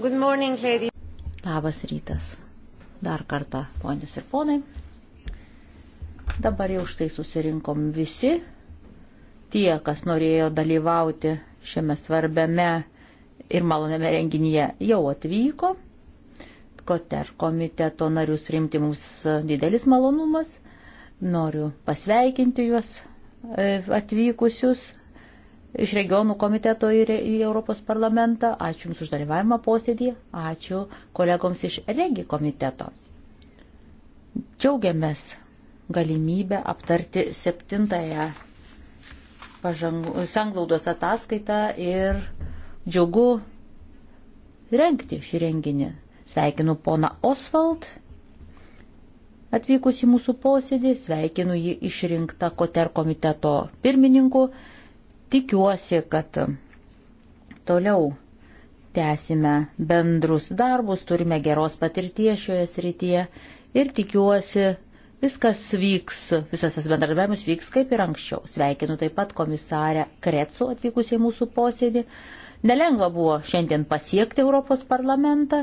Good morning, lady. Labas rytas. Dar kartą, ponius ir ponai. Dabar jau štai susirinkom visi. Tie, kas norėjo dalyvauti šiame svarbiame ir maloniame renginyje, jau atvyko. Koter komiteto narius priimti mums didelis malonumas. Noriu pasveikinti juos e, atvykusius iš regionų komiteto į, į Europos parlamentą. Ačiū Jums už dalyvavimą posėdį. Ačiū kolegoms iš regi komiteto. Džiaugiamės galimybę aptarti septintąją pažangų, sanglaudos ataskaitą ir džiugu rengti šį renginį. Sveikinu poną Osvald atvykus į mūsų posėdį, sveikinu jį išrinktą Koter komiteto pirmininku. Tikiuosi, kad toliau tęsime bendrus darbus, turime geros patirties šioje srityje ir tikiuosi, viskas vyks, visas tas bendradarbiavimas vyks kaip ir anksčiau. Sveikinu taip pat komisarę Kretsu atvykusiai mūsų posėdį. Nelengva buvo šiandien pasiekti Europos parlamentą,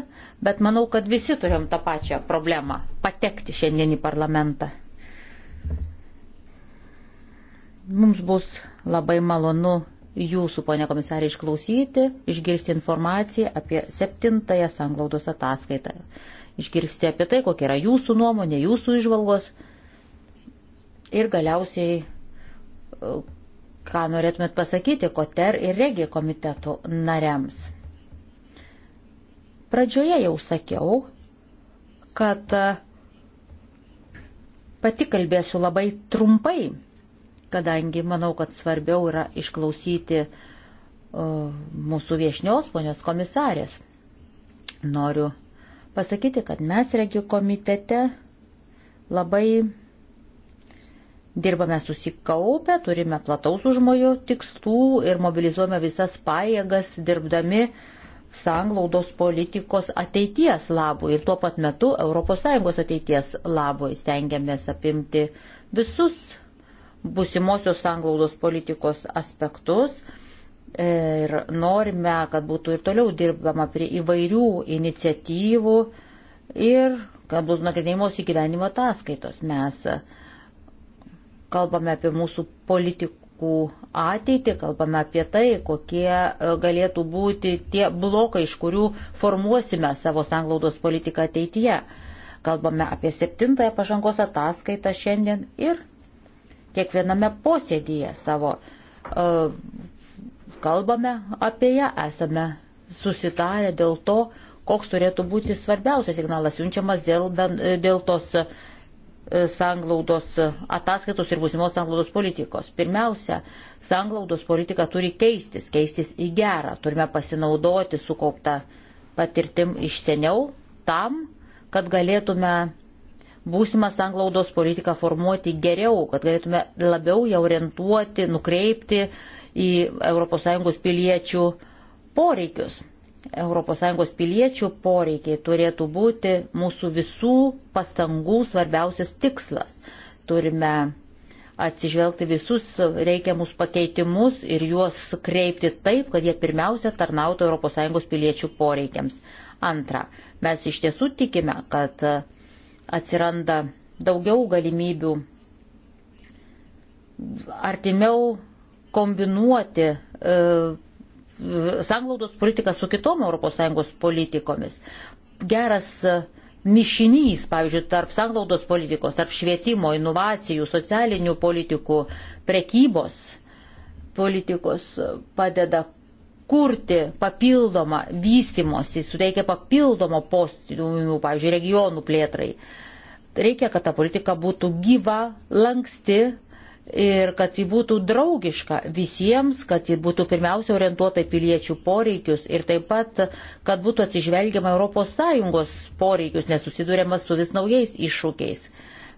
bet manau, kad visi turėjom tą pačią problemą - patekti šiandien į parlamentą. Mums bus labai malonu jūsų, ponė komisarė, išklausyti, išgirsti informaciją apie septintąją sanglaudos ataskaitą. Išgirsti apie tai, kokia yra jūsų nuomonė, jūsų išvalgos ir galiausiai, e, ką norėtumėt pasakyti, koter ir regi komitetų nariams. Pradžioje jau sakiau, kad e, pati kalbėsiu labai trumpai kadangi manau, kad svarbiau yra išklausyti mūsų viešnios, ponios komisarės. Noriu pasakyti, kad mes regių komitete labai dirbame susikaupę, turime plataus užmojo tikslų ir mobilizuojame visas pajėgas dirbdami sanglaudos politikos ateities labui ir tuo pat metu ES ateities labui stengiamės apimti visus busimosios sanglaudos politikos aspektus e, ir norime, kad būtų ir toliau dirbama prie įvairių iniciatyvų ir kad bus nagrinėjimos įgyvenimo ataskaitos. Mes kalbame apie mūsų politikų ateitį, kalbame apie tai, kokie e, galėtų būti tie blokai, iš kurių formuosime savo sanglaudos politiką ateityje. Kalbame apie septintąją pažangos ataskaitą šiandien ir kiekviename posėdėje savo. E, kalbame apie ją, esame susitarę dėl to, koks turėtų būti svarbiausias signalas siunčiamas dėl, e, dėl tos e, sanglaudos ataskaitos ir būsimos sanglaudos politikos. Pirmiausia, sanglaudos politika turi keistis, keistis į gerą. Turime pasinaudoti sukauptą patirtim iš seniau tam, kad galėtume būsimą sanglaudos politiką formuoti geriau, kad galėtume labiau ją orientuoti, nukreipti į ES piliečių poreikius. ES piliečių poreikiai turėtų būti mūsų visų pastangų svarbiausias tikslas. Turime atsižvelgti visus reikiamus pakeitimus ir juos kreipti taip, kad jie pirmiausia tarnautų ES piliečių poreikiams. Antra, mes iš tiesų tikime, kad atsiranda daugiau galimybių artimiau kombinuoti e, sanglaudos politiką su kitom ES politikomis. Geras e, mišinys, pavyzdžiui, tarp sanglaudos politikos, tarp švietimo, inovacijų, socialinių politikų, prekybos politikos padeda kurti papildomą vystimosi, suteikia papildomo postumių, pavyzdžiui, regionų plėtrai. Reikia, kad ta politika būtų gyva, lanksti ir kad ji būtų draugiška visiems, kad ji būtų pirmiausia orientuota į piliečių poreikius ir taip pat, kad būtų atsižvelgiama ES poreikius, nesusidurėma su vis naujais iššūkiais.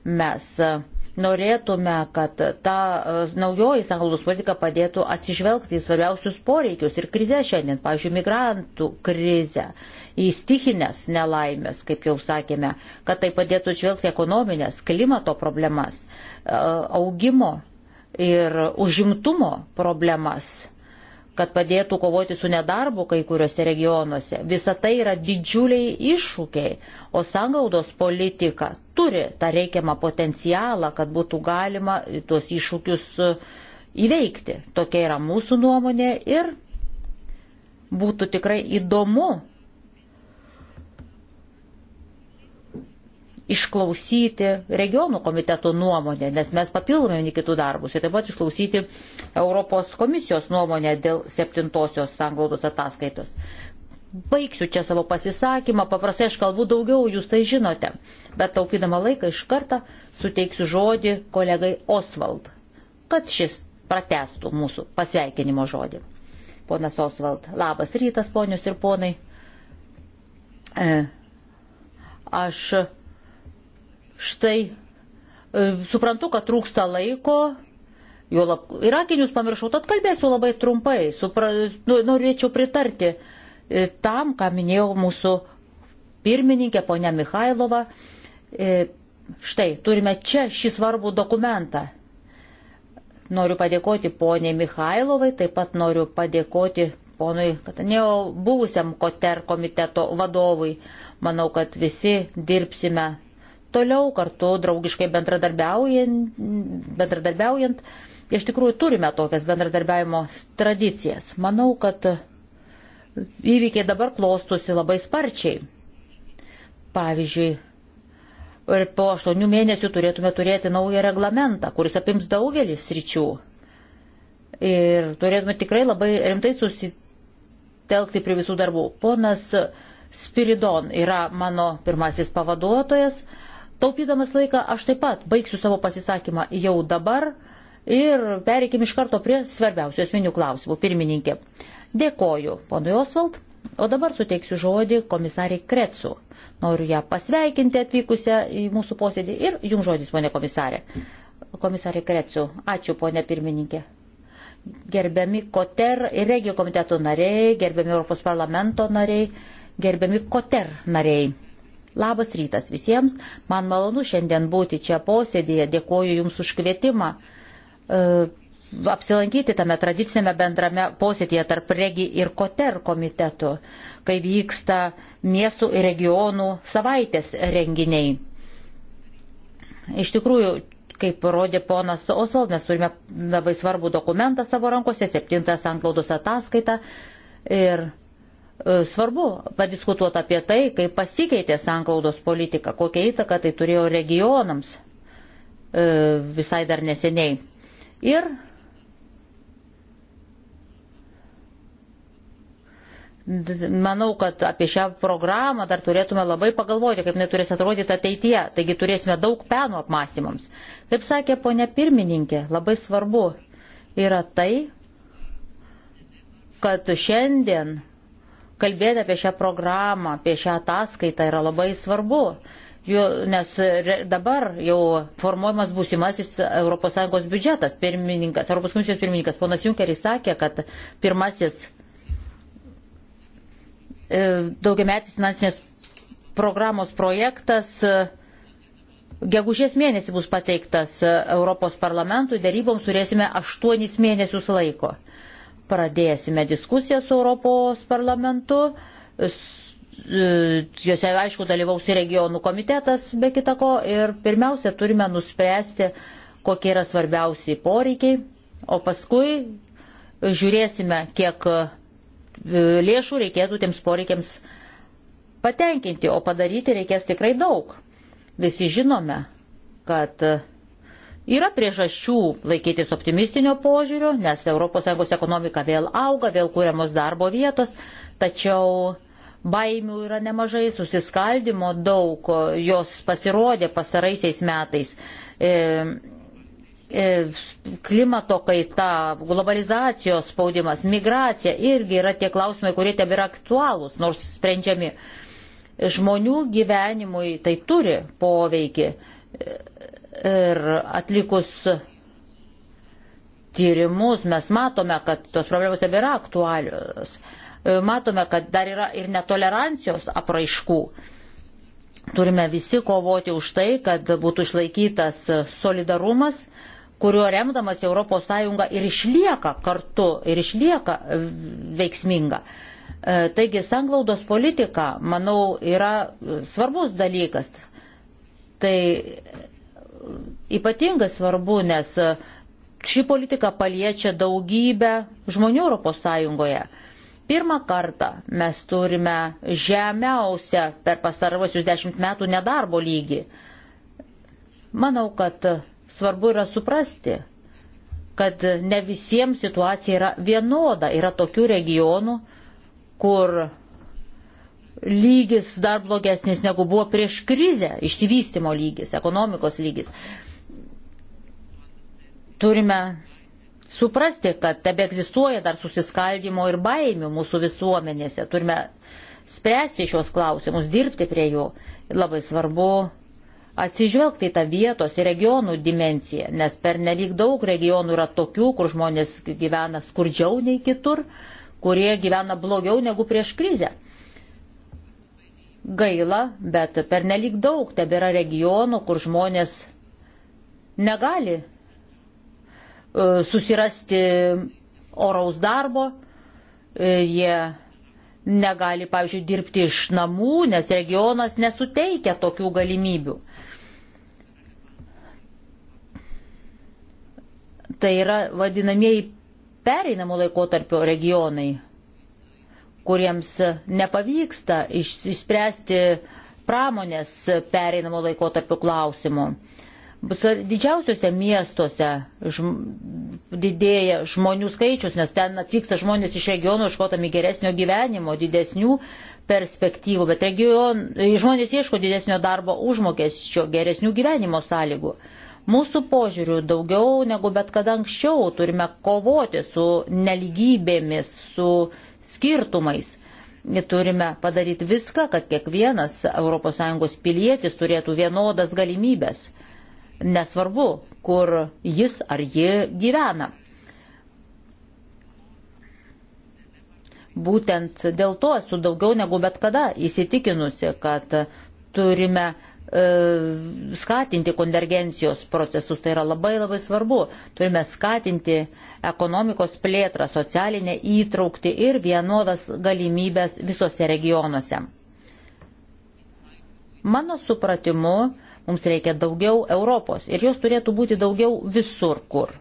Mes uh, norėtume, kad ta e, naujoji sanglaudos politika padėtų atsižvelgti į svarbiausius poreikius ir krizę šiandien, pavyzdžiui, migrantų krizę, į stichinės nelaimės, kaip jau sakėme, kad tai padėtų žvelgti ekonominės, klimato problemas, e, augimo ir užimtumo problemas kad padėtų kovoti su nedarbu kai kuriuose regionuose. Visa tai yra didžiuliai iššūkiai, o sangaudos politika turi tą reikiamą potencialą, kad būtų galima tuos iššūkius e, įveikti. Tokia yra mūsų nuomonė ir būtų tikrai įdomu išklausyti regionų komiteto nuomonę, nes mes papildome vieni kitų darbus ir taip pat išklausyti Europos komisijos nuomonę dėl septintosios sanglaudos ataskaitos. Baigsiu čia savo pasisakymą, paprastai aš kalbu daugiau, jūs tai žinote, bet taupydama laiką iš karto suteiksiu žodį kolegai Osvald, kad šis pratestų mūsų pasveikinimo žodį. Ponas Osvald, labas rytas, ponios ir ponai. E, aš Štai e, suprantu, kad trūksta laiko. Lab, ir akinius pamiršau, tad kalbėsiu labai trumpai. Supra, nu, norėčiau pritarti e, tam, ką minėjau mūsų pirmininkė ponia Mikhailova. E, štai, turime čia šį svarbų dokumentą. Noriu padėkoti poniai Mikhailovai, taip pat noriu padėkoti ponui Katanėjo buvusiam Koter komiteto vadovui. Manau, kad visi dirbsime toliau kartu draugiškai bendradarbiaujant, bendradarbiaujant. Iš tikrųjų turime tokias bendradarbiavimo tradicijas. Manau, kad įvykiai dabar klostosi labai sparčiai. Pavyzdžiui, ir po aštuonių mėnesių turėtume turėti naują reglamentą, kuris apims daugelį sričių. Ir turėtume tikrai labai rimtai susitelkti prie visų darbų. Ponas Spiridon yra mano pirmasis pavaduotojas. Taupydamas laiką aš taip pat baigsiu savo pasisakymą jau dabar ir pereikim iš karto prie svarbiausių esminių klausimų. Pirmininkė, dėkoju ponui Osvald, o dabar suteiksiu žodį komisariai Kretsu. Noriu ją pasveikinti atvykusią į mūsų posėdį ir jums žodis, ponė komisarė. Komisarė Kretsu, ačiū ponė pirmininkė gerbiami Koter ir Regio komiteto nariai, gerbiami Europos parlamento nariai, gerbiami Koter nariai. Labas rytas visiems, man malonu šiandien būti čia posėdėje, dėkoju Jums už kvietimą e, apsilankyti tame tradicinėme bendrame posėdėje tarp regi ir koter komitetų, kai vyksta miestų ir regionų savaitės renginiai. Iš tikrųjų, kaip rodė ponas Osvald, mes turime labai svarbų dokumentą savo rankose, septintą sanklaudos ataskaitą ir E, svarbu padiskutuoti apie tai, kaip pasikeitė sanklaudos politika, kokią įtaką tai turėjo regionams e, visai dar neseniai. Ir manau, kad apie šią programą dar turėtume labai pagalvoti, kaip jinai turės atrodyti ateityje. Taigi turėsime daug penų apmąstymams. Kaip sakė ponia pirmininkė, labai svarbu yra tai, kad šiandien Kalbėti apie šią programą, apie šią ataskaitą yra labai svarbu, jo, nes dabar jau formuojamas būsimasis ES biudžetas, pirmininkas, ES komisijos pirmininkas ponas Junkeris sakė, kad pirmasis e, daugiametis finansinės programos projektas e, Gegužės mėnesį bus pateiktas e, Europos parlamentui, daryboms turėsime aštuonis mėnesius laiko pradėsime diskusiją su Europos parlamentu. E, jose, aišku, dalyvaus ir regionų komitetas, be kitako, ir pirmiausia, turime nuspręsti, kokie yra svarbiausiai poreikiai, o paskui žiūrėsime, kiek e, lėšų reikėtų tiems poreikiams patenkinti, o padaryti reikės tikrai daug. Visi žinome, kad Yra priežasčių laikytis optimistinio požiūrio, nes ES ekonomika vėl auga, vėl kūriamos darbo vietos, tačiau baimių yra nemažai, susiskaldimo daug, jos pasirodė pasaraisiais metais. E, e, klimato kaita, globalizacijos spaudimas, migracija irgi yra tie klausimai, kurie tebėra aktualūs, nors sprendžiami. Žmonių gyvenimui tai turi poveikį. E, Ir atlikus tyrimus mes matome, kad tos problemos nebėra aktualios. E, matome, kad dar yra ir netolerancijos apraiškų. Turime visi kovoti už tai, kad būtų išlaikytas solidarumas, kuriuo remdamas ES ir išlieka kartu, ir išlieka veiksminga. E, taigi sanglaudos politika, manau, yra svarbus dalykas. Tai ypatingai svarbu, nes ši politika paliečia daugybę žmonių ES. Pirmą kartą mes turime žemiausią per pastarosius dešimt metų nedarbo lygį. Manau, kad svarbu yra suprasti, kad ne visiems situacija yra vienoda. Yra tokių regionų, kur lygis dar blogesnis negu buvo prieš krizę, išsivystimo lygis, ekonomikos lygis. Turime suprasti, kad tebe egzistuoja dar susiskaldimo ir baimių mūsų visuomenėse. Turime spręsti šios klausimus, dirbti prie jų. Labai svarbu atsižvelgti į tą vietos ir regionų dimenciją, nes per nelik daug regionų yra tokių, kur žmonės gyvena skurdžiau nei kitur, kurie gyvena blogiau negu prieš krizę. Gaila, bet per nelik daug tebėra regionų, kur žmonės negali e, susirasti oraus darbo, e, jie negali, pavyzdžiui, dirbti iš namų, nes regionas nesuteikia tokių galimybių. Tai yra vadinamieji pereinamo laikotarpio regionai kuriems nepavyksta išspręsti pramonės pereinamo laiko tarp klausimų. E, didžiausiuose miestuose žm didėja žmonių skaičius, nes ten atvyksta žmonės iš regionų iškotami geresnio gyvenimo, didesnių perspektyvų, bet region, e, žmonės ieško didesnio darbo užmokesčio, geresnių gyvenimo sąlygų. Mūsų požiūrių daugiau negu bet kada anksčiau turime kovoti su neligybėmis, su skirtumais. Turime padaryti viską, kad kiekvienas ES pilietis turėtų vienodas galimybės. Nesvarbu, kur jis ar ji gyvena. Būtent dėl to esu daugiau negu bet kada įsitikinusi, kad turime E, skatinti konvergencijos procesus, tai yra labai labai svarbu. Turime skatinti ekonomikos plėtrą, socialinę įtraukti ir vienodas galimybės visose regionuose. Mano supratimu, mums reikia daugiau Europos ir jos turėtų būti daugiau visur kur.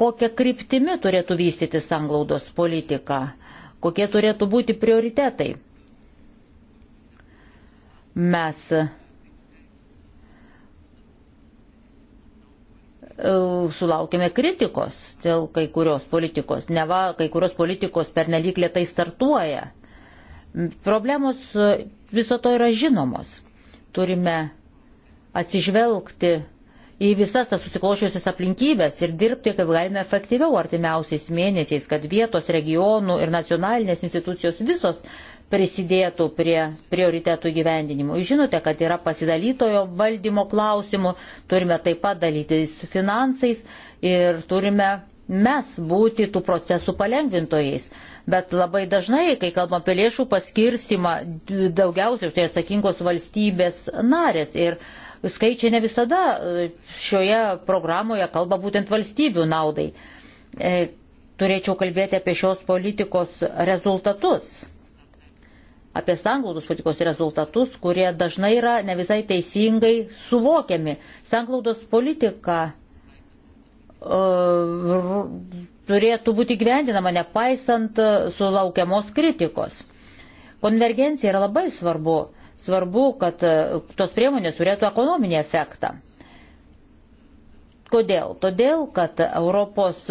Kokia kryptimi turėtų vystyti sanglaudos politika, kokie turėtų būti prioritetai mes e, sulaukėme kritikos dėl kai kurios politikos, neva kai kurios politikos pernelyg lietai startuoja. Problemos e, viso to yra žinomos. Turime atsižvelgti į visas tas susiklošiusias aplinkybės ir dirbti kaip galime efektyviau artimiausiais mėnesiais, kad vietos, regionų ir nacionalinės institucijos visos prisidėtų prie prioritetų gyvendinimo. Žinote, kad yra pasidalytojo valdymo klausimų, turime taip pat dalytis finansais ir turime mes būti tų procesų palengvintojais. Bet labai dažnai, kai kalbam apie lėšų paskirstimą, daugiausiai už tai atsakingos valstybės narės. Ir skaičiai ne visada e, šioje programoje kalba būtent valstybių naudai. E, turėčiau kalbėti apie šios politikos rezultatus apie sanglaudos politikos rezultatus, kurie dažnai yra ne visai teisingai suvokiami. Sanglaudos politika e, turėtų būti gyvendinama nepaisant e, sulaukiamos kritikos. Konvergencija yra labai svarbu. Svarbu, kad e, tos priemonės turėtų ekonominį efektą. Kodėl? Todėl, kad Europos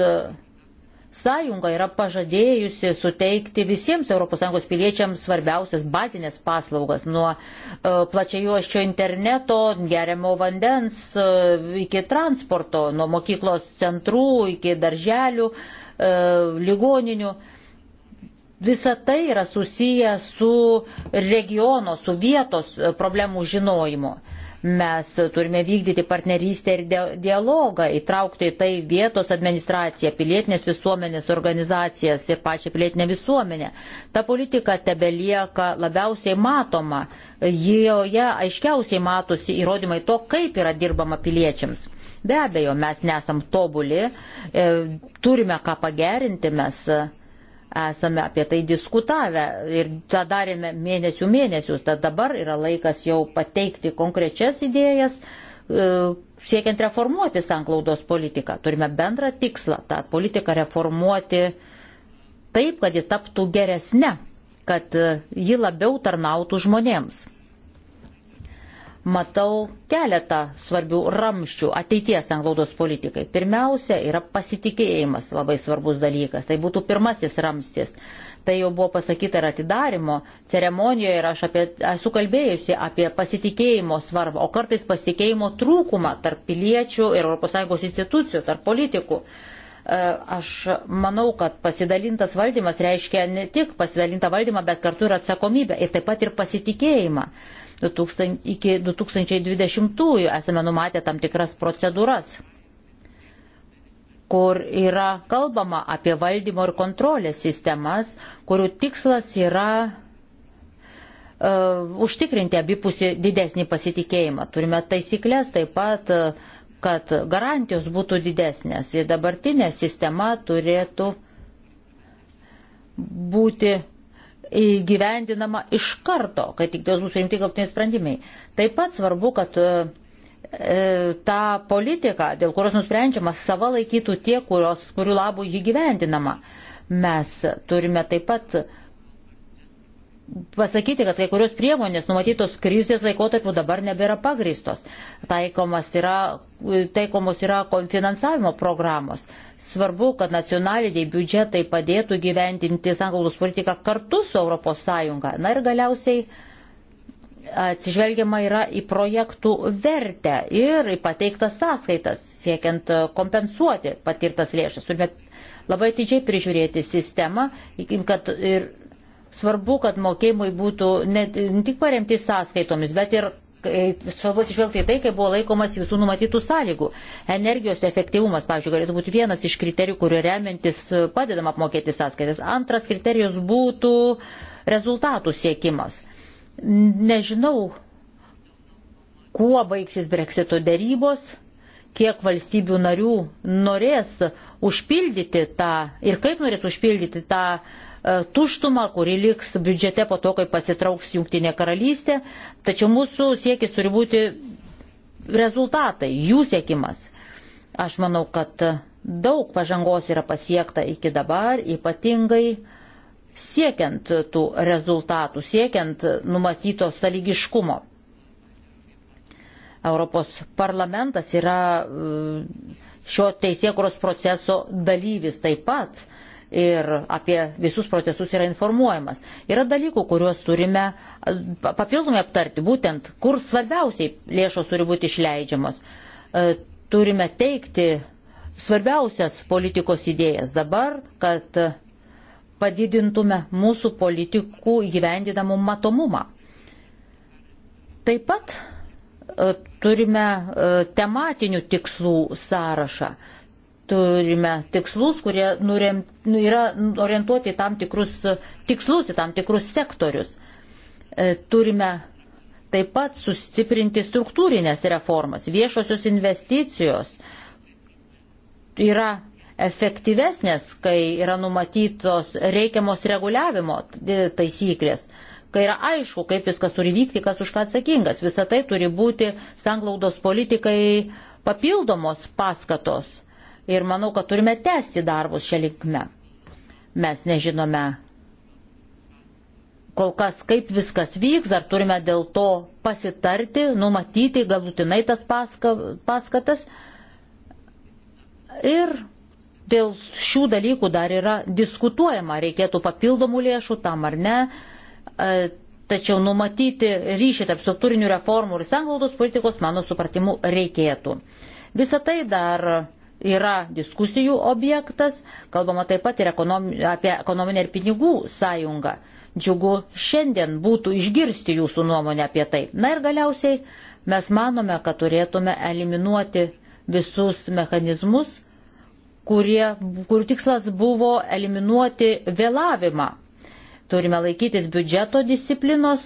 Sąjunga yra pažadėjusi suteikti visiems ES piliečiams svarbiausias bazinės paslaugas nuo e, plačiajuoščio interneto, geriamo vandens e, iki transporto, nuo mokyklos centrų iki darželių, e, ligoninių. Visa tai yra susiję su regiono, su vietos problemų žinojimu. Mes turime vykdyti partnerystę ir dialogą, įtraukti į tai vietos administraciją, pilietinės visuomenės organizacijas ir pačią pilietinę visuomenę. Ta politika tebelieka labiausiai matoma, joje aiškiausiai matosi įrodymai to, kaip yra dirbama piliečiams. Be abejo, mes nesam tobuli, e, turime ką pagerinti, mes esame apie tai diskutavę ir tą darėme mėnesių mėnesius, tad dabar yra laikas jau pateikti konkrečias idėjas, e, siekiant reformuoti sanklaudos politiką. Turime bendrą tikslą tą politiką reformuoti taip, kad ji taptų geresne, kad e, ji labiau tarnautų žmonėms matau keletą svarbių ramščių ateities anglaudos politikai. Pirmiausia yra pasitikėjimas labai svarbus dalykas. Tai būtų pirmasis ramstis. Tai jau buvo pasakyta ir atidarimo ceremonijoje ir aš apie, esu kalbėjusi apie pasitikėjimo svarbą, o kartais pasitikėjimo trūkumą tarp piliečių ir ES institucijų, tarp politikų e, aš manau, kad pasidalintas valdymas reiškia ne tik pasidalintą valdymą, bet kartu ir atsakomybę ir taip pat ir pasitikėjimą iki 2020-ųjų esame numatę tam tikras procedūras, kur yra kalbama apie valdymo ir kontrolės sistemas, kurių tikslas yra uh, užtikrinti abipusį didesnį pasitikėjimą. Turime taisyklės taip pat, uh, kad garantijos būtų didesnės ir dabartinė sistema turėtų būti įgyvendinama iš karto, kai tik dėl bus priimti galtiniai sprendimai. Taip pat svarbu, kad e, e, ta politika, dėl kurios nusprendžiama, sava laikytų tie, kurios, kurių labų jį gyvendinama. Mes turime taip pat pasakyti, kad kai kurios priemonės numatytos krizės laikotarpiu dabar nebėra pagristos. Taikomas yra, taikomos yra konfinansavimo programos. Svarbu, kad nacionaliniai biudžetai padėtų gyventinti sanglaudos politiką kartu su ES. Na ir galiausiai atsižvelgiama yra į projektų vertę ir į pateiktas sąskaitas, siekiant kompensuoti patirtas lėšas. Turime labai atidžiai prižiūrėti sistemą, kad ir Svarbu, kad mokėjimai būtų ne tik paremti sąskaitomis, bet ir e, svarbu atsižvelgti į tai, kaip buvo laikomas visų numatytų sąlygų. Energijos efektyvumas, pavyzdžiui, galėtų būti vienas iš kriterijų, kuriuo remiantis padedam apmokėti sąskaitas. Antras kriterijus būtų rezultatų siekimas. Nežinau, kuo baigsis breksito dėrybos, kiek valstybių narių norės užpildyti tą ir kaip norės užpildyti tą uh, E, tuštumą, kuri liks biudžete po to, kai pasitrauks Junktinė karalystė. Tačiau mūsų siekis turi būti rezultatai, jų siekimas. Aš manau, kad daug pažangos yra pasiekta iki dabar, ypatingai siekiant tų rezultatų, siekiant numatyto saligiškumo. Europos parlamentas yra e, šio teisėkuros proceso dalyvis taip pat ir apie visus procesus yra informuojamas. Yra dalykų, kuriuos turime papildomai aptarti, būtent kur svarbiausiai lėšos turi būti išleidžiamos. E, turime teikti svarbiausias politikos idėjas dabar, kad padidintume mūsų politikų įgyvendinamų matomumą. Taip pat e, turime e, tematinių tikslų sąrašą turime tikslus, kurie nurem, nu, yra orientuoti į tam tikrus tikslus, į tam tikrus sektorius. E, turime taip pat sustiprinti struktūrinės reformas. Viešosios investicijos yra efektyvesnės, kai yra numatytos reikiamos reguliavimo taisyklės, kai yra aišku, kaip viskas turi vykti, kas už ką atsakingas. Visą tai turi būti sanglaudos politikai papildomos paskatos ir manau, kad turime tęsti darbus šią linkme. Mes nežinome kol kas, kaip viskas vyks, dar turime dėl to pasitarti, numatyti galutinai tas paska, paskatas. Ir dėl šių dalykų dar yra diskutuojama, reikėtų papildomų lėšų tam ar ne. E, tačiau numatyti ryšį tarp struktūrinių reformų ir sanglaudos politikos, mano supratimu, reikėtų. Visą tai dar yra diskusijų objektas, kalbama taip pat ir ekonomi, apie ekonominę ir pinigų sąjungą. Džiugu šiandien būtų išgirsti jūsų nuomonę apie tai. Na ir galiausiai mes manome, kad turėtume eliminuoti visus mechanizmus, kurie, kurių tikslas buvo eliminuoti vėlavimą. Turime laikytis biudžeto disciplinos,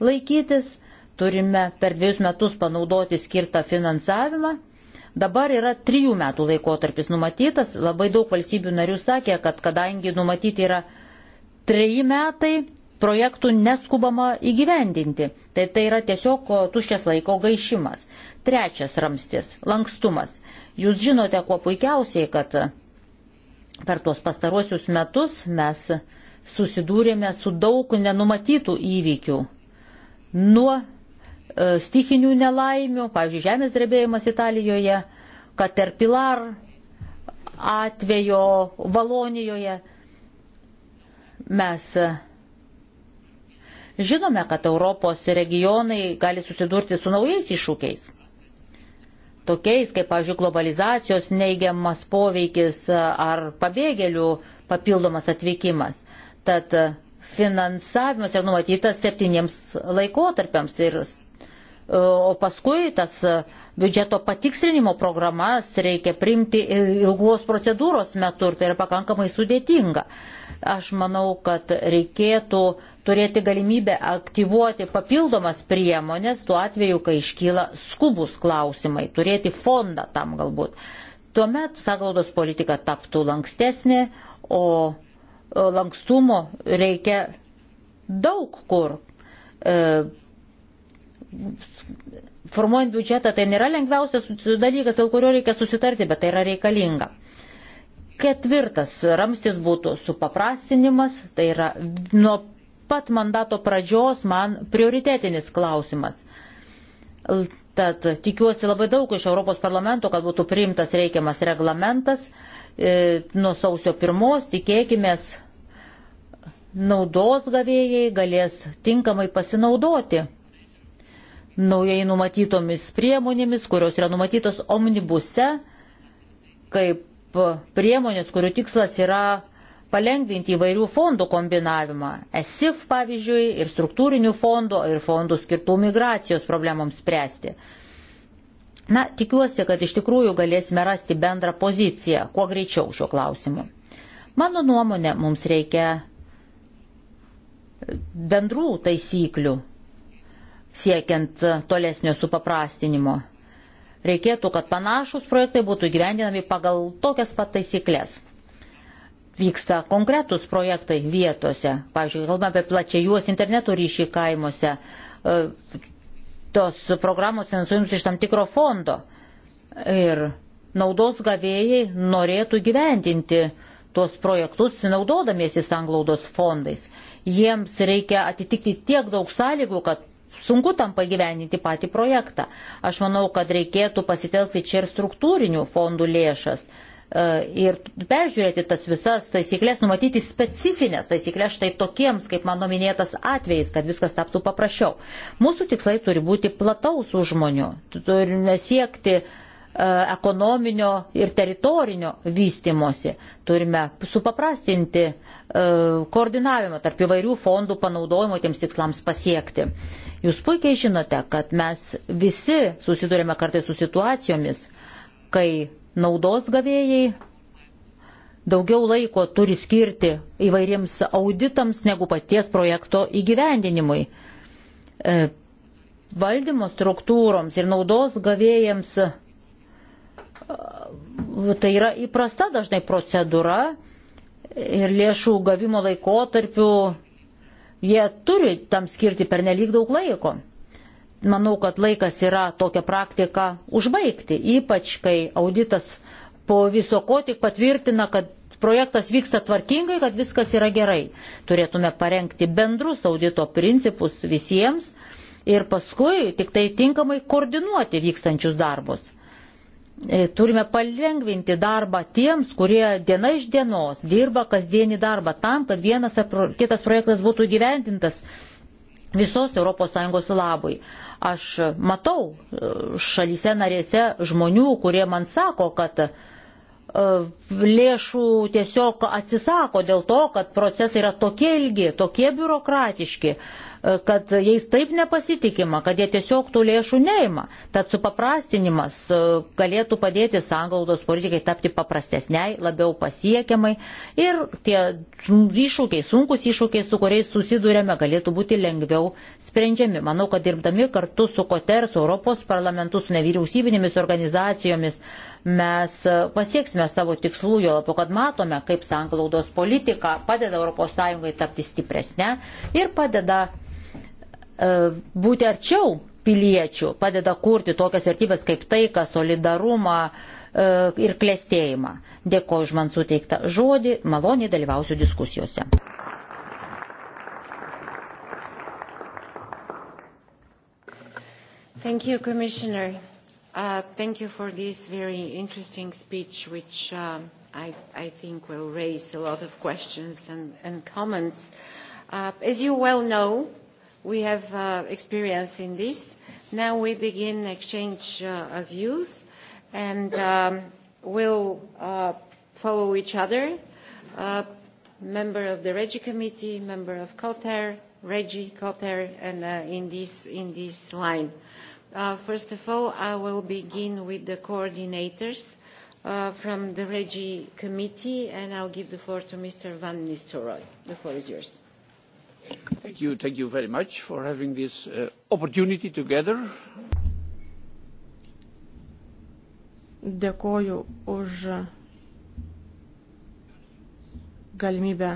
laikytis, turime per dviejus metus panaudoti skirtą finansavimą Dabar yra trijų metų laikotarpis numatytas. Labai daug valstybių narių sakė, kad kadangi numatyti yra treji metai, projektų neskubama įgyvendinti. Tai tai yra tiesiog tuščias laiko gaišimas. Trečias ramstis - lankstumas. Jūs žinote kuo puikiausiai, kad per tuos pastaruosius metus mes susidūrėme su daug nenumatytų įvykių. Nuo E, stikinių nelaimių, pavyzdžiui, žemės drebėjimas Italijoje, Caterpillar atvejo Valonijoje. Mes e, žinome, kad Europos regionai gali susidurti su naujais iššūkiais. Tokiais, kaip, pavyzdžiui, globalizacijos neigiamas poveikis e, ar pabėgėlių papildomas atvykimas. Tad finansavimas yra numatytas septyniems laikotarpiams ir E, o paskui tas e, biudžeto patikslinimo programas reikia priimti ilgos procedūros metu ir tai yra pakankamai sudėtinga. Aš manau, kad reikėtų turėti galimybę aktyvuoti papildomas priemonės tuo atveju, kai iškyla skubus klausimai, turėti fondą tam galbūt. Tuomet saglaudos politika taptų lankstesnė, o lankstumo reikia daug kur. E, formuojant biudžetą tai nėra lengviausias dalykas, dėl kurio reikia susitarti, bet tai yra reikalinga. Ketvirtas ramstis būtų supaprastinimas, tai yra nuo pat mandato pradžios man prioritetinis klausimas. Tad tikiuosi labai daug iš Europos parlamento, kad būtų priimtas reikiamas reglamentas. E, nuo sausio pirmos tikėkime naudos gavėjai galės tinkamai pasinaudoti naujai numatytomis priemonėmis, kurios yra numatytos omnibuse, kaip priemonės, kurių tikslas yra palengvinti įvairių fondų kombinavimą. ESIF, pavyzdžiui, ir struktūrinių fondų, ir fondų skirtų migracijos problemams spręsti. Na, tikiuosi, kad iš tikrųjų galėsime rasti bendrą poziciją, kuo greičiau šiuo klausimu. Mano nuomonė, mums reikia bendrų taisyklių, siekiant tolesnio supaprastinimo. Reikėtų, kad panašus projektai būtų gyvendinami pagal tokias pat taisyklės. Vyksta konkretus projektai vietose, pavyzdžiui, kalbame apie plačiai juos interneto ryšį kaimuose, e, tos programos finansuojamos iš tam tikro fondo. Ir naudos gavėjai norėtų gyventinti tuos projektus, naudodamiesi sanglaudos fondais. Jiems reikia atitikti tiek daug sąlygų, kad sunku tampa gyveninti patį projektą. Aš manau, kad reikėtų pasitelkti čia ir struktūrinių fondų lėšas e, ir peržiūrėti tas visas taisyklės, numatyti specifines taisyklės štai tokiems, kaip mano minėtas atvejais, kad viskas taptų paprasčiau. Mūsų tikslai turi būti plataus užmonių, turime siekti e, ekonominio ir teritorinio vystimosi. Turime supaprastinti e, koordinavimą tarp įvairių fondų panaudojimo tiems tikslams pasiekti. Jūs puikiai žinote, kad mes visi susidurėme kartais su situacijomis, kai naudos gavėjai daugiau laiko turi skirti įvairiems auditams negu paties projekto įgyvendinimui. E, valdymo struktūroms ir naudos gavėjams e, tai yra įprasta dažnai procedūra ir lėšų gavimo laikotarpiu jie turi tam skirti per nelik daug laiko. Manau, kad laikas yra tokią praktiką užbaigti, ypač kai auditas po viso ko tik patvirtina, kad projektas vyksta tvarkingai, kad viskas yra gerai. Turėtume parengti bendrus audito principus visiems ir paskui tik tai tinkamai koordinuoti vykstančius darbus. E, turime palengvinti darbą tiems, kurie diena iš dienos dirba kasdienį darbą tam, kad vienas ar kitas projektas būtų gyvendintas visos ES labui. Aš matau e, šalyse narėse žmonių, kurie man sako, kad e, lėšų tiesiog atsisako dėl to, kad procesai yra tokie ilgi, tokie biurokratiški, kad jais taip nepasitikima, kad jie tiesiog tų lėšų neima. Tad supaprastinimas e, galėtų padėti sąnglaudos politikai tapti paprastesniai, labiau pasiekiamai ir tie iššūkiai, sunkus iššūkiai, su kuriais susidūrėme, galėtų būti lengviau sprendžiami. Manau, kad dirbdami kartu su Koter, su Europos parlamentu, su nevyriausybinėmis organizacijomis, mes e, pasieksime savo tikslų, jo lapo, kad matome, kaip sanklaudos politika padeda ES tapti stipresnė ir padeda E, būti arčiau piliečių, padeda kurti tokias vertybės kaip taiką, solidarumą e, ir klėstėjimą. Dėkoju už man suteiktą žodį, maloniai dalyvausiu diskusijose. Thank you, Commissioner. Uh, thank you for this very interesting speech, which um, I, I think will raise a lot of questions and, and comments. Uh, as you well know, We have uh, experience in this. Now we begin exchange uh, of views and um, we'll uh, follow each other. Uh, member of the Regi Committee, member of COTER, Regi, COTER, and uh, in, this, in this line. Uh, first of all, I will begin with the coordinators uh, from the Regi Committee, and I'll give the floor to Mr. Van Nistelrooy. The floor is yours. Thank you, thank you very much for having this uh, opportunity together. Dėkoju už galimybę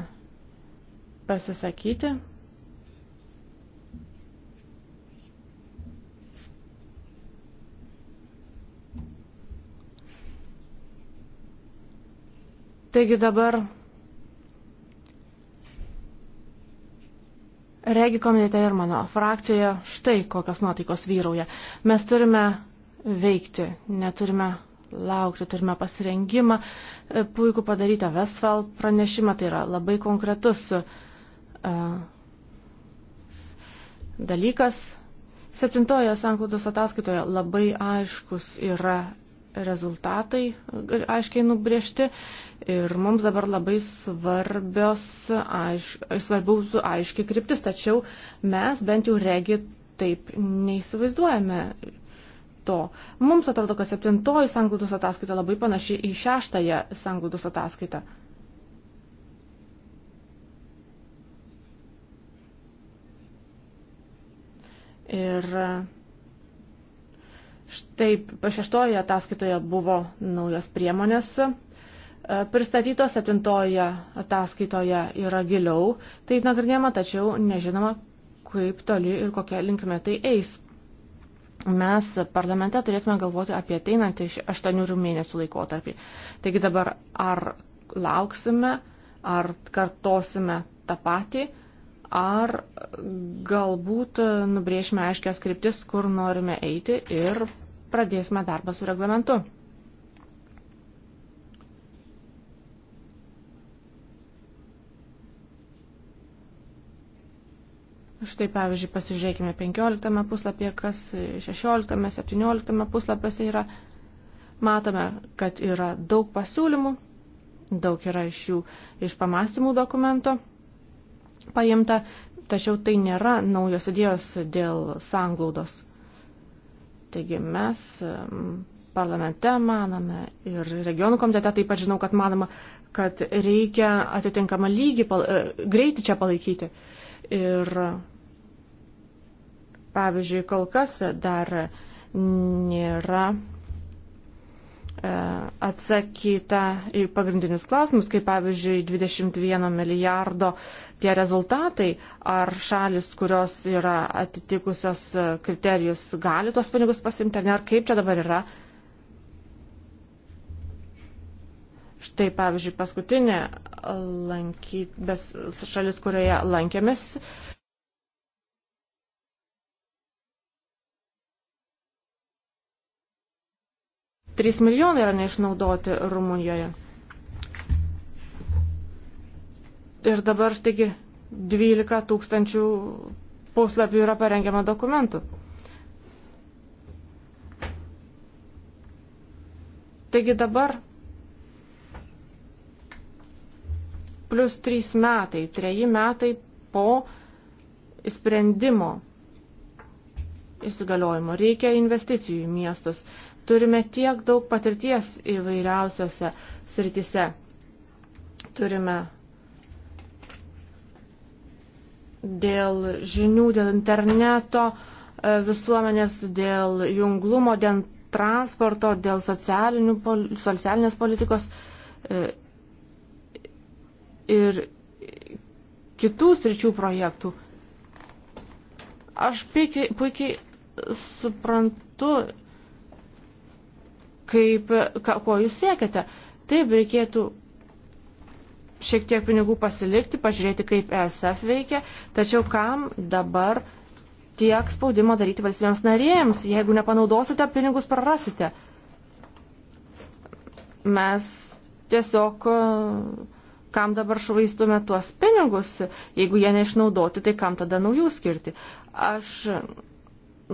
pasisakyti. Taigi dabar Regi komitete ir mano frakcijoje štai kokios nuotaikos vyrauja. Mes turime veikti, neturime laukti, turime pasirengimą, e, puikų padarytą Westfall pranešimą, tai yra labai konkretus uh, dalykas. Septintojo sanklaudos ataskaitoje labai aiškus yra rezultatai aiškiai nubriežti ir mums dabar labai svarbios, aiš, svarbiau aiški kryptis, tačiau mes bent jau regi taip neįsivaizduojame to. Mums atrodo, kad septintoji sanglaudos ataskaita labai panaši į šeštąją sanglaudos ataskaitą. Ir Štai šeštoje ataskaitoje buvo naujos priemonės e, pristatytos, septintoje ataskaitoje yra giliau, tai nagrinėjama, tačiau nežinoma, kaip toli ir kokia linkme tai eis. Mes parlamente turėtume galvoti apie ateinantį iš aštuonių mėnesių laikotarpį. Taigi dabar ar lauksime, ar kartosime tą patį, ar galbūt nubrėšime aiškias kryptis, kur norime eiti ir pradėsime darbą su reglamentu. Štai pavyzdžiui, pasižiūrėkime 15 puslapyje, kas 16, 17 puslapėse yra. Matome, kad yra daug pasiūlymų, daug yra iš jų iš pamastymų dokumento paimta, tačiau tai nėra naujos idėjos dėl sanglaudos. Taigi mes parlamente manome ir regionų komitete taip pat žinau, kad manoma, kad reikia atitinkamą lygį, e, greitį čia palaikyti. Ir pavyzdžiui, kol kas dar nėra E, atsakyta į pagrindinius klausimus, kaip pavyzdžiui 21 milijardo tie rezultatai, ar šalis, kurios yra atitikusios kriterijus, gali tuos pinigus pasimti, ar ne, ar kaip čia dabar yra. Štai pavyzdžiui, paskutinė lankyt, šalis, kurioje lankėmės, uh, 3 milijonai yra neišnaudoti Rumunijoje. Ir dabar štaigi 12 tūkstančių puslapių yra parengiama dokumentų. Taigi dabar plus 3 metai, 3 metai po sprendimo įsigaliojimo. Reikia investicijų į miestus. Turime tiek daug patirties įvairiausiose sritise. Turime dėl žinių, dėl interneto e, visuomenės, dėl junglumo, dėl transporto, dėl socialinės politikos e, ir kitų sričių projektų. Aš puikiai, puikiai suprantu kaip, ka, ko jūs siekiate. Taip, reikėtų šiek tiek pinigų pasilikti, pažiūrėti, kaip ESF veikia, tačiau kam dabar tiek spaudimo daryti valstybėms narėjams, jeigu nepanaudosite, pinigus prarasite. Mes tiesiog kam dabar švaistume tuos pinigus, jeigu jie neišnaudoti, tai kam tada naujų skirti. Aš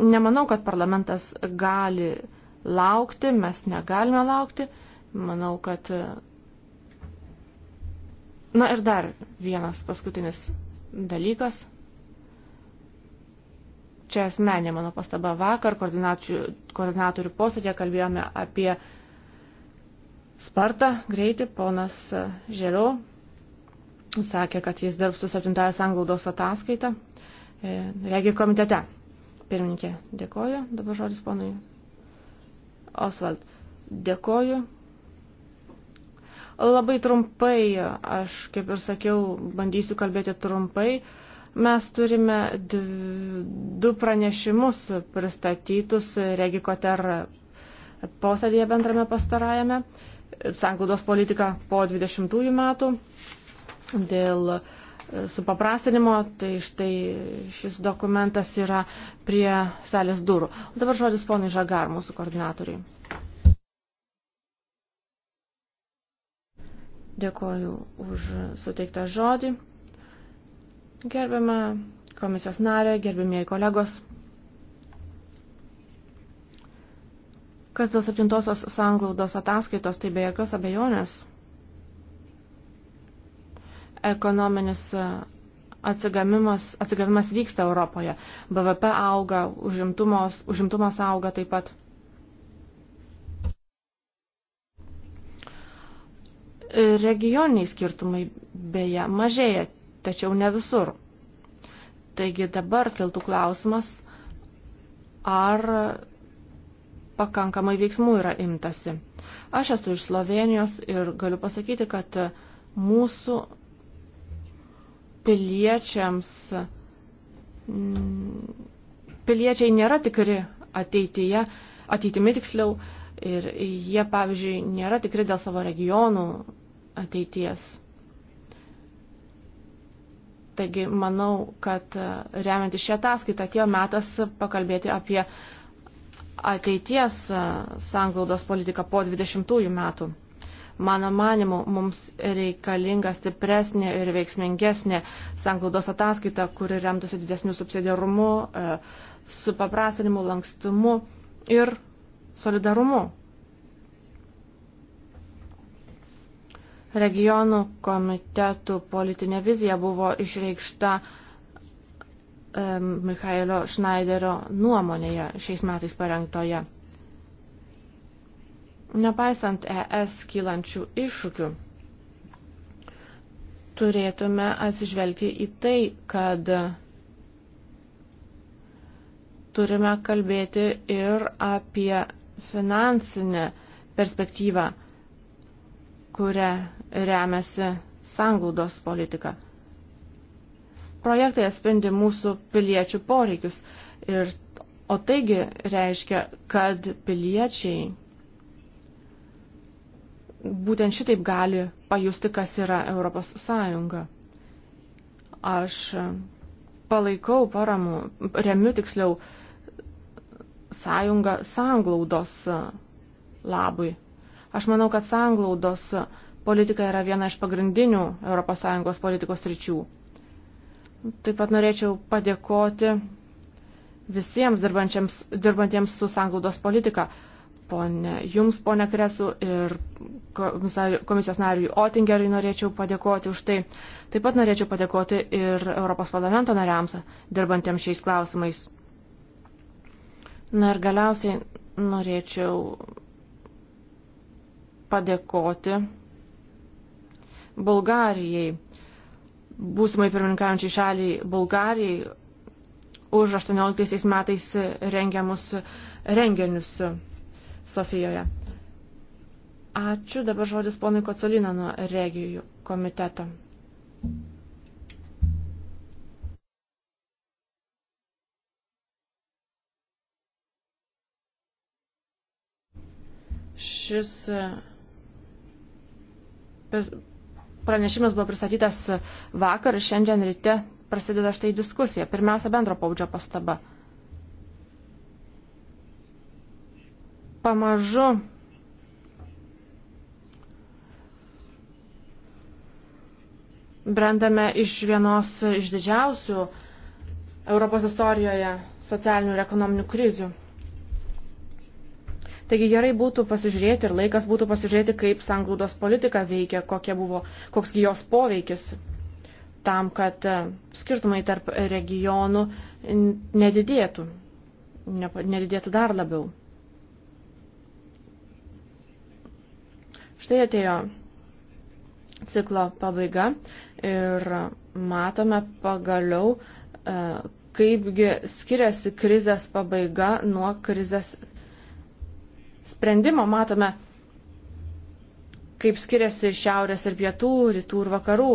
nemanau, kad parlamentas gali laukti, mes negalime laukti. Manau, kad. Na ir dar vienas paskutinis dalykas. Čia asmenė mano pastaba vakar, koordinatorių posėdė kalbėjome apie spartą, greitį. Ponas Žėliau sakė, kad jis dirbs su 7 sanglaudos ataskaita. E, Regi komitete. Pirmininkė, dėkoju. Dabar žodis ponui Oswald, dėkoju. Labai trumpai, aš kaip ir sakiau, bandysiu kalbėti trumpai. Mes turime du pranešimus pristatytus Regikoter posėdėje bendrame pastarajame. Sanklaudos politika po 20 metų dėl uh, supaprastinimo, tai štai šis dokumentas yra prie salės durų. O dabar žodis ponui Žagar, mūsų koordinatoriai. Dėkoju už suteiktą žodį. Gerbiama komisijos narė, gerbimieji kolegos. Kas dėl septintosios sanglaudos ataskaitos, tai be jokios abejonės ekonominis e, atsigavimas, atsigavimas vyksta Europoje. BVP auga, užimtumos, užimtumas auga taip pat. Regioniniai skirtumai beje mažėja, tačiau ne visur. Taigi dabar kiltų klausimas, ar pakankamai veiksmų yra imtasi. Aš esu iš Slovenijos ir galiu pasakyti, kad mūsų piliečiams, mm, piliečiai nėra tikri ateityje, ateitimi tiksliau, ir jie, pavyzdžiui, nėra tikri dėl savo regionų ateities. Taigi manau, kad e, remiantis šią ataskaitą atėjo metas pakalbėti apie ateities e, sanglaudos politiką po 20 metų. Mano manimu, mums reikalinga stipresnė ir veiksmingesnė sanglaudos ataskaita, kuri remtųsi didesnių subsidiarumu, e, supaprastinimu, lankstumu ir solidarumu. Regionų komitetų politinė vizija buvo išreikšta e, Michailo Schneiderio nuomonėje šiais metais parengtoje. Nepaisant ES kylančių iššūkių, turėtume atsižvelgti į tai, kad turime kalbėti ir apie finansinę perspektyvą, kuria remiasi sanglaudos politika. Projektai atspindi mūsų piliečių poreikius, ir, o taigi reiškia, kad piliečiai būtent šitaip gali pajusti, kas yra Europos Sąjunga. Aš palaikau paramų, remiu tiksliau sąjungą sanglaudos labui. Aš manau, kad sanglaudos politika yra viena iš pagrindinių ES politikos ryčių. Taip pat norėčiau padėkoti visiems dirbantiems su sanglaudos politika ponė, jums, ponė Kresu, ir komisijos nariui Otingeriui norėčiau padėkoti už tai. Taip pat norėčiau padėkoti ir Europos parlamento nariams, dirbantiems šiais klausimais. Na ir galiausiai norėčiau padėkoti Bulgarijai, būsimai pirmininkaujančiai šaliai Bulgarijai, už 18 metais rengiamus renginius. Sofijoje. Ačiū, dabar žodis ponui Kocolino nuo regijų komiteto. Šis e, pranešimas buvo pristatytas vakar ir šiandien ryte prasideda štai diskusija. Pirmiausia, bendro paudžio pastaba. pamažu brandame iš vienos iš didžiausių Europos istorijoje socialinių ir ekonominių krizių. Taigi gerai būtų pasižiūrėti ir laikas būtų pasižiūrėti, kaip sanglaudos politika veikia, kokie buvo, koksgi jos poveikis tam, kad e, skirtumai tarp regionų nedidėtų, nedidėtų dar labiau. Štai atėjo ciklo pabaiga ir matome pagaliau, e, kaipgi skiriasi krizės pabaiga nuo krizės sprendimo. Matome, kaip skiriasi šiaurės ir pietų, rytų ir vakarų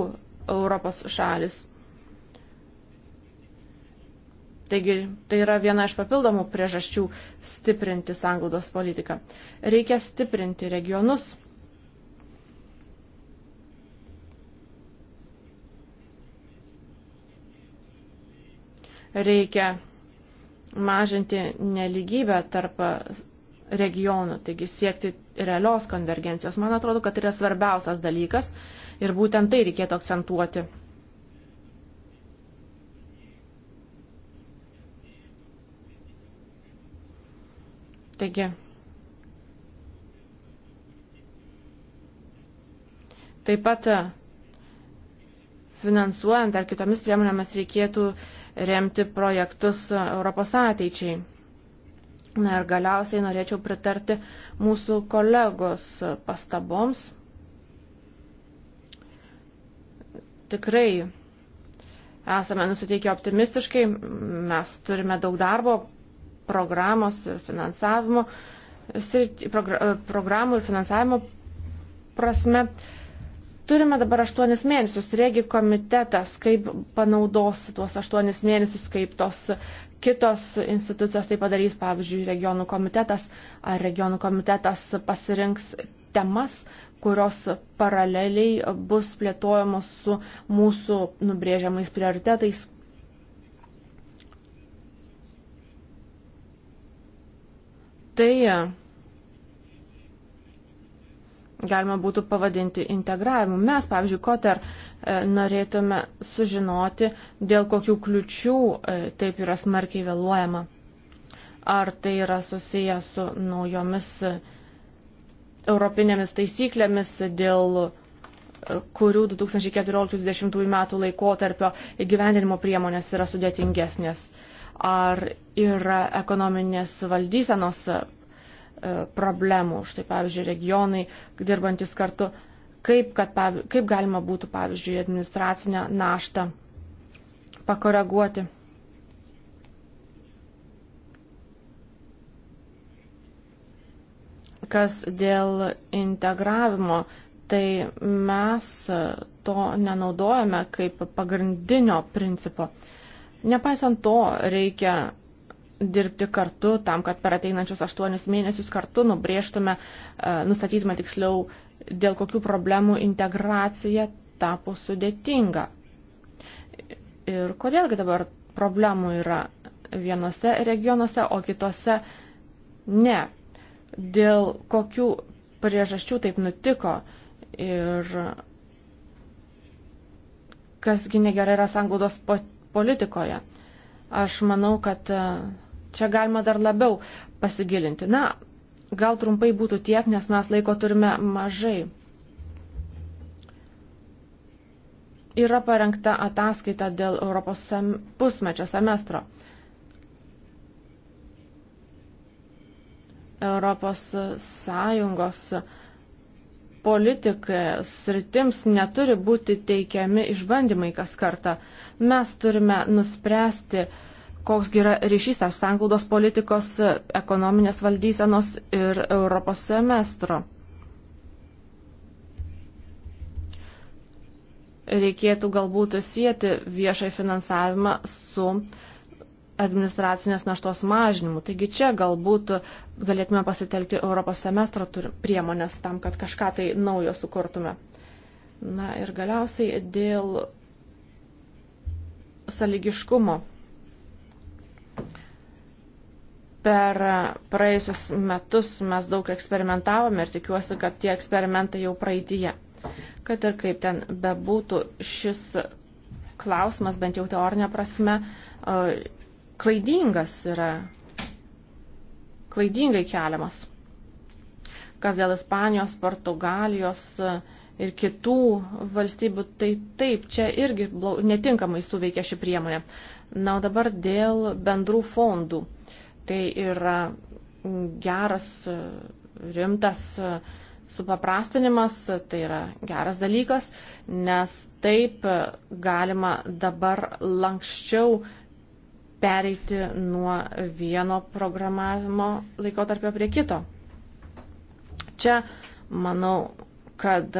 Europos šalis. Taigi tai yra viena iš papildomų priežasčių stiprinti sanglaudos politiką. Reikia stiprinti regionus reikia mažinti neligybę tarp regionų, taigi siekti realios konvergencijos. Man atrodo, kad tai yra svarbiausias dalykas ir būtent tai reikėtų akcentuoti. Taigi, taip pat finansuojant ar kitomis priemonėmis reikėtų uh, remti projektus Europos ateičiai. Na ir galiausiai norėčiau pritarti mūsų kolegos pastaboms. Tikrai esame nusiteikę optimistiškai, mes turime daug darbo, programos ir finansavimo, programų ir finansavimo prasme. Turime dabar aštuonis mėnesius, regi komitetas, kaip panaudos tuos aštuonis mėnesius, kaip tos kitos institucijos tai padarys, pavyzdžiui, regionų komitetas, ar regionų komitetas pasirinks temas, kurios paraleliai bus plėtojamos su mūsų nubrėžiamais prioritetais. Tai galima būtų pavadinti integravimu. Mes, pavyzdžiui, Koter e, norėtume sužinoti, dėl kokių kliučių e, taip yra smarkiai vėluojama. Ar tai yra susiję su naujomis e, europinėmis taisyklėmis, dėl kurių 2014-2020 metų laikotarpio įgyvendinimo priemonės yra sudėtingesnės. Ar yra ekonominės valdysenos E, problemų, štai pavyzdžiui, regionai dirbantis kartu, kaip, kad, kaip galima būtų, pavyzdžiui, administracinę naštą pakoreguoti. Kas dėl integravimo, tai mes to nenaudojame kaip pagrindinio principo. Nepaisant to, reikia dirbti kartu tam, kad per ateinančius aštuonis mėnesius kartu nubrėžtume, e, nustatytume tiksliau, dėl kokių problemų integracija tapo sudėtinga. Ir kodėlgi dabar problemų yra vienose regionuose, o kitose ne. Dėl kokių priežasčių taip nutiko ir kasgi negerai yra sanglaudos politikoje. Aš manau, kad e, Čia galima dar labiau pasigilinti. Na, gal trumpai būtų tiek, nes mes laiko turime mažai. Yra parengta ataskaita dėl Europos sem pusmečio semestro. Europos Sąjungos politikai sritims neturi būti teikiami išbandymai kas kartą. Mes turime nuspręsti, uh, koks yra ryšys tarp sanglaudos politikos, ekonominės valdysenos ir Europos semestro. Reikėtų galbūt sieti viešai finansavimą su administracinės naštos mažinimu. Taigi čia galbūt galėtume pasitelkti Europos semestro priemonės tam, kad kažką tai naujo sukurtume. Na ir galiausiai dėl saligiškumo Per praėjusius metus mes daug eksperimentavome ir tikiuosi, kad tie eksperimentai jau praeitie. Kad ir kaip ten bebūtų, šis klausimas, bent jau teorinė prasme, klaidingas yra, klaidingai keliamas. Kas dėl Ispanijos, Portugalijos ir kitų valstybių, tai taip, čia irgi netinkamai suveikia ši priemonė. Na, o dabar dėl bendrų fondų. Uh, Tai yra geras, rimtas supaprastinimas, tai yra geras dalykas, nes taip galima dabar lankščiau pereiti nuo vieno programavimo laikotarpio prie kito. Čia manau, kad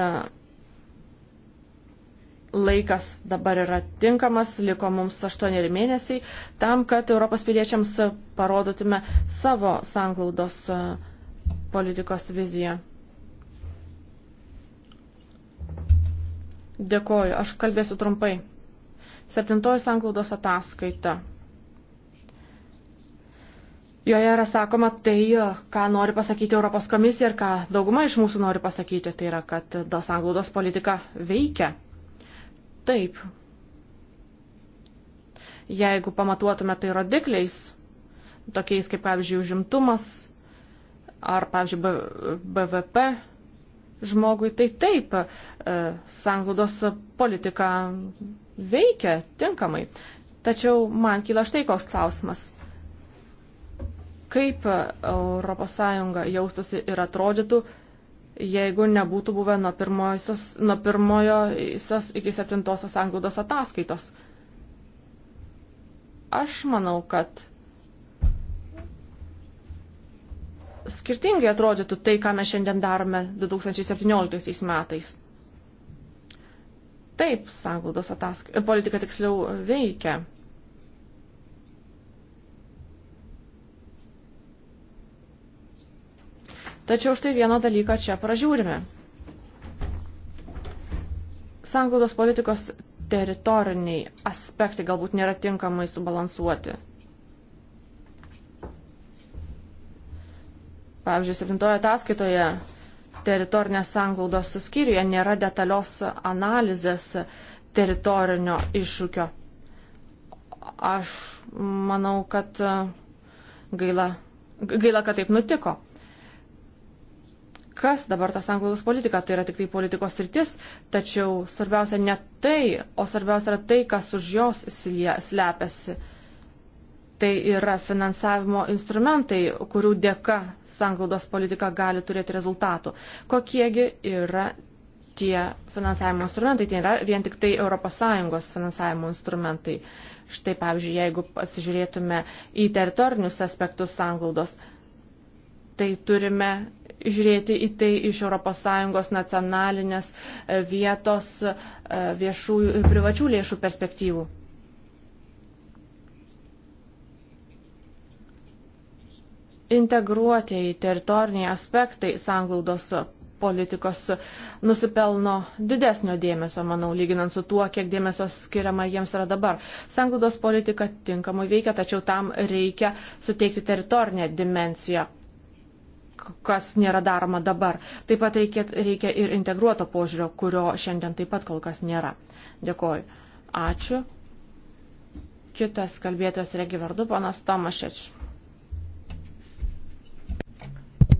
laikas dabar yra tinkamas, liko mums 8 mėnesiai, tam, kad Europos piliečiams parodytume savo sanglaudos e, politikos viziją. Dėkoju, aš kalbėsiu trumpai. Septintoji sanglaudos ataskaita. Joje yra sakoma tai, ką nori pasakyti Europos komisija ir ką dauguma iš mūsų nori pasakyti, tai yra, kad sanglaudos politika veikia. Taip. Jeigu pamatuotume tai rodikliais, tokiais kaip, pavyzdžiui, užimtumas ar, pavyzdžiui, BVP žmogui, tai taip, e, sanglaudos politika veikia tinkamai. Tačiau man kyla štai koks klausimas. Kaip ES jaustusi ir atrodytų, jeigu nebūtų buvę nuo pirmojosios, nuo pirmojosios iki septintosios anglodos ataskaitos. Aš manau, kad skirtingai atrodytų tai, ką mes šiandien darome 2017 metais. Taip, sanglaudos ataskaita, politika tiksliau veikia. Tačiau štai vieną dalyką čia pražiūrime. Sanglaudos politikos teritoriniai aspektai galbūt nėra tinkamai subalansuoti. Pavyzdžiui, septintoje ataskaitoje teritorinės sanglaudos skyriuje nėra detalios analizės teritorinio iššūkio. Aš manau, kad gaila, gaila kad taip nutiko kas dabar tą sanglaudos politiką, tai yra tik tai politikos sritis, tačiau svarbiausia ne tai, o svarbiausia yra tai, kas už jos slepiasi. Tai yra finansavimo instrumentai, kurių dėka sanglaudos politika gali turėti rezultatų. Kokiegi yra tie finansavimo instrumentai, tai yra vien tik tai ES finansavimo instrumentai. Štai, pavyzdžiui, jeigu pasižiūrėtume į teritorinius aspektus sanglaudos, tai turime žiūrėti į tai iš ES nacionalinės e, vietos e, viešųjų ir privačių lėšų perspektyvų. Integruotieji teritoriniai aspektai sanglaudos politikos nusipelno didesnio dėmesio, manau, lyginant su tuo, kiek dėmesio skiriama jiems yra dabar. Sanglaudos politika tinkamai veikia, tačiau tam reikia suteikti teritorinę dimenciją kas nėra daroma dabar. Taip pat reikia, reikia ir integruoto požiūrio, kurio šiandien taip pat kol kas nėra. Dėkoju. Ačiū. Kitas kalbėtas regi vardu, panas Tomašeč.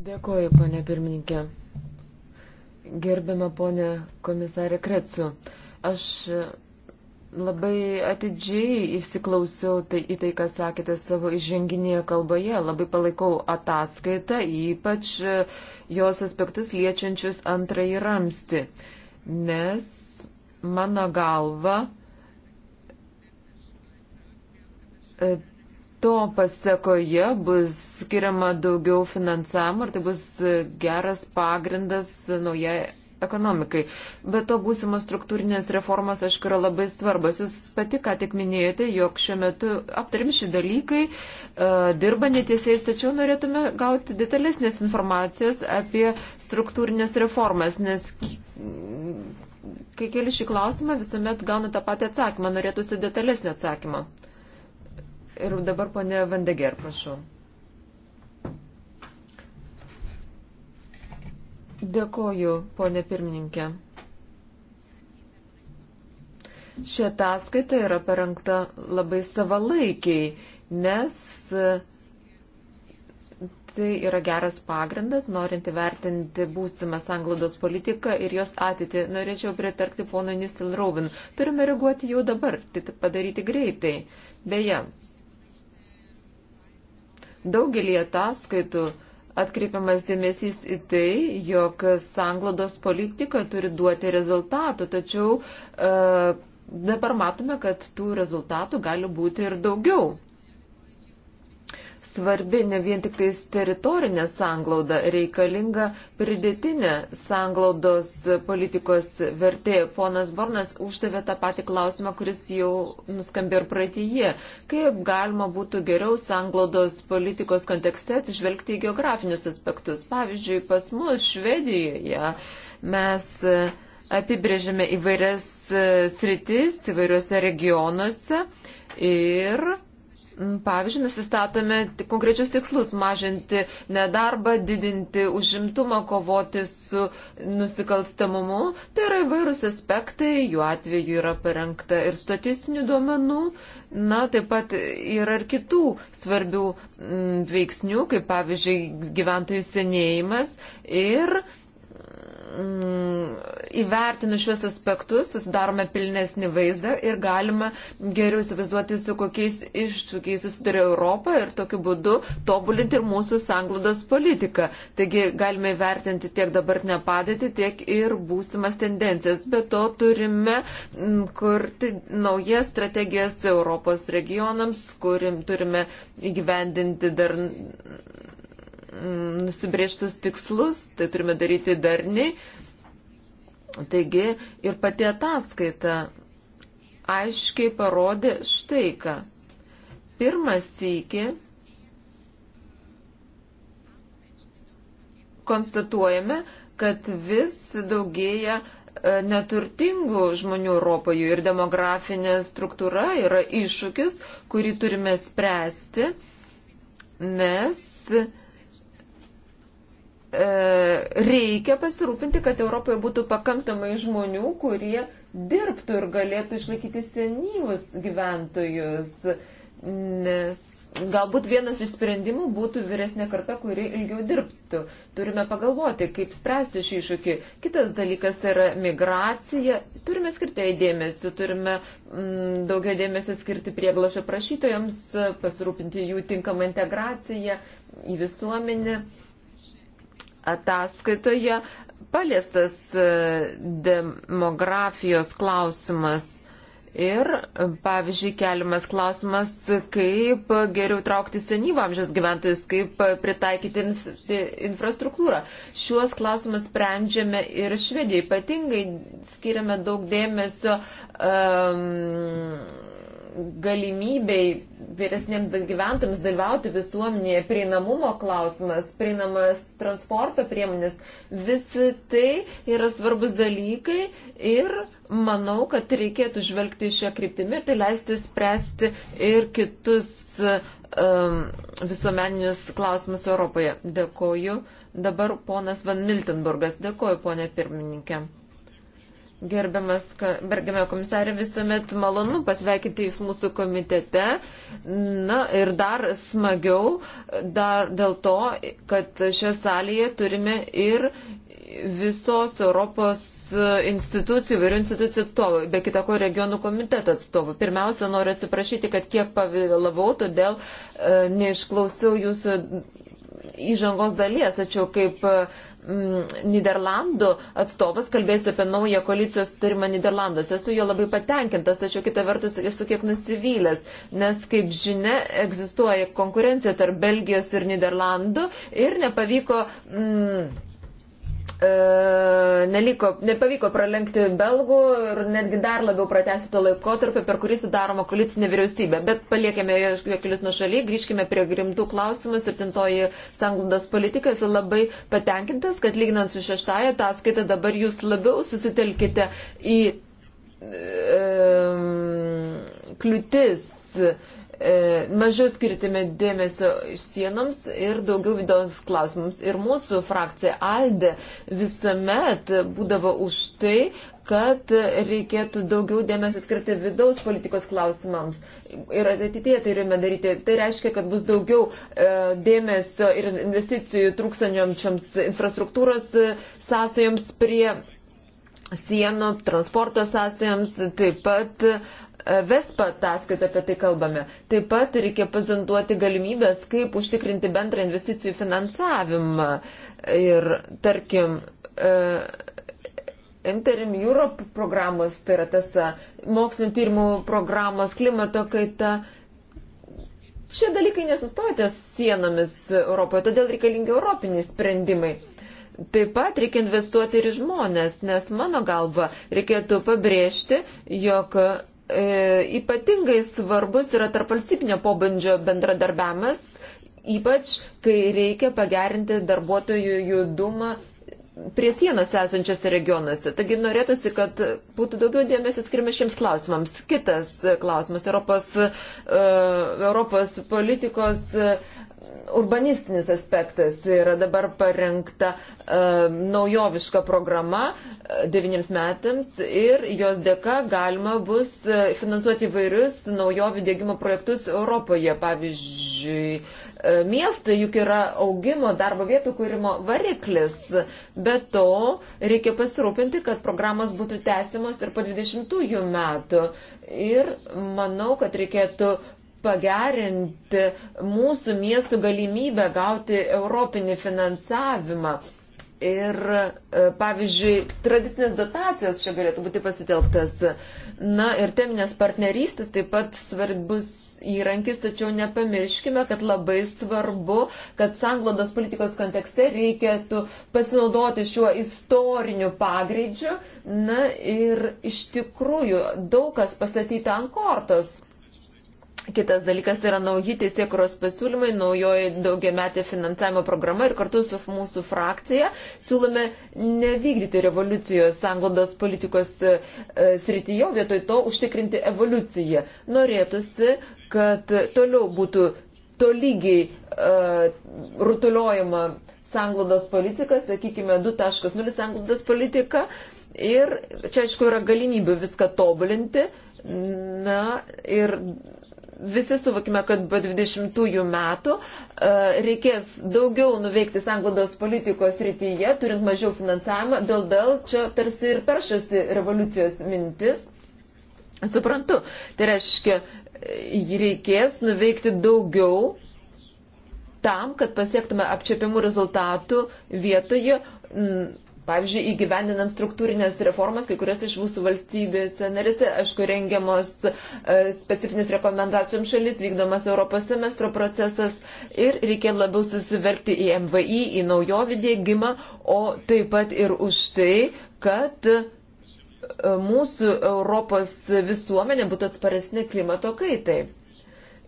Dėkoju, ponė pirmininkė. Gerbiama ponė komisarė Kretsu. Aš Labai atidžiai įsiklausiau tai, į tai, ką sakėte savo įženginėje kalboje. Labai palaikau ataskaitą, ypač e, jos aspektus liečiančius antrąjį ramsti. Nes mano galva e, to pasakoje bus skiriama daugiau finansavimo ir tai bus geras pagrindas naujai ekonomikai. Bet to būsimos struktūrinės reformos, aišku, yra labai svarbas. Jūs pati ką tik minėjote, jog šiuo metu aptarim šį dalykai, e, dirba netiesiais, tačiau norėtume gauti detalesnės informacijos apie struktūrinės reformas, nes kai keli šį klausimą, visuomet gauna tą patį atsakymą, norėtųsi detalesnį atsakymą. Ir dabar ponė Vandeger, prašau. Dėkoju, ponė pirmininkė. Ši ataskaita yra parengta labai savalaikiai, nes tai yra geras pagrindas, norint įvertinti būsimą sanglaudos politiką ir jos ateitį. Norėčiau pritarkti ponui Nisil Raubin. Turime reaguoti jau dabar, tai padaryti greitai. Beje, daugelį ataskaitų atkreipiamas dėmesys į tai, jog sanglodos politika turi duoti rezultatų, tačiau e, dabar matome, kad tų rezultatų gali būti ir daugiau svarbi ne vien tik tais teritorinė sanglauda, reikalinga pridėtinė sanglaudos politikos vertė. Ponas Bornas uždavė tą patį klausimą, kuris jau nuskambėjo ir praeitįje. Kaip galima būtų geriau sanglaudos politikos kontekste atsižvelgti į geografinius aspektus? Pavyzdžiui, pas mus Švedijoje mes e, apibrėžėme įvairias e, sritis įvairiuose regionuose ir Pavyzdžiui, nusistatome konkrečius tikslus - mažinti nedarbą, didinti užimtumą, kovoti su nusikalstamumu. Tai yra įvairūs aspektai, jų atveju yra parengta ir statistinių duomenų. Na, taip pat yra ir kitų svarbių m, mm, veiksnių, kaip pavyzdžiui gyventojų senėjimas ir Mm, įvertinus šios aspektus susidarome pilnesnį vaizdą ir galima geriau įsivaizduoti, su kokiais iššūkiais susiduria Europą ir tokiu būdu tobulinti ir mūsų sanglodos politiką. Taigi galime įvertinti tiek dabartinę padėtį, tiek ir būsimas tendencijas. Be to turime mm, kurti naujas strategijas Europos regionams, kurim turime įgyvendinti dar Mm, nusibrieštus tikslus, tai turime daryti darniai. Taigi ir pati ataskaita aiškiai parodė štai ką. Pirmas sykį konstatuojame, kad vis daugėja e, neturtingų žmonių Europoje ir demografinė struktūra yra iššūkis, kurį turime spręsti, nes E, reikia pasirūpinti, kad Europoje būtų pakankamai žmonių, kurie dirbtų ir galėtų išlaikyti senyvus gyventojus. Nes galbūt vienas iš sprendimų būtų vyresnė karta, kuri ilgiau dirbtų. Turime pagalvoti, kaip spręsti šį iššūkį. Kitas dalykas tai yra migracija. Turime skirti dėmesio, turime mm, daugiau dėmesio skirti prieglašio prašytojams, pasirūpinti jų tinkamą integraciją į visuomenę. Mm, ataskaitoje paliestas e, demografijos klausimas. Ir, pavyzdžiui, keliamas klausimas, kaip geriau traukti senyvo amžiaus gyventojus, kaip pritaikyti infrastruktūrą. Šiuos klausimus sprendžiame ir Švedijai. Ypatingai skiriame daug dėmesio um, galimybei vyresniems gyventojams dalyvauti visuomenėje, prieinamumo klausimas, prieinamas transporto priemonės, visi tai yra svarbus dalykai ir manau, kad reikėtų žvelgti šią kryptimį ir tai leisti spręsti ir kitus um, visuomeninius klausimus Europoje. Dėkoju. Dabar ponas Van Miltenburgas. Dėkoju, ponė pirmininkė. Gerbiamas, gerbiamą komisarę, visuomet malonu pasveikinti Jūs mūsų komitete. Na ir dar smagiau dar dėl to, kad šią salėje turime ir visos Europos institucijų, vairių institucijų atstovų, be kita ko regionų komiteto atstovų. Pirmiausia, noriu atsiprašyti, kad kiek pavėlavau, todėl e, neišklausiau Jūsų įžangos dalies, tačiau kaip e, Mm, Niderlandų atstovas kalbės apie naują koalicijos sutarimą Niderlanduose. Esu jo labai patenkintas, tačiau kitą vertus esu kiek nusivylęs, nes, kaip žinia, egzistuoja konkurencija tarp Belgijos ir Niderlandų ir nepavyko. Mm, E, neliko, nepavyko pralenkti belgų ir netgi dar labiau pratesti tą laikotarpį, per kurį sudaroma koalicinė vyriausybė. Bet paliekime juokelius nuo šaly, grįžkime prie rimtų klausimų. Septintoji sanglundos politika esu labai patenkintas, kad lyginant su šeštąją ataskaitą dabar jūs labiau susitelkite į e, kliūtis. E, E, mažiau skirtime dėmesio sienoms ir daugiau vidaus klausimams. Ir mūsų frakcija Alde visuomet būdavo už tai, kad reikėtų daugiau dėmesio skirti vidaus politikos klausimams. Ir ateityje tai turime daryti. Tai reiškia, kad bus daugiau e, dėmesio ir investicijų trūksančioms infrastruktūros e, sąsajoms prie sienų, transporto sąsajoms, taip pat e, VESPA ataskaitą apie tai kalbame. Taip pat reikia prezentuoti galimybės, kaip užtikrinti bendrą investicijų finansavimą. Ir tarkim, e, Interim Europe programos, tai yra tas mokslinio tyrimų programos, klimato kaita. Šie dalykai nesustoja ties sienomis Europoje, todėl reikalingi europiniai sprendimai. Taip pat reikia investuoti ir į žmonės, nes mano galva reikėtų pabrėžti, jog e, ypatingai svarbus yra tarpvalstybinio pobandžio bendradarbiavimas, ypač kai reikia pagerinti darbuotojų judumą prie sienos esančiose regionuose. Taigi norėtųsi, kad būtų daugiau dėmesio skirime šiems klausimams. Kitas klausimas Europos, uh, Europos politikos uh, urbanistinis aspektas. Yra dabar parengta uh, naujoviška programa uh, devyniems metams ir jos dėka galima bus uh, finansuoti įvairius naujovių dėgymo projektus Europoje. Pavyzdžiui, uh, miestai juk yra augimo darbo vietų kūrimo variklis. Be to, reikia pasirūpinti, kad programos būtų tęsimos ir po 20 metų. Ir manau, kad reikėtų pagerinti mūsų miestų galimybę gauti europinį finansavimą. Ir, e, pavyzdžiui, tradicinės dotacijos čia galėtų būti pasitelktas. Na ir teminės partnerystės taip pat svarbus įrankis, tačiau nepamirškime, kad labai svarbu, kad sanglodos politikos kontekste reikėtų pasinaudoti šiuo istoriniu pagreidžiu. Na ir iš tikrųjų daug kas pastatyta ant kortos, Kitas dalykas tai yra nauji teisėkuros pasiūlymai, naujoji daugiametė finansavimo programa ir kartu su mūsų frakcija siūlome nevykdyti revoliucijos anglodos politikos e, e srityje, vietoj to užtikrinti evoliuciją. Norėtųsi, kad toliau būtų tolygiai e, rutuliojama sanglodos politika, sakykime, 2.0 sanglodos politika. Ir čia, aišku, yra galimybė viską tobulinti. Na ir visi suvokime, kad po 20 metų e, reikės daugiau nuveikti sanglaudos politikos rytyje, turint mažiau finansavimą, dėl dėl čia tarsi ir peršasi revoliucijos mintis. Suprantu, tai reiškia, e, reikės nuveikti daugiau tam, kad pasiektume apčiapimų rezultatų vietoje Pavyzdžiui, įgyvendinant struktūrinės reformas, kai kurias iš mūsų valstybės narėse, aišku, rengiamos e, specifinės rekomendacijoms šalis, vykdomas Europos semestro procesas ir reikia labiau susivelgti į MVI, į naujovį dėgymą, o taip pat ir už tai, kad e, mūsų Europos visuomenė būtų atsparesnė klimato kaitai.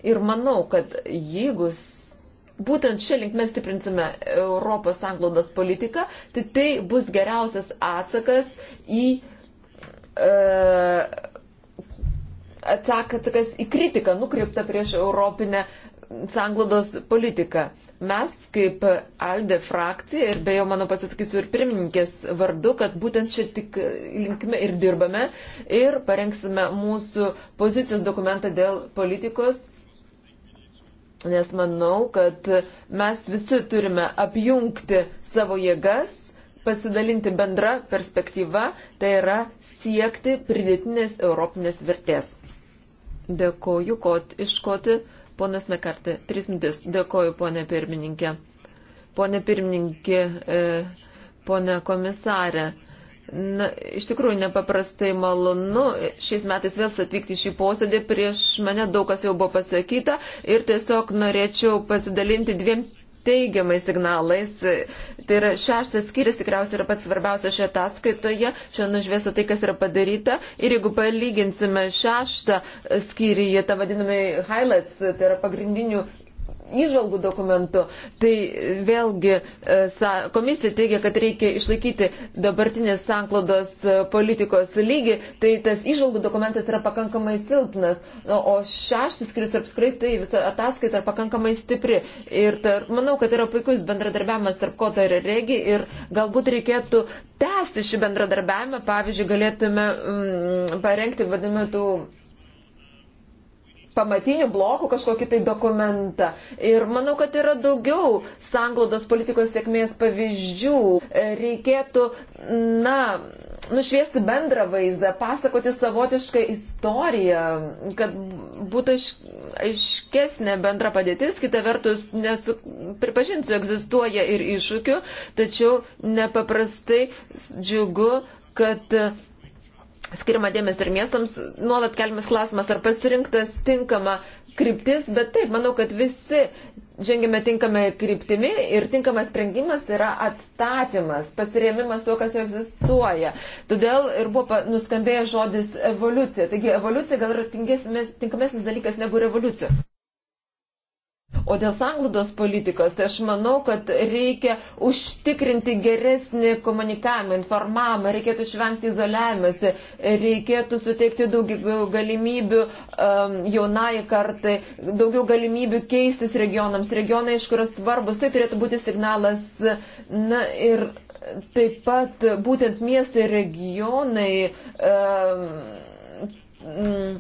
Ir manau, kad jeigu būtent šią linkmę stiprinsime Europos sanglaudos politiką, tai tai bus geriausias atsakas į e, atsak, atsakas į kritiką nukreiptą prieš Europinę sanglaudos politiką. Mes kaip Alde frakcija ir beje mano pasisakysiu ir pirmininkės vardu, kad būtent čia tik linkme ir dirbame ir parengsime mūsų pozicijos dokumentą dėl politikos Nes manau, kad mes visi turime apjungti savo jėgas, pasidalinti bendrą perspektyvą, tai yra siekti pridėtinės europinės vertės. Dėkoju, kad iškoti, ponas Mekartė, tris mintis. Dėkoju, ponė pirmininkė. Pone pirmininkė, e, ponė komisarė. Na, iš tikrųjų nepaprastai malonu šiais metais vėl atvykti šį posėdį. Prieš mane daug kas jau buvo pasakyta ir tiesiog norėčiau pasidalinti dviem teigiamais signalais. Tai yra šeštas skyris tikriausiai yra pats svarbiausias šioje ataskaitoje. Šiandien nužviesta tai, kas yra padaryta. Ir jeigu palyginsime šeštą skyrį, tą vadinamą highlights, tai yra pagrindinių įžvalgų dokumentu. Tai vėlgi e, komisija teigia, kad reikia išlaikyti dabartinės sanklodos e, politikos lygį, tai tas įžvalgų dokumentas yra pakankamai silpnas, o šeštas skirius apskritai tai visa ataskaita yra pakankamai stipri. Ir tar, manau, kad yra puikus bendradarbiavimas tarp koto ir regi ir galbūt reikėtų tęsti šį bendradarbiavimą, pavyzdžiui, galėtume mm, parengti vadinamą tų pamatinių blokų kažkokį tai dokumentą. Ir manau, kad yra daugiau sanglaudos politikos sėkmės pavyzdžių. E, reikėtų, na, nušviesti bendrą vaizdą, pasakoti savotišką istoriją, kad būtų aiškesnė bendra padėtis. Kita vertus, nes pripažinsiu, egzistuoja ir iššūkių, tačiau nepaprastai džiugu, kad skirima dėmesio ir miestams, nuolat kelmas klausimas, ar pasirinktas tinkama kryptis, bet taip, manau, kad visi žengėme tinkamą kryptimį ir tinkamas sprendimas yra atstatymas, pasirėmimas tuo, kas jau egzistuoja. Todėl ir buvo nuskambėjęs žodis evoliucija. Taigi evoliucija gal yra tinkamesnis dalykas negu revoliucija. O dėl sanglaudos politikos, tai aš manau, kad reikia užtikrinti geresnį komunikavimą, informavimą, reikėtų išvengti izoliavimuose, reikėtų suteikti daugiau galimybių um, jaunai kartai, daugiau galimybių keistis regionams, regionai, iš kurios svarbus, tai turėtų būti signalas. Na ir taip pat būtent miestai, regionai. Um,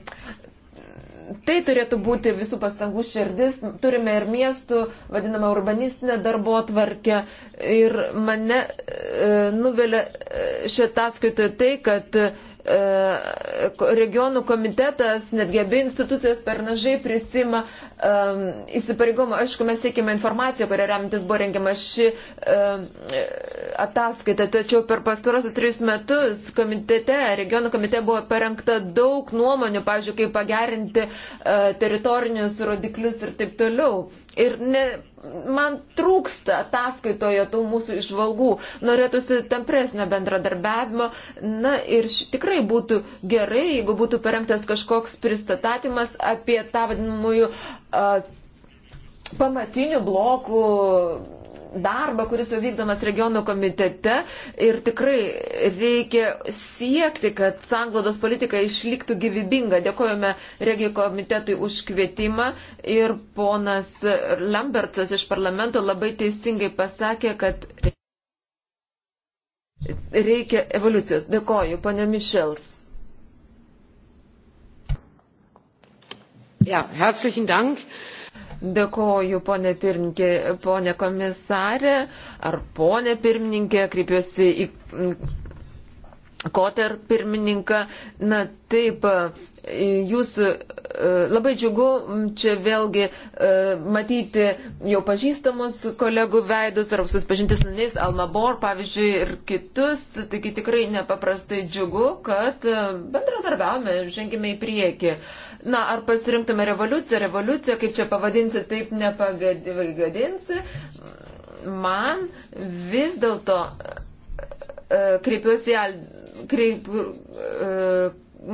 tai turėtų būti visų pastangų širdis. Turime ir miestų, vadinamą urbanistinę darbo tvarkę. Ir mane e, nuvelia e, šitą skaitą tai, kad e, regionų komitetas, netgi abi institucijos per mažai prisima um, įsipareigojimų. Aišku, mes teikime informaciją, kurią remtis buvo rengiama ši um, ataskaita, tačiau per pastarosius tris metus komitete, regionų komitete buvo parengta daug nuomonių, pavyzdžiui, kaip pagerinti uh, teritorinius rodiklius ir taip toliau. Ir ne, man trūksta ataskaitoje tų mūsų išvalgų, norėtųsi tampresnio bendradarbiavimo. Na ir š, tikrai būtų gerai, jeigu būtų parengtas kažkoks pristatymas apie tą vadinamųjų uh, pamatinių blokų darbą, kuris jau vykdomas regionų komitete ir tikrai reikia siekti, kad sanglodos politika išliktų gyvybinga. Dėkojame regijų komitetui už kvietimą ir ponas Lambertsas iš parlamento labai teisingai pasakė, kad reikia evoliucijos. Dėkoju, ponė Mišels. Ja, herzlichen Dank. Dėkoju, ponė pirmininkė, ponė komisarė, ar ponė pirmininkė, kreipiuosi į mm, Koter pirmininką. Na taip, e, jūs e, labai džiugu čia vėlgi e, matyti jau pažįstamus kolegų veidus ar susipažinti su jais, Almabor pavyzdžiui ir kitus. Taigi tikrai nepaprastai džiugu, kad bendradarbiavome, žengime į priekį. Uh, Na, ar pasirinktume revoliuciją, revoliuciją, kaip čia pavadinsi, taip nepagadinsi. Man vis dėlto e, e, kreipiuosi, kreip, e,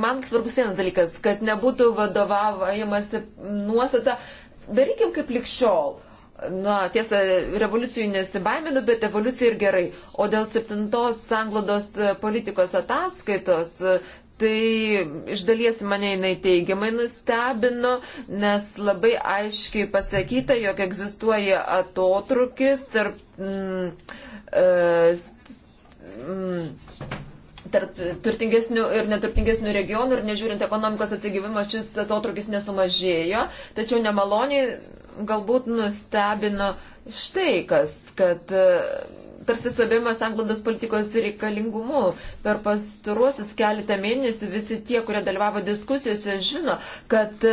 man svarbus vienas dalykas, kad nebūtų vadovaujamasi nuostata, darykim kaip likščiol. Na, tiesa, revoliucijų nesibaiminu, bet evoliucija ir gerai. O dėl septintos sanglodos politikos ataskaitos, Tai iš dalies mane jinai teigiamai nustebino, nes labai aiškiai pasakyta, jog egzistuoja atotrukis tarp, mm, e, mm, tarp turtingesnių ir neturtingesnių regionų ir nežiūrint ekonomikos atsigivimo šis atotrukis nesumažėjo, tačiau nemaloniai galbūt nustebino štai kas, kad. Mm, tarsi suabėjimas anglodos politikos reikalingumu. Per pastaruosius keletą mėnesių visi tie, kurie dalyvavo diskusijose, žino, kad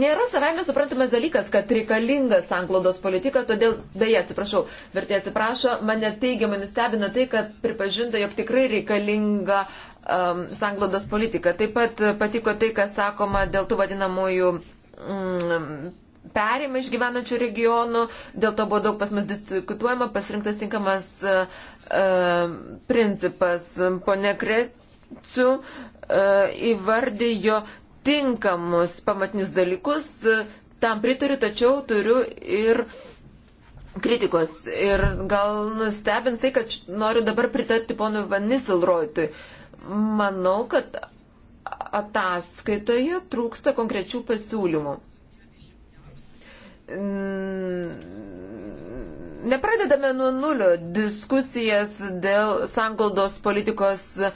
nėra savame suprantamas dalykas, kad reikalinga sanklaudos politika, todėl, beje, atsiprašau, vertė atsiprašo, mane teigiamai nustebino tai, kad pripažinta, jog tikrai reikalinga um, sanklaudos politika. Taip pat patiko tai, kas sakoma dėl tų vadinamųjų um, perima iš gyvenančių regionų, dėl to buvo daug pas mus diskutuojama, pasirinktas tinkamas uh, principas. Pone Krečiu uh, e, įvardijo tinkamus pamatinius dalykus, uh, tam pritariu, tačiau turiu ir kritikos. Ir gal nustebins tai, kad noriu dabar pritarti ponui Vanisilroitui. Manau, kad ataskaitoje trūksta konkrečių pasiūlymų. Mm, nepradedame nuo nulio diskusijas dėl sanglaudos politikos uh,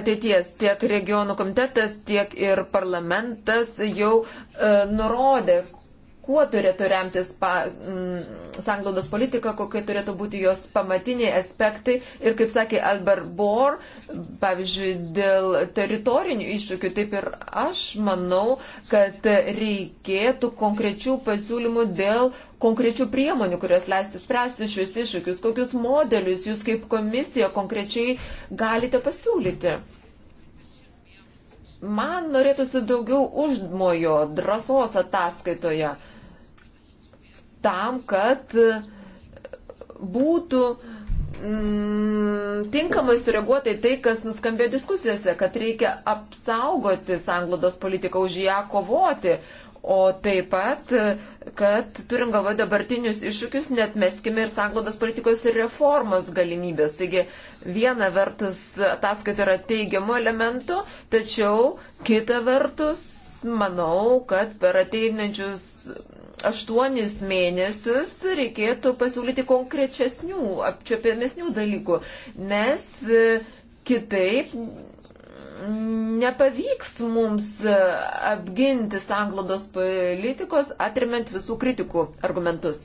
ateities. Tiek regionų komitetas, tiek ir parlamentas jau uh, nurodė, kuo turėtų remtis pa, m, mm, sanglaudos politika, kokie turėtų būti jos pamatiniai aspektai. Ir kaip sakė Albert Bohr, pavyzdžiui, dėl teritorinių iššūkių, taip ir aš manau, kad reikėtų konkrečių pasiūlymų dėl konkrečių priemonių, kurios leistų spręsti šius iššūkius, kokius modelius jūs kaip komisija konkrečiai galite pasiūlyti. Man norėtųsi daugiau užmojo drąsos ataskaitoje tam, kad e, būtų mm, tinkamai sureaguota į tai, kas nuskambėjo diskusijose, kad reikia apsaugoti sanglodos politiką, už ją kovoti. O taip pat, e, kad turim galvoje dabartinius iššūkius, net meskime ir sanglodos politikos ir reformos galimybės. Taigi viena vertus ataskaita yra teigiamų elementų, tačiau kita vertus manau, kad per ateinančius aštuonis mėnesius reikėtų pasiūlyti konkrečesnių, apčiopiamesnių dalykų, nes e, kitaip nepavyks mums e, apginti sanglodos politikos, atrimant visų kritikų argumentus.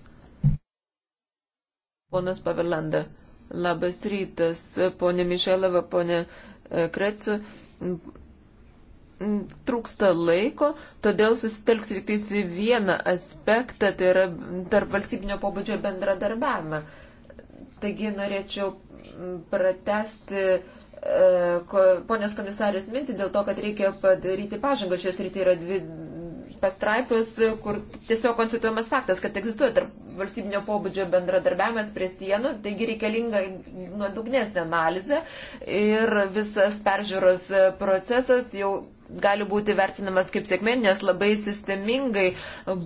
Ponas Pavelanda, labas rytas, e, ponė Mišelava, ponė Krecu trūksta laiko, todėl susitelkti tik į vieną aspektą, tai yra tarp valstybinio pobūdžio bendradarbiavimą. Taigi norėčiau pratesti e, ponios komisarės mintį dėl to, kad reikia padaryti pažangą. Šios rytį yra dvi pastraipos, kur tiesiog konstituojamas faktas, kad egzistuoja tarp valstybinio pobūdžio bendradarbiavimas prie sienų, taigi reikalinga nuodugnesnė analizė ir visas peržiūros procesas jau gali būti vertinamas kaip sėkmė, nes labai sistemingai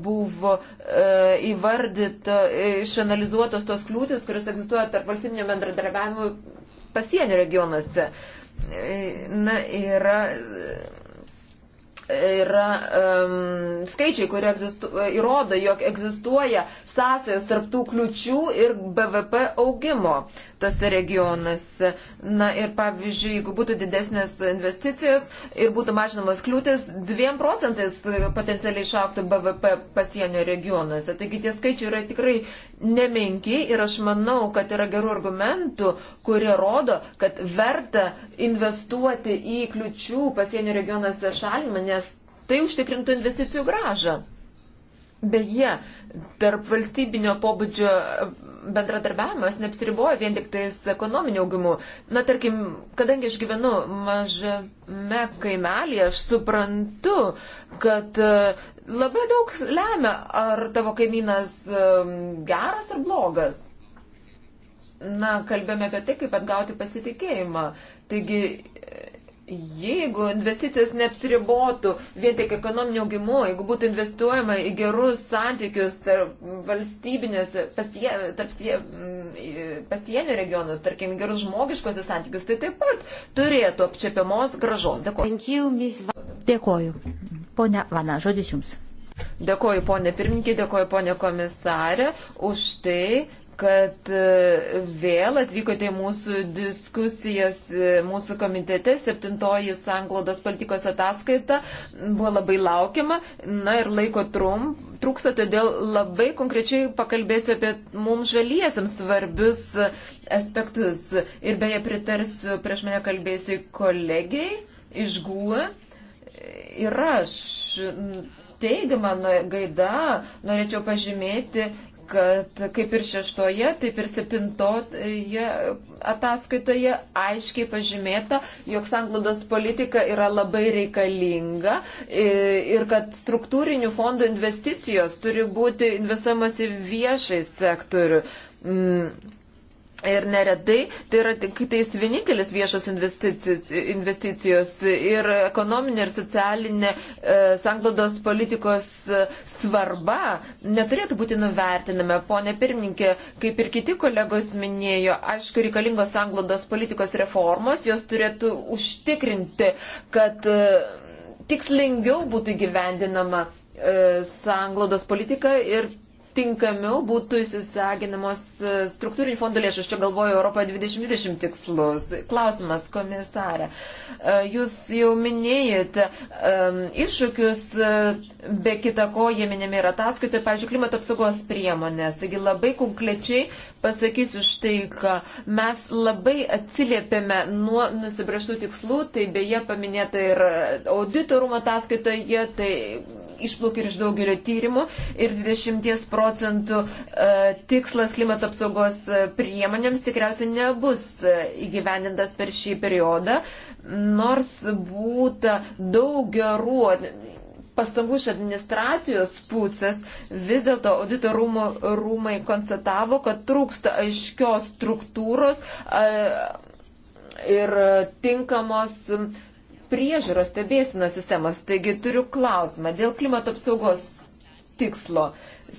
buvo e, įvardyta, e, išanalizuotos tos kliūtis, kurios egzistuoja tarp valstybinio bendradarbiavimo pasienio regionuose. E, na, yra yra um, skaičiai, kurie egzistu, įrodo, jog egzistuoja sąsajos tarptų kliučių ir BVP augimo tose regionuose. Na ir pavyzdžiui, jeigu būtų didesnės investicijos ir būtų mažinamas kliūtis, 2 procentais potencialiai išauktų BVP pasienio regionuose. Taigi tie skaičiai yra tikrai nemenki ir aš manau, kad yra gerų argumentų, kurie rodo, kad verta investuoti į kliučių pasienio regionuose šalimą, nes tai užtikrintų investicijų gražą. Beje, tarp valstybinio pobūdžio bendradarbiavimas neapsiriboja vien tik tais ekonominiu augimu. Na, tarkim, kadangi aš gyvenu mažame kaimelėje, aš suprantu, kad e, labai daug lemia, ar tavo kaimynas e, geras ar blogas. Na, kalbėjome apie tai, kaip atgauti pasitikėjimą. Taigi, Jeigu investicijos neapsiribotų vien tik ekonominio augimu, jeigu būtų investuojama į gerus santykius tarp valstybinės, pasie, tarp sie, mm, pasienio regionus, tarkim, gerus žmogiškosius santykius, tai taip pat turėtų apčiapiamos gražos. Dėkuoju. Dėkuoju. Pone Vana, žodis Jums. Dėkuoju, ponė pirmininkė, dėkuoju, ponė komisarė, už tai, kad e, vėl atvykote į mūsų diskusijas e, mūsų komitete. Septintoji sanglodos politikos ataskaita buvo labai laukiama. Na ir laiko trum, trūksta, todėl labai konkrečiai pakalbėsiu apie mums žaliesiams svarbius aspektus. Ir beje, pritarsiu prieš mane kalbėsiu kolegiai iš GUE. Ir aš teigiamą gaidą norėčiau pažymėti kad kaip ir šeštoje, taip ir septintoje ataskaitoje aiškiai pažymėta, jog sanglodos politika yra labai reikalinga ir kad struktūrinių fondų investicijos turi būti investuojamas į viešai sektorių. Mm. Ir neretai tai yra tik tais vienintelis viešos investicijos, investicijos ir ekonominė ir socialinė e, sanglodos politikos e, svarba neturėtų būti nuvertinama. Pone pirmininkė, kaip ir kiti kolegos minėjo, aišku, reikalingos sanglodos politikos reformos, jos turėtų užtikrinti, kad e, tikslingiau būtų gyvendinama e, sanglodos politika ir tinkamiau būtų įsisaginamos e, struktūrinių fondų lėšos. Čia galvoju Europoje 2020 tikslus. Klausimas, komisarė. E, jūs jau minėjote e, iššūkius, be kita ko, jie minimi ir ataskaitoje, pavyzdžiui, klimato apsaugos priemonės. Taigi labai konkrečiai pasakysiu štai, ką mes labai atsiliepėme nuo nusibrieštų tikslų, tai beje paminėta ir auditorumo ataskaitoje, tai išplaukia ir iš daugelio tyrimų ir 20 procentų e, tikslas klimato apsaugos e, priemonėms tikriausiai nebus e, įgyvendintas per šį periodą, nors būtų daug gerų pastangų iš administracijos pusės vis dėlto audito rūmų, rūmai konstatavo, kad trūksta aiškios struktūros ir tinkamos priežiūros stebėsino sistemos. Taigi turiu klausimą dėl klimato apsaugos tikslo.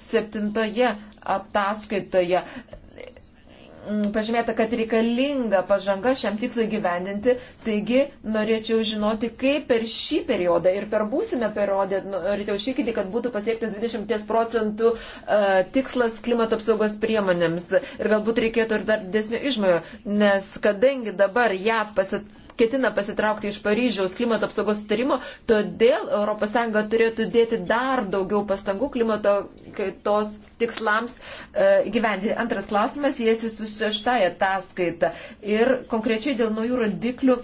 Septintoje ataskaitoje Mm, pažymėta, kad reikalinga pažanga šiam tikslui gyvendinti, taigi norėčiau žinoti, kaip per šį periodą ir per būsimą periodą, norėčiau šykinti, kad būtų pasiektas 20 procentų e, tikslas klimato apsaugos priemonėms. Ir galbūt reikėtų ir dar didesnio išmojo, nes kadangi dabar JAV pasitikė ketina pasitraukti iš Paryžiaus klimato apsaugos sutarimo, todėl ES turėtų dėti dar daugiau pastangų klimato kaitos tikslams e, gyventi. Antras klausimas jėsi su šeštąją ataskaitą ir konkrečiai dėl naujų rodiklių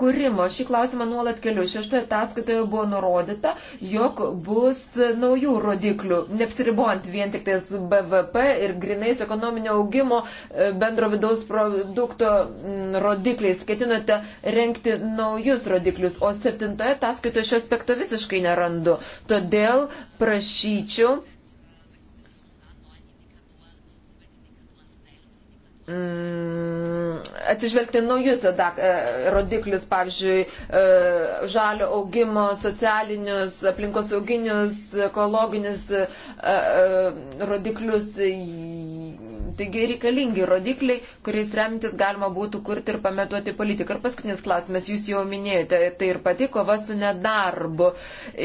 kūrimo. Šį klausimą nuolat keliu. Šeštoje ataskaitoje buvo nurodyta, jog bus naujų rodiklių, neapsiribojant vien tik tais BVP ir grinais ekonominio augimo e, bendro vidaus produkto mm, rodikliais. Ketinote renkti naujus rodiklius, o septintoje ataskaitoje šio aspekto visiškai nerandu. Todėl prašyčiau Mm, atsižvelgti naujus e, e, rodiklius, pavyzdžiui, e, žalio augimo, socialinius, aplinkosauginius, ekologinius rodiklius, Taigi reikalingi rodikliai, kuriais remtis galima būtų kurti ir pametuoti politiką. Ir paskutinis klausimas, jūs jau minėjote, tai ir pati kova su nedarbu.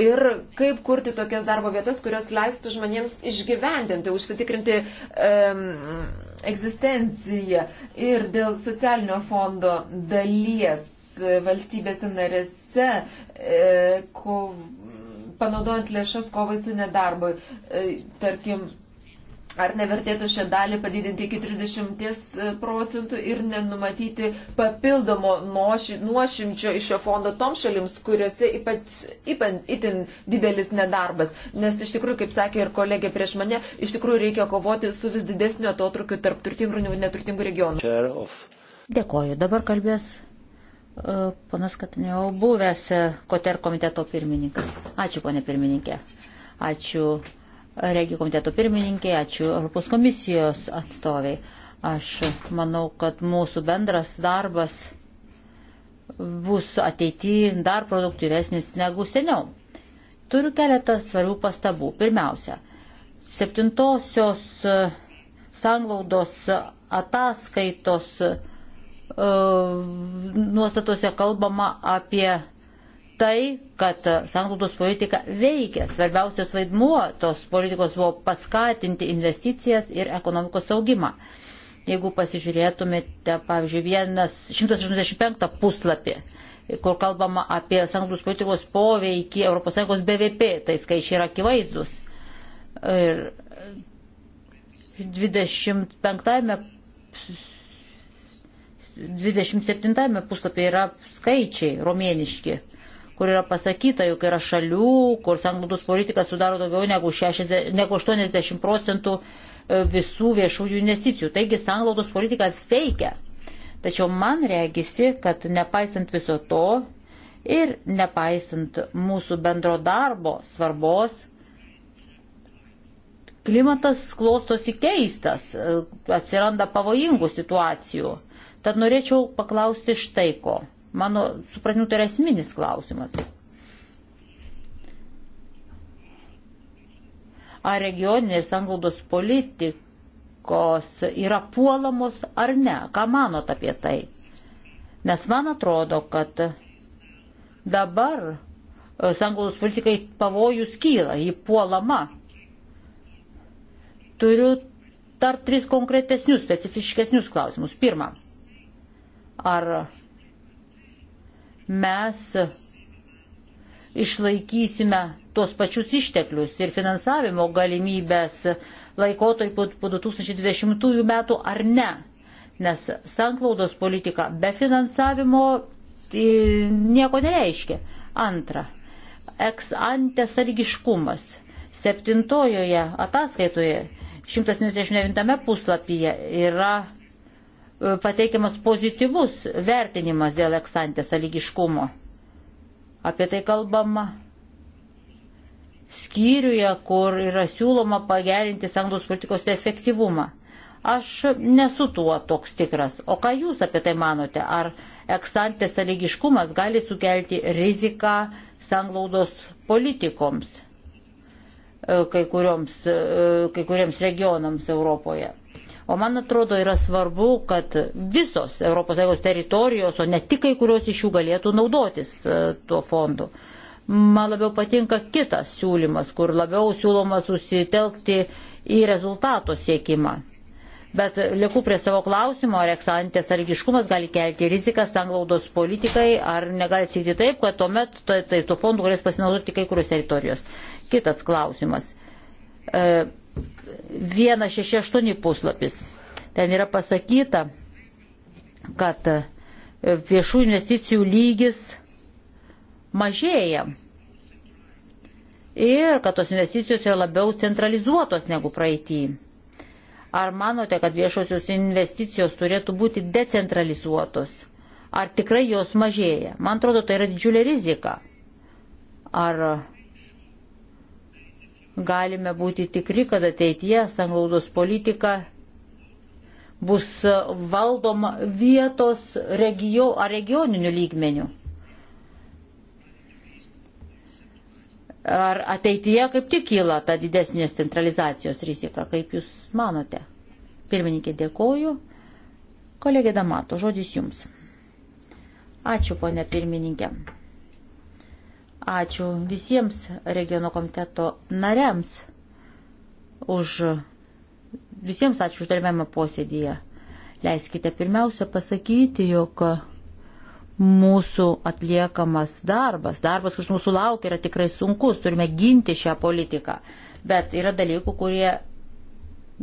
Ir kaip kurti tokias darbo vietas, kurios leistų žmonėms išgyvendinti, užsitikrinti um, egzistenciją. Ir dėl socialinio fondo dalies valstybėse narėse, e, kov, panaudojant lėšas kovai su nedarbu, e, tarkim, Ar nevertėtų šią dalį padidinti iki 30 e, procentų ir nenumatyti papildomo nuošimčio iš šio fondo toms šalims, kuriuose ypač, ypač, itin didelis nedarbas. Nes iš tikrųjų, kaip sakė ir kolegė prieš mane, iš tikrųjų reikia kovoti su vis didesniu atotrukiu tarp turtingų ir neturtingų regionų. Dėkoju. Dabar kalbės uh, e, panas Katinėjau, buvęs e, Koter komiteto pirmininkas. Ačiū, ponė pirmininkė. Ačiū Regijų komiteto pirmininkė, ačiū Europos komisijos atstoviai. Aš manau, kad mūsų bendras darbas bus ateityje dar produktyvesnis negu seniau. Turiu keletą svarių pastabų. Pirmiausia, septintosios e, sanglaudos ataskaitos e, nuostatose kalbama apie tai, kad sanglaudos politika veikia. Svarbiausias vaidmuo tos politikos buvo paskatinti investicijas ir ekonomikos augimą. Jeigu pasižiūrėtumėte, pavyzdžiui, vienas 185 puslapį, kur kalbama apie sanglaudos politikos poveikį ES BVP, tai skaičiai yra akivaizdus. Ir 25 27 puslapyje yra skaičiai romėniški kur yra pasakyta, jog yra šalių, kur sanglaudos politika sudaro daugiau negu, 60, negu 80 procentų e, visų viešųjų investicijų. Taigi sanglaudos politika veikia. Tačiau man reagisi, kad nepaisant viso to ir nepaisant mūsų bendro darbo svarbos, klimatas klostosi keistas, e, atsiranda pavojingų situacijų. Tad norėčiau paklausti štai ko. Mano supratimu, tai yra esminis klausimas. Ar regioninė ir sanglaudos politikos yra puolamos ar ne? Ką manot apie tai? Nes man atrodo, kad dabar e, sanglaudos politikai pavojus kyla, jį puolama. Turiu dar tris konkretesnius, specifiškesnius klausimus. Pirma, ar mes išlaikysime tuos pačius išteklius ir finansavimo galimybės laikotarpiu po 2020 metų ar ne. Nes sanklaudos politika be finansavimo e, nieko nereiškia. Antra, eks ante sargiškumas. Septintojoje ataskaitoje 179 puslapyje yra E, pateikiamas pozityvus vertinimas dėl eksantės aligiškumo. Apie tai kalbama skyriuje, kur yra siūloma pagerinti sanglaus politikos efektyvumą. Aš nesu tuo toks tikras. O ką jūs apie tai manote? Ar eksantės sąlygiškumas gali sukelti riziką sanglaudos politikoms e, kai, kurioms, e, kai kuriems regionams Europoje. O man atrodo yra svarbu, kad visos ES teritorijos, o ne tik kai kurios iš jų galėtų naudotis e, tuo fondu. Man labiau patinka kitas siūlymas, kur labiau siūloma susitelkti į rezultato siekimą. Bet lieku prie savo klausimo, ar eksantės argiškumas gali kelti riziką sanglaudos politikai, ar negali atsitikti taip, kad tuomet tai, tai tuo fondu galės pasinaudoti kai kurios teritorijos. Kitas klausimas. E, 168 puslapis. Ten yra pasakyta, kad e, viešų investicijų lygis mažėja ir kad tos investicijos yra labiau centralizuotos negu praeitį. Ar manote, kad viešosios investicijos turėtų būti decentralizuotos? Ar tikrai jos mažėja? Man atrodo, tai yra didžiulė rizika. Ar galime būti tikri, kad ateityje sanglaudos politika bus valdoma vietos regio, ar regioninių lygmenių. Ar ateityje kaip tik kyla ta didesnės centralizacijos rizika, kaip Jūs manote? Pirmininkė, dėkoju. Kolegė Damato, žodis Jums. Ačiū, ponė pirmininkė ačiū visiems regiono komiteto nariams už visiems ačiū uždalyvavimą posėdėje. Leiskite pirmiausia pasakyti, jog mūsų atliekamas darbas, darbas, kuris mūsų laukia, yra tikrai sunkus, turime ginti šią politiką, bet yra dalykų, kurie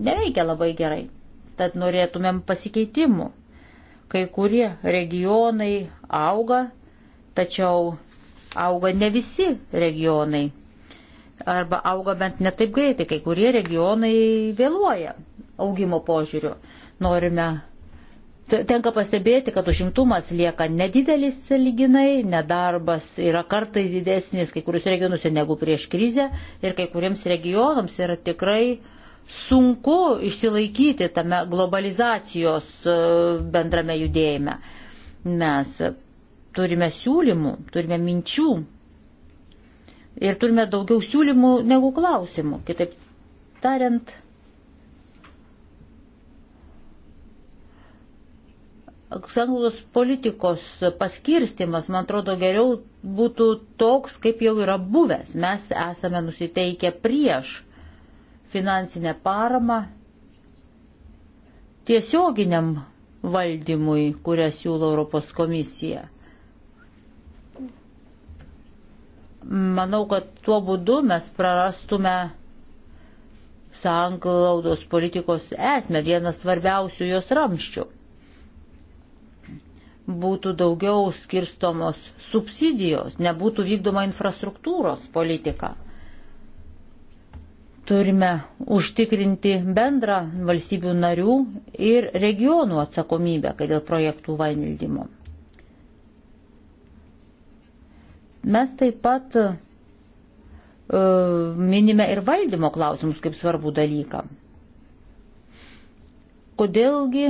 neveikia labai gerai, tad norėtumėm pasikeitimų. Kai kurie regionai auga, tačiau auga ne visi regionai. Arba auga bent ne taip greitai, kai kurie regionai vėluoja augimo požiūriu. Norime Tenka pastebėti, kad užimtumas lieka nedidelis lyginai, nedarbas yra kartais didesnis kai kuriuose regionuose negu prieš krizę ir kai kuriems regionams yra tikrai sunku išsilaikyti tame globalizacijos e, bendrame judėjime. Mes turime siūlymų, turime minčių ir turime daugiau siūlymų negu klausimų. Kitaip tariant, sanglaudos politikos paskirstimas, man atrodo, geriau būtų toks, kaip jau yra buvęs. Mes esame nusiteikę prieš finansinę paramą tiesioginiam valdymui, kurią siūlo Europos komisija. Manau, kad tuo būdu mes prarastume sanglaudos politikos esmę, vieną svarbiausių jos ramščių. Būtų daugiau skirstomos subsidijos, nebūtų vykdoma infrastruktūros politika. Turime užtikrinti bendrą valstybių narių ir regionų atsakomybę, kad dėl projektų valdymo. Mes taip pat uh, minime ir valdymo klausimus kaip svarbų dalyką. Kodėlgi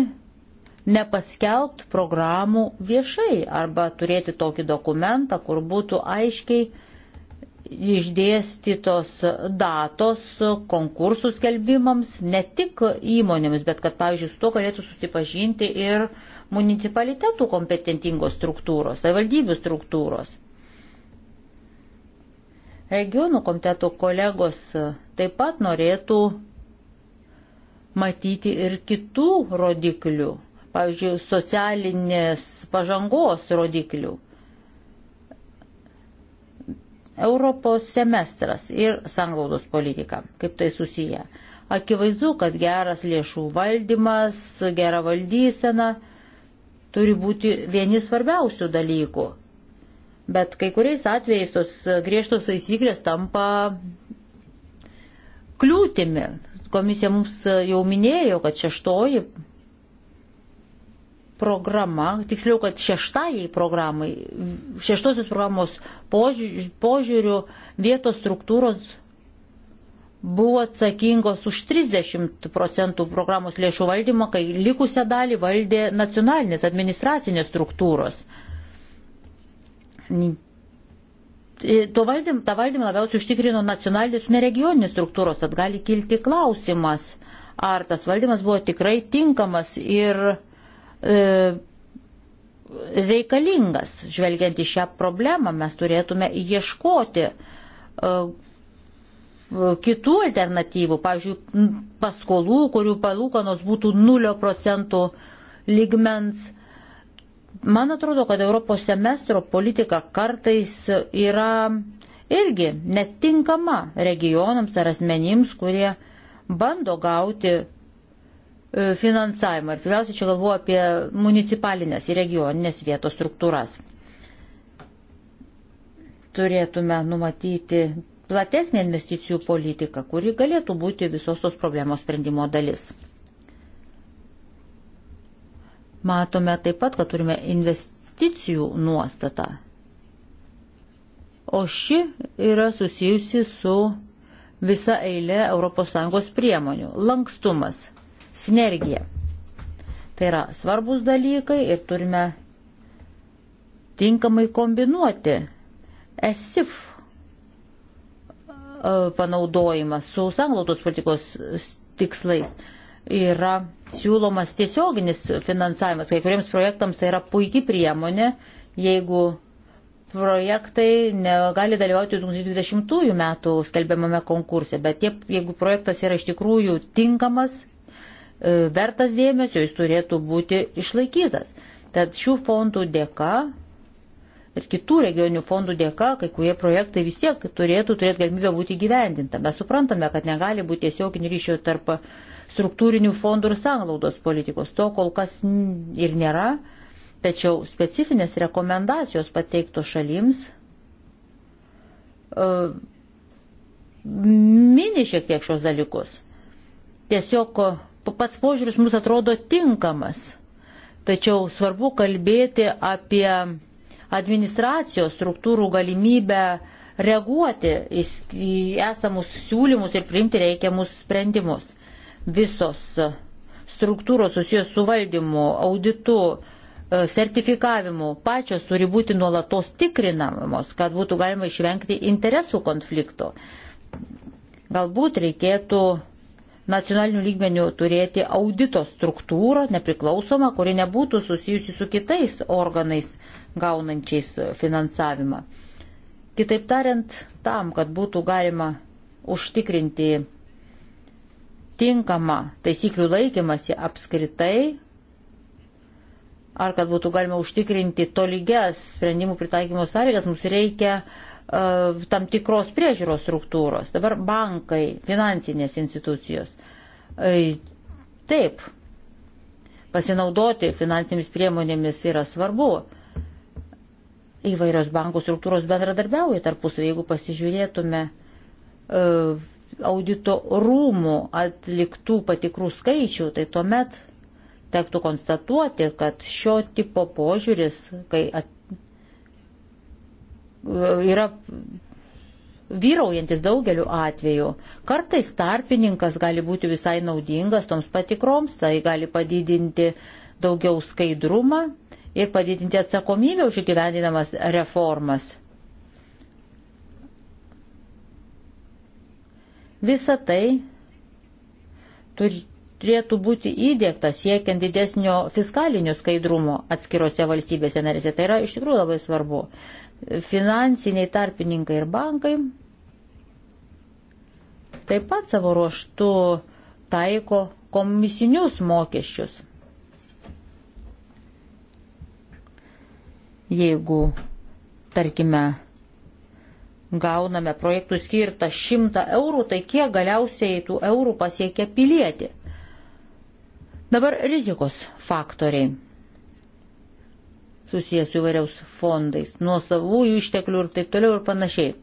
nepaskelbt programų viešai arba turėti tokį dokumentą, kur būtų aiškiai išdėstytos datos konkursų skelbimams ne tik įmonėmis, bet kad, pavyzdžiui, su to galėtų susipažinti ir municipalitetų kompetentingos struktūros, savivaldybių struktūros. Regionų komitetų kolegos taip pat norėtų matyti ir kitų rodiklių, pavyzdžiui, socialinės pažangos rodiklių. Europos semestras ir sanglaudos politika, kaip tai susiję. Akivaizdu, kad geras lėšų valdymas, gera valdysena turi būti vieni svarbiausių dalykų bet kai kuriais atvejais tos griežtos taisyklės tampa kliūtimi. Komisija mums jau minėjo, kad šeštoji programa, tiksliau, kad šeštajai programai, šeštosios programos požiūrių vietos struktūros buvo atsakingos už 30 procentų programos lėšų valdymą, kai likusią dalį valdė nacionalinės administracinės struktūros. Uh, To valdym, tą valdymą labiausiai užtikrino nacionalinis, ne regioninis struktūros, tad gali kilti klausimas, ar tas valdymas buvo tikrai tinkamas ir e, reikalingas. Žvelgiant į šią problemą, mes turėtume ieškoti e, e kitų alternatyvų, pavyzdžiui, paskolų, kurių palūkanos būtų 0 procentų lygmens Man atrodo, kad Europos semestro politika kartais yra irgi netinkama regionams ar asmenims, kurie bando gauti e, finansavimą. Ir pirmiausia, čia galvoju apie municipalinės ir regioninės vietos struktūras. Turėtume numatyti platesnį investicijų politiką, kuri galėtų būti visos tos problemos sprendimo dalis. Matome taip pat, kad turime investicijų nuostatą. O ši yra susijusi su visa eilė ES priemonių. Lankstumas, sinergija. Tai yra svarbus dalykai ir turime tinkamai kombinuoti ESIF e, panaudojimą su sanglautos politikos tikslais yra siūlomas tiesioginis finansavimas. Kai kuriems projektams tai yra puikiai priemonė, jeigu projektai negali dalyvauti 2020 metų skelbiamame konkurse, bet tie, jeigu projektas yra iš tikrųjų tinkamas, e, vertas dėmesio, jis turėtų būti išlaikytas. Tad šių fondų dėka ir kitų regionių fondų dėka, kai kurie projektai vis tiek turėtų turėti galimybę būti gyvendinta. Mes suprantame, kad negali būti tiesioginių ryšio tarp uh, struktūrinių fondų ir sanglaudos politikos. To kol kas ir nėra, tačiau specifinės rekomendacijos pateiktos šalims uh, mini šiek tiek šios dalykus. Tiesiog pats požiūris mums atrodo tinkamas, tačiau svarbu kalbėti apie administracijos struktūrų galimybę reaguoti į esamus siūlymus ir priimti reikiamus sprendimus visos struktūros susijęs su valdymu, auditu, e, sertifikavimu pačios turi būti nuolatos tikrinamos, kad būtų galima išvengti interesų konflikto. Galbūt reikėtų nacionalinių lygmenių turėti audito struktūrą, nepriklausomą, kuri nebūtų susijusi su kitais organais gaunančiais finansavimą. Kitaip tariant, tam, kad būtų galima užtikrinti tinkamą taisyklių laikymasi apskritai, ar kad būtų galima užtikrinti tolygias sprendimų pritaikymo sąlygas, mums reikia uh, tam tikros priežiūros struktūros. Dabar bankai, finansinės institucijos. E, taip, pasinaudoti finansinėmis priemonėmis yra svarbu. Įvairios bankų struktūros bendradarbiauja tarpusavį, jeigu pasižiūrėtume. Uh, audito rūmų atliktų patikrų skaičių, tai tuomet tektų konstatuoti, kad šio tipo požiūris, kai at, yra vyraujantis daugeliu atveju, kartais tarpininkas gali būti visai naudingas toms patikroms, tai gali padidinti daugiau skaidrumą ir padidinti atsakomybę už įgyvendinamas reformas Visa tai turėtų būti įdėkta siekiant didesnio fiskalinio skaidrumo atskirose valstybėse narėse. Tai yra iš tikrųjų labai svarbu. Finansiniai tarpininkai ir bankai taip pat savo ruoštų taiko komisinius mokesčius. Jeigu, tarkime, gauname projektų skirtą 100 eurų, tai kiek galiausiai tų eurų pasiekia pilietį. Dabar rizikos faktoriai susijęs su įvairiaus fondais, nuo savųjų išteklių ir taip toliau ir panašiai.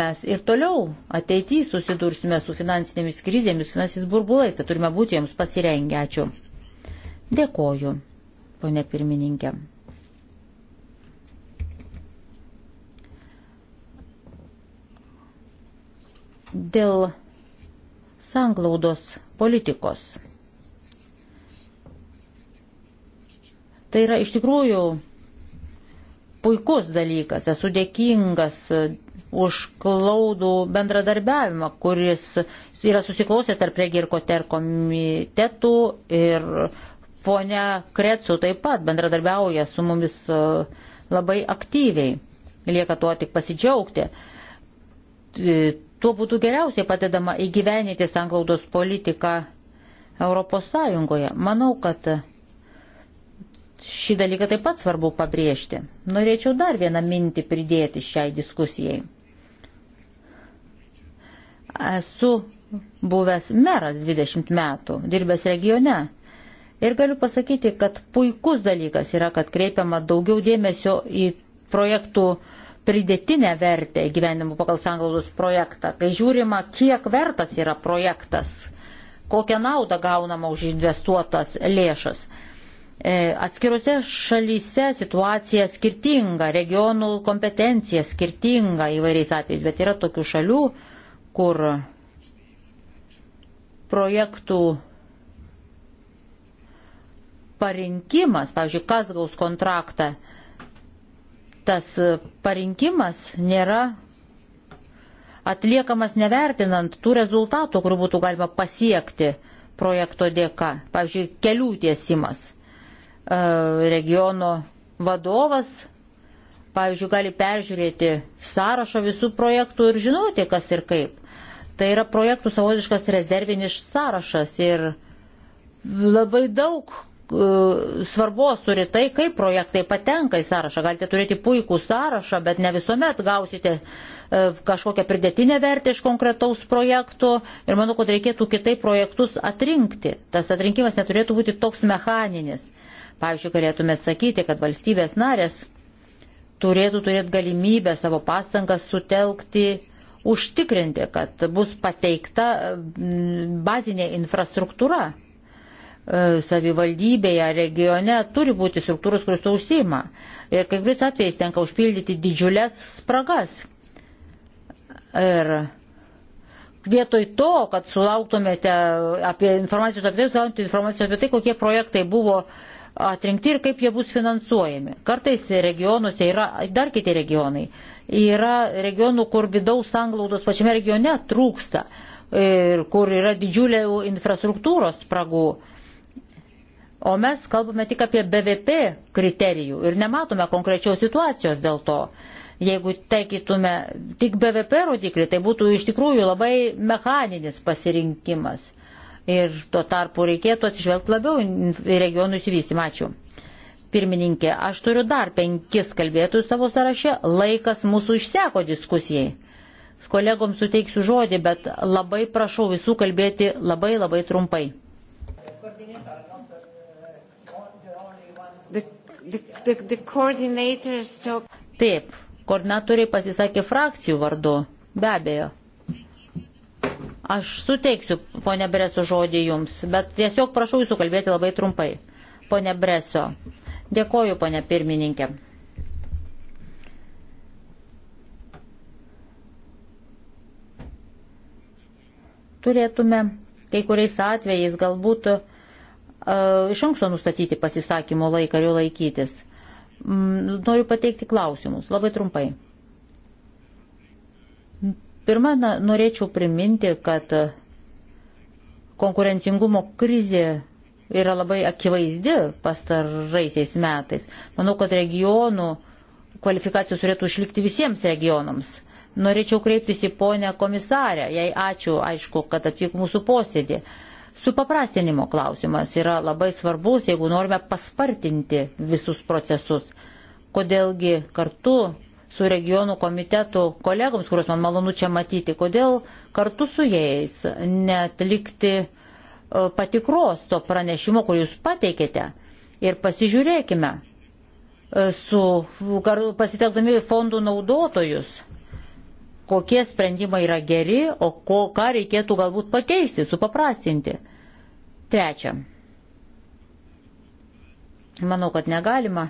Mes ir toliau ateityje susidursime su finansinėmis krizėmis, finansiniais burbulais, tai turime būti joms pasirengę. Ačiū. Dėkoju, ponė pirmininkė. Dėl sanglaudos politikos. Tai yra iš tikrųjų puikus dalykas. Esu dėkingas e, už klaudų bendradarbiavimą, kuris yra susiklausęs tarp regirko ter komitetų ir ponia Kretsu taip pat bendradarbiauja su mumis e, labai aktyviai. Lieka tuo tik pasidžiaugti tuo būtų geriausiai padedama įgyvenyti sanglaudos politiką Europos Sąjungoje. Manau, kad šį dalyką taip pat svarbu pabrėžti. Norėčiau dar vieną mintį pridėti šiai diskusijai. Esu buvęs meras 20 metų, dirbęs regione. Ir galiu pasakyti, kad puikus dalykas yra, kad kreipiama daugiau dėmesio į projektų uh, pridėtinę vertę gyvenimu pagal sanglaudos projektą, kai žiūrima, kiek vertas yra projektas, kokią naudą gaunama už investuotas lėšas. E, atskiruose šalyse situacija skirtinga, regionų kompetencija skirtinga įvairiais atvejais, bet yra tokių šalių, kur projektų parinkimas, pavyzdžiui, kas gaus kontraktą, tas parinkimas nėra atliekamas nevertinant tų rezultatų, kurių būtų galima pasiekti projekto dėka. Pavyzdžiui, kelių tiesimas. E, regiono vadovas, pavyzdžiui, gali peržiūrėti sąrašą visų projektų ir žinoti, kas ir kaip. Tai yra projektų savotiškas rezervinis sąrašas ir labai daug E, svarbos turi tai, kaip projektai patenka į sąrašą. Galite turėti puikų sąrašą, bet ne visuomet gausite e, kažkokią pridėtinę vertę iš konkretaus projekto ir manau, kad reikėtų kitaip projektus atrinkti. Tas atrinkimas neturėtų būti toks mechaninis. Pavyzdžiui, galėtume atsakyti, kad valstybės narės turėtų turėti galimybę savo pastangas sutelkti, užtikrinti, kad bus pateikta bazinė infrastruktūra E, savivaldybėje, regione turi būti struktūros, kurios to užsima. Ir kai kuriais atvejais tenka užpildyti didžiulės spragas. Ir vietoj to, kad sulauktumėte apie informacijos apie tai, sulauktumėte informacijos apie tai, kokie projektai buvo atrinkti ir kaip jie bus finansuojami. Kartais regionuose yra dar kiti regionai. Yra regionų, kur vidaus sanglaudos pačiame regione trūksta ir kur yra didžiulė infrastruktūros spragų O mes kalbame tik apie BVP kriterijų ir nematome konkrečios situacijos dėl to. Jeigu taikytume tik BVP rodiklį, tai būtų iš tikrųjų labai mechaninis pasirinkimas. Ir tuo tarpu reikėtų atsižvelgti labiau į regionų įsivystymą. Ačiū. Pirmininkė, aš turiu dar penkis kalbėtojus savo sąraše. Laikas mūsų išseko diskusijai kolegoms suteiksiu žodį, bet labai prašau visų kalbėti labai labai trumpai. Koordinator. the, the, the coordinators talk. Taip, koordinatoriai pasisakė frakcijų vardu, be abejo. Aš suteiksiu, ponė Breso, žodį jums, bet tiesiog prašau jūsų kalbėti labai trumpai. Pone Breso, dėkoju, ponė pirmininkė. Turėtume kai kuriais atvejais galbūt iš anksto nustatyti pasisakymo laiką ir jo laikytis. Mm, noriu pateikti klausimus, labai trumpai. Pirmą norėčiau priminti, kad konkurencingumo krizė yra labai akivaizdi pastaraisiais metais. Manau, kad regionų kvalifikacijos turėtų išlikti visiems regionams. Norėčiau kreiptis į ponę komisarę, jai ačiū, aišku, kad atvyko mūsų posėdį. Uh, Supaprastinimo klausimas yra labai svarbus, jeigu norime paspartinti visus procesus. Kodėlgi kartu su regionų komitetų kolegoms, kuriuos man malonu čia matyti, kodėl kartu su jais netlikti e, patikros to pranešimo, kurį jūs pateikėte. Ir pasižiūrėkime, e, su, pasitelkdami fondų naudotojus, kokie sprendimai yra geri, o ko, ką reikėtų galbūt pakeisti, supaprastinti. Trečia. Manau, kad negalima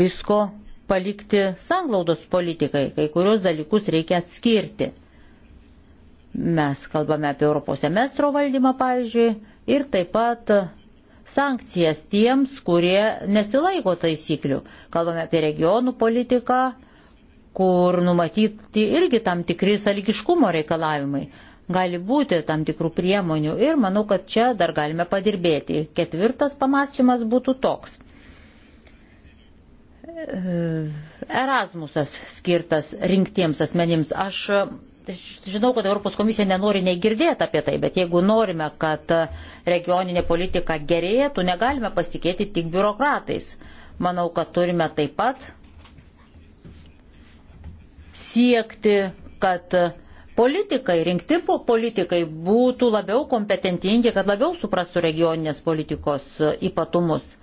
visko palikti sanglaudos politikai, kai kurios dalykus reikia atskirti. Mes kalbame apie Europos semestro valdymą, pavyzdžiui, ir taip pat sankcijas tiems, kurie nesilaiko taisyklių. Kalbame apie regionų politiką, kur numatyti irgi tam tikri sąlygiškumo reikalavimai. Gali būti tam tikrų priemonių ir manau, kad čia dar galime padirbėti. Ketvirtas pamastymas būtų toks. Erasmusas skirtas rinktiems asmenims. Aš žinau, kad Europos komisija nenori negirdėti apie tai, bet jeigu norime, kad regioninė politika gerėtų, negalime pasitikėti tik biurokratais. Manau, kad turime taip pat siekti, kad politikai, rinkti politikai būtų labiau kompetentingi, kad labiau suprastų regioninės politikos ypatumus.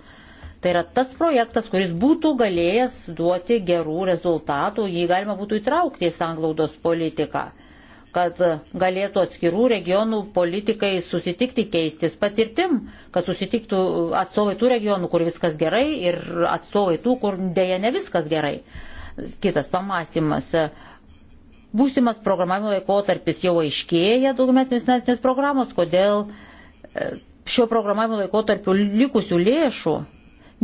Tai yra tas projektas, kuris būtų galėjęs duoti gerų rezultatų, jį galima būtų įtraukti į sanglaudos politiką, kad galėtų atskirų regionų politikai susitikti, keistis patirtim, kad susitiktų atstovai tų regionų, kur viskas gerai ir atstovai tų, kur dėja ne viskas gerai kitas pamastymas. E, būsimas programavimo laikotarpis jau aiškėja daugmetinės metinės programos, kodėl e, šio programavimo laikotarpio likusių lėšų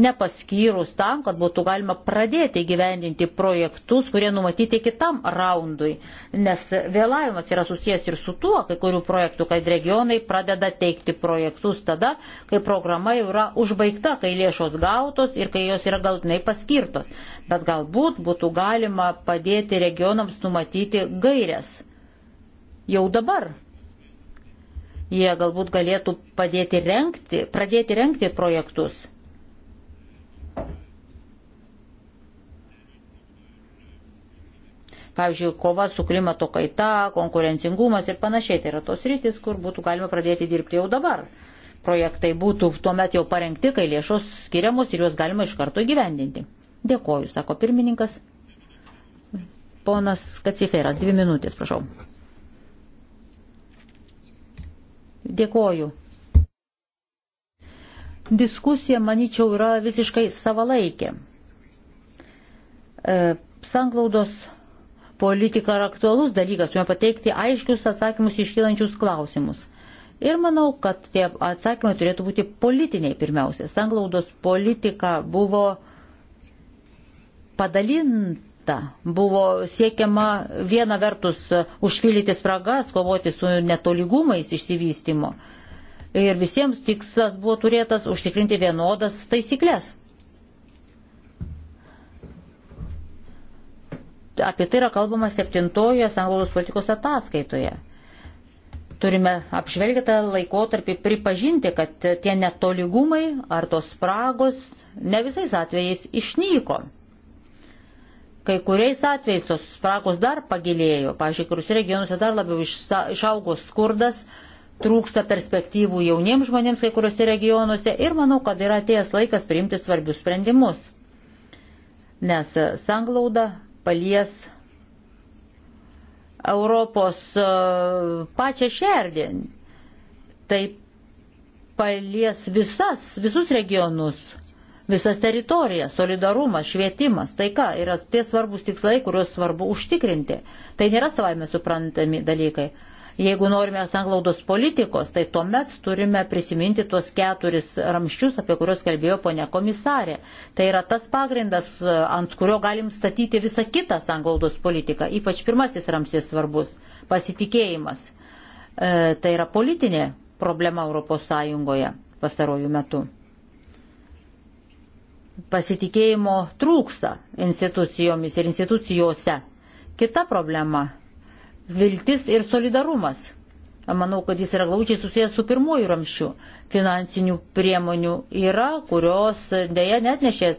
nepaskyrus tam, kad būtų galima pradėti gyvendinti projektus, kurie numatyti kitam raundui, nes vėlavimas yra susijęs ir su tuo, kai kurių projektų, kad regionai pradeda teikti projektus tada, kai programa jau yra užbaigta, kai lėšos gautos ir kai jos yra galtinai paskirtos. Bet galbūt būtų galima padėti regionams numatyti gairias. Jau dabar jie galbūt galėtų padėti renkti, pradėti renkti projektus pavyzdžiui, kova su klimato kaita, konkurencingumas ir panašiai. Tai yra tos rytis, kur būtų galima pradėti dirbti jau dabar. Projektai būtų tuomet jau parengti, kai lėšos skiriamos ir juos galima iš karto įgyvendinti. Dėkoju, sako pirmininkas. Ponas Kaciferas, dvi minutės, prašau. Dėkoju. Diskusija, manyčiau, yra visiškai savalaikė. E, sanglaudos politika yra aktualus dalykas, turime pateikti aiškius atsakymus iškylančius klausimus. Ir manau, kad tie atsakymai turėtų būti politiniai pirmiausia. Sanglaudos politika buvo padalinta, buvo siekiama viena vertus užpildyti spragas, kovoti su netolygumais išsivystimo. Ir visiems tikslas buvo turėtas užtikrinti vienodas taisyklės. apie tai yra kalbama septintojoje sanglaudos politikos ataskaitoje. Turime apžvelgę tą laikotarpį pripažinti, kad tie netoligumai ar tos spragos ne visais atvejais išnyko. Kai kuriais atvejais tos spragos dar pagilėjo, pažiūrėk, kuriuose regionuose dar labiau išaugo skurdas, trūksta perspektyvų jauniems žmonėms kai kuriuose regionuose ir manau, kad yra atėjęs laikas priimti svarbius sprendimus. Nes sanglauda palies Europos e, pačią šerdį. Tai palies visas, visus regionus, visas teritorijas, solidarumas, švietimas, taika yra tie svarbus tikslai, kuriuos svarbu užtikrinti. Tai nėra savaime suprantami dalykai. Jeigu norime sanglaudos politikos, tai tuomet turime prisiminti tuos keturis ramščius, apie kuriuos kalbėjo ponia komisarė. Tai yra tas pagrindas, ant kurio galim statyti visą kitą sanglaudos politiką. Ypač pirmasis ramsis svarbus - pasitikėjimas. E, tai yra politinė problema ES pastarojų metų. Pasitikėjimo trūksta institucijomis ir institucijose. Kita problema viltis ir solidarumas. Manau, kad jis yra glaučiai susijęs su pirmoju ramščiu. Finansinių priemonių yra, kurios dėja net nešė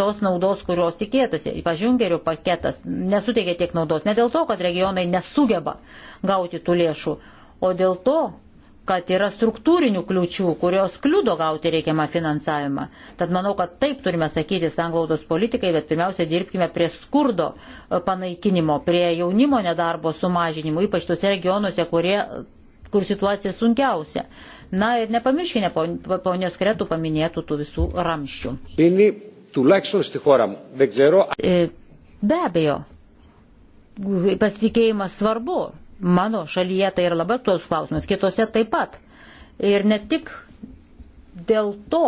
tos naudos, kurios tikėtasi. Ypač Junkerio paketas nesuteikia tiek naudos. Ne dėl to, kad regionai nesugeba gauti tų lėšų, o dėl to, kad yra struktūrinių kliučių, kurios kliudo gauti reikiamą finansavimą. Tad manau, kad taip turime sakyti sanglaudos politikai, bet pirmiausia dirbkime prie skurdo e, panaikinimo, prie jaunimo nedarbo sumažinimo, ypač tose regionuose, kurie, kur situacija sunkiausia. Na ir nepamirškime ponios Kretų paminėtų tų visų ramščių. E, be abejo, pasitikėjimas svarbu. Mano šalyje tai yra labai aktuolus klausimas, kitose taip pat. Ir ne tik dėl to,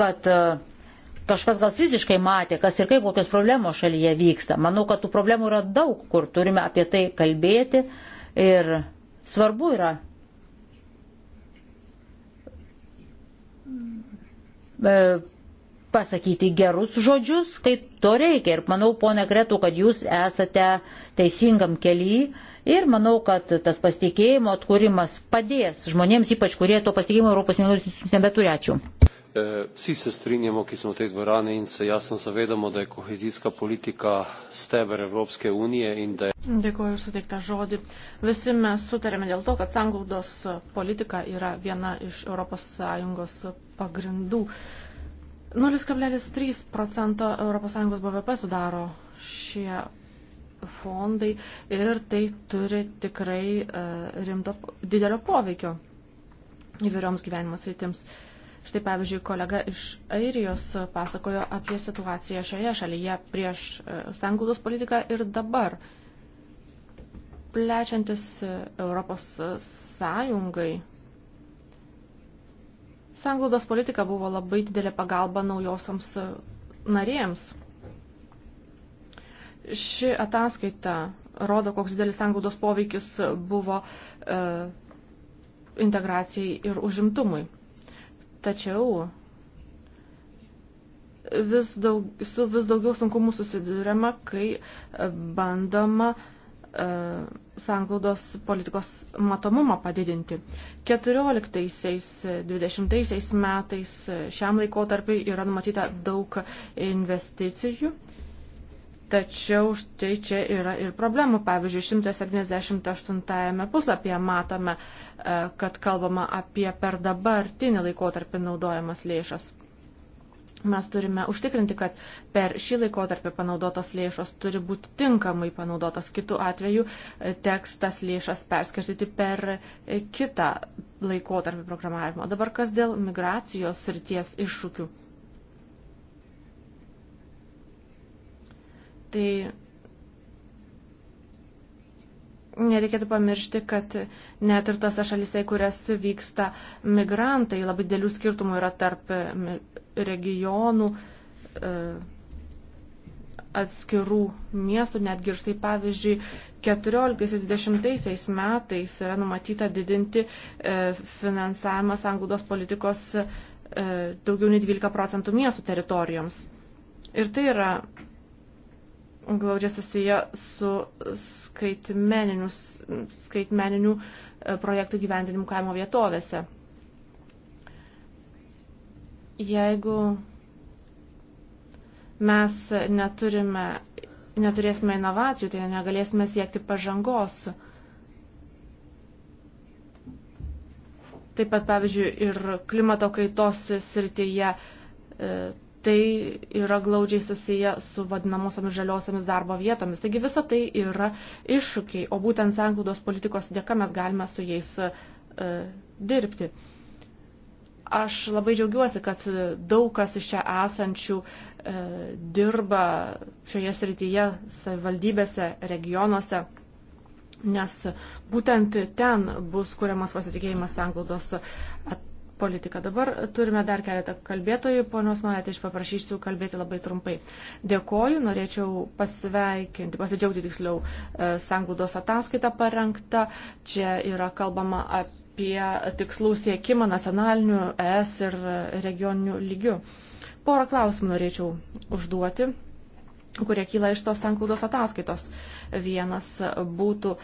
kad e, kažkas gal fiziškai matė, kas ir kaip kokios problemos šalyje vyksta. Manau, kad tų problemų yra daug, kur turime apie tai kalbėti ir svarbu yra. E, pasakyti gerus žodžius, kai to reikia. Ir manau, ponia Kretu, kad jūs esate teisingam keliui. Ir manau, kad tas pasitikėjimo atkūrimas padės žmonėms, ypač kurie to pasitikėjimo Europos institucijų nebeturi. Ačiū. E, vsi se strinjamo, ki smo v tej dvorani in se jasno zavedamo, da je kohezijska politika steber Evropske unije in da je. Dėkuoju suteiktą žodį. Visi mes sutarėme dėl to, kad sanglaudos politika yra viena iš ES pagrindų. Uh, 0,3 procento ES BVP sudaro šie fondai ir tai turi tikrai e, rimto didelio poveikio įvairioms gyvenimo sritims. Štai pavyzdžiui, kolega iš Airijos pasakojo apie situaciją šioje šalyje prieš e, sanglaudos politiką ir dabar. Plečiantis e, Europos Sąjungai Sanglaudos politika buvo labai didelė pagalba naujosiams e, narėms. Ši ataskaita rodo, koks didelis sanglaudos poveikis buvo e, integracijai ir užimtumui. Tačiau vis daug, su vis daugiau sunkumų susidurima, kai bandoma e, sanglaudos politikos matomumą padidinti. 14-20 metais šiam laikotarpiai yra numatyta daug investicijų, tačiau štai čia yra ir problemų. Pavyzdžiui, 178 puslapyje matome, e, kad kalbama apie per dabartinį laikotarpį naudojamas lėšas. Mes turime užtikrinti, kad per šį laikotarpį panaudotos lėšos turi būti tinkamai panaudotos. Kitu atveju e, teks tas lėšas perskirtyti per e, kitą laikotarpį programavimo. Dabar kas dėl migracijos ir ties iššūkių? Tai nereikėtų pamiršti, kad net ir tose šalise, į kurias vyksta migrantai, labai dėlių skirtumų yra tarp regionų, e, atskirų miestų, netgi ir štai pavyzdžiui 14-20 metais yra numatyta didinti e, finansavimą sanglaudos politikos e, daugiau nei 12 procentų miestų teritorijoms. Ir tai yra glaudžiai susiję su skaitmeniniu, skaitmeniniu projektų gyvendinimu kaimo vietovėse. Jeigu mes neturime, neturėsime inovacijų, tai negalėsime siekti pažangos. Taip pat, pavyzdžiui, ir klimato kaitos srityje e, tai yra glaudžiai susiję su vadinamosiomis žaliosiomis darbo vietomis. Taigi visa tai yra iššūkiai, o būtent sanglaudos politikos dėka mes galime su jais uh, dirbti. Uh, Aš labai džiaugiuosi, kad daug kas iš čia esančių e, dirba šioje srityje savivaldybėse, regionuose, nes būtent ten bus kuriamas pasitikėjimas sanglaudos politika. Dabar turime dar keletą kalbėtojų. Ponios Manetė, aš paprašysiu kalbėti labai trumpai. Dėkoju, norėčiau pasveikinti, pasidžiaugti tiksliau, e, sanglaudos ataskaitą parengtą. Čia yra kalbama apie apie tikslų siekimą nacionaliniu, ES ir regioniniu lygiu. Porą klausimų norėčiau užduoti kurie kyla iš tos sanklaudos ataskaitos. Vienas būtų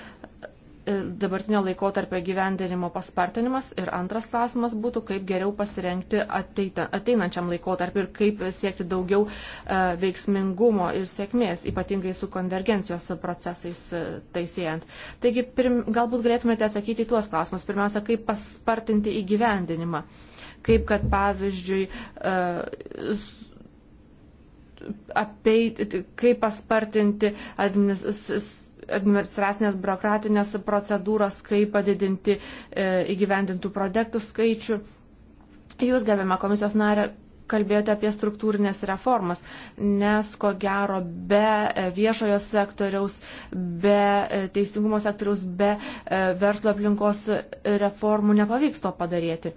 E, dabartinio laiko tarp gyvendinimo paspartinimas ir antras klausimas būtų, kaip geriau pasirengti ateita, ateinančiam laiko tarp ir kaip siekti daugiau e, veiksmingumo ir sėkmės, ypatingai su konvergencijos procesais e, taisėjant. Taigi, pirm, galbūt galėtumėte atsakyti į tuos klausimus. Pirmiausia, kaip paspartinti įgyvendinimą. Kaip kad pavyzdžiui. Uh, apeiti, kaip paspartinti administ administracinės biurokratinės procedūros, kaip padidinti e, įgyvendintų projektų skaičių. Jūs, gerbiama komisijos narė, kalbėjote apie struktūrinės reformas, nes ko gero be e, viešojo sektoriaus, be e, teisingumo sektoriaus, be verslo aplinkos reformų nepavyks to padaryti.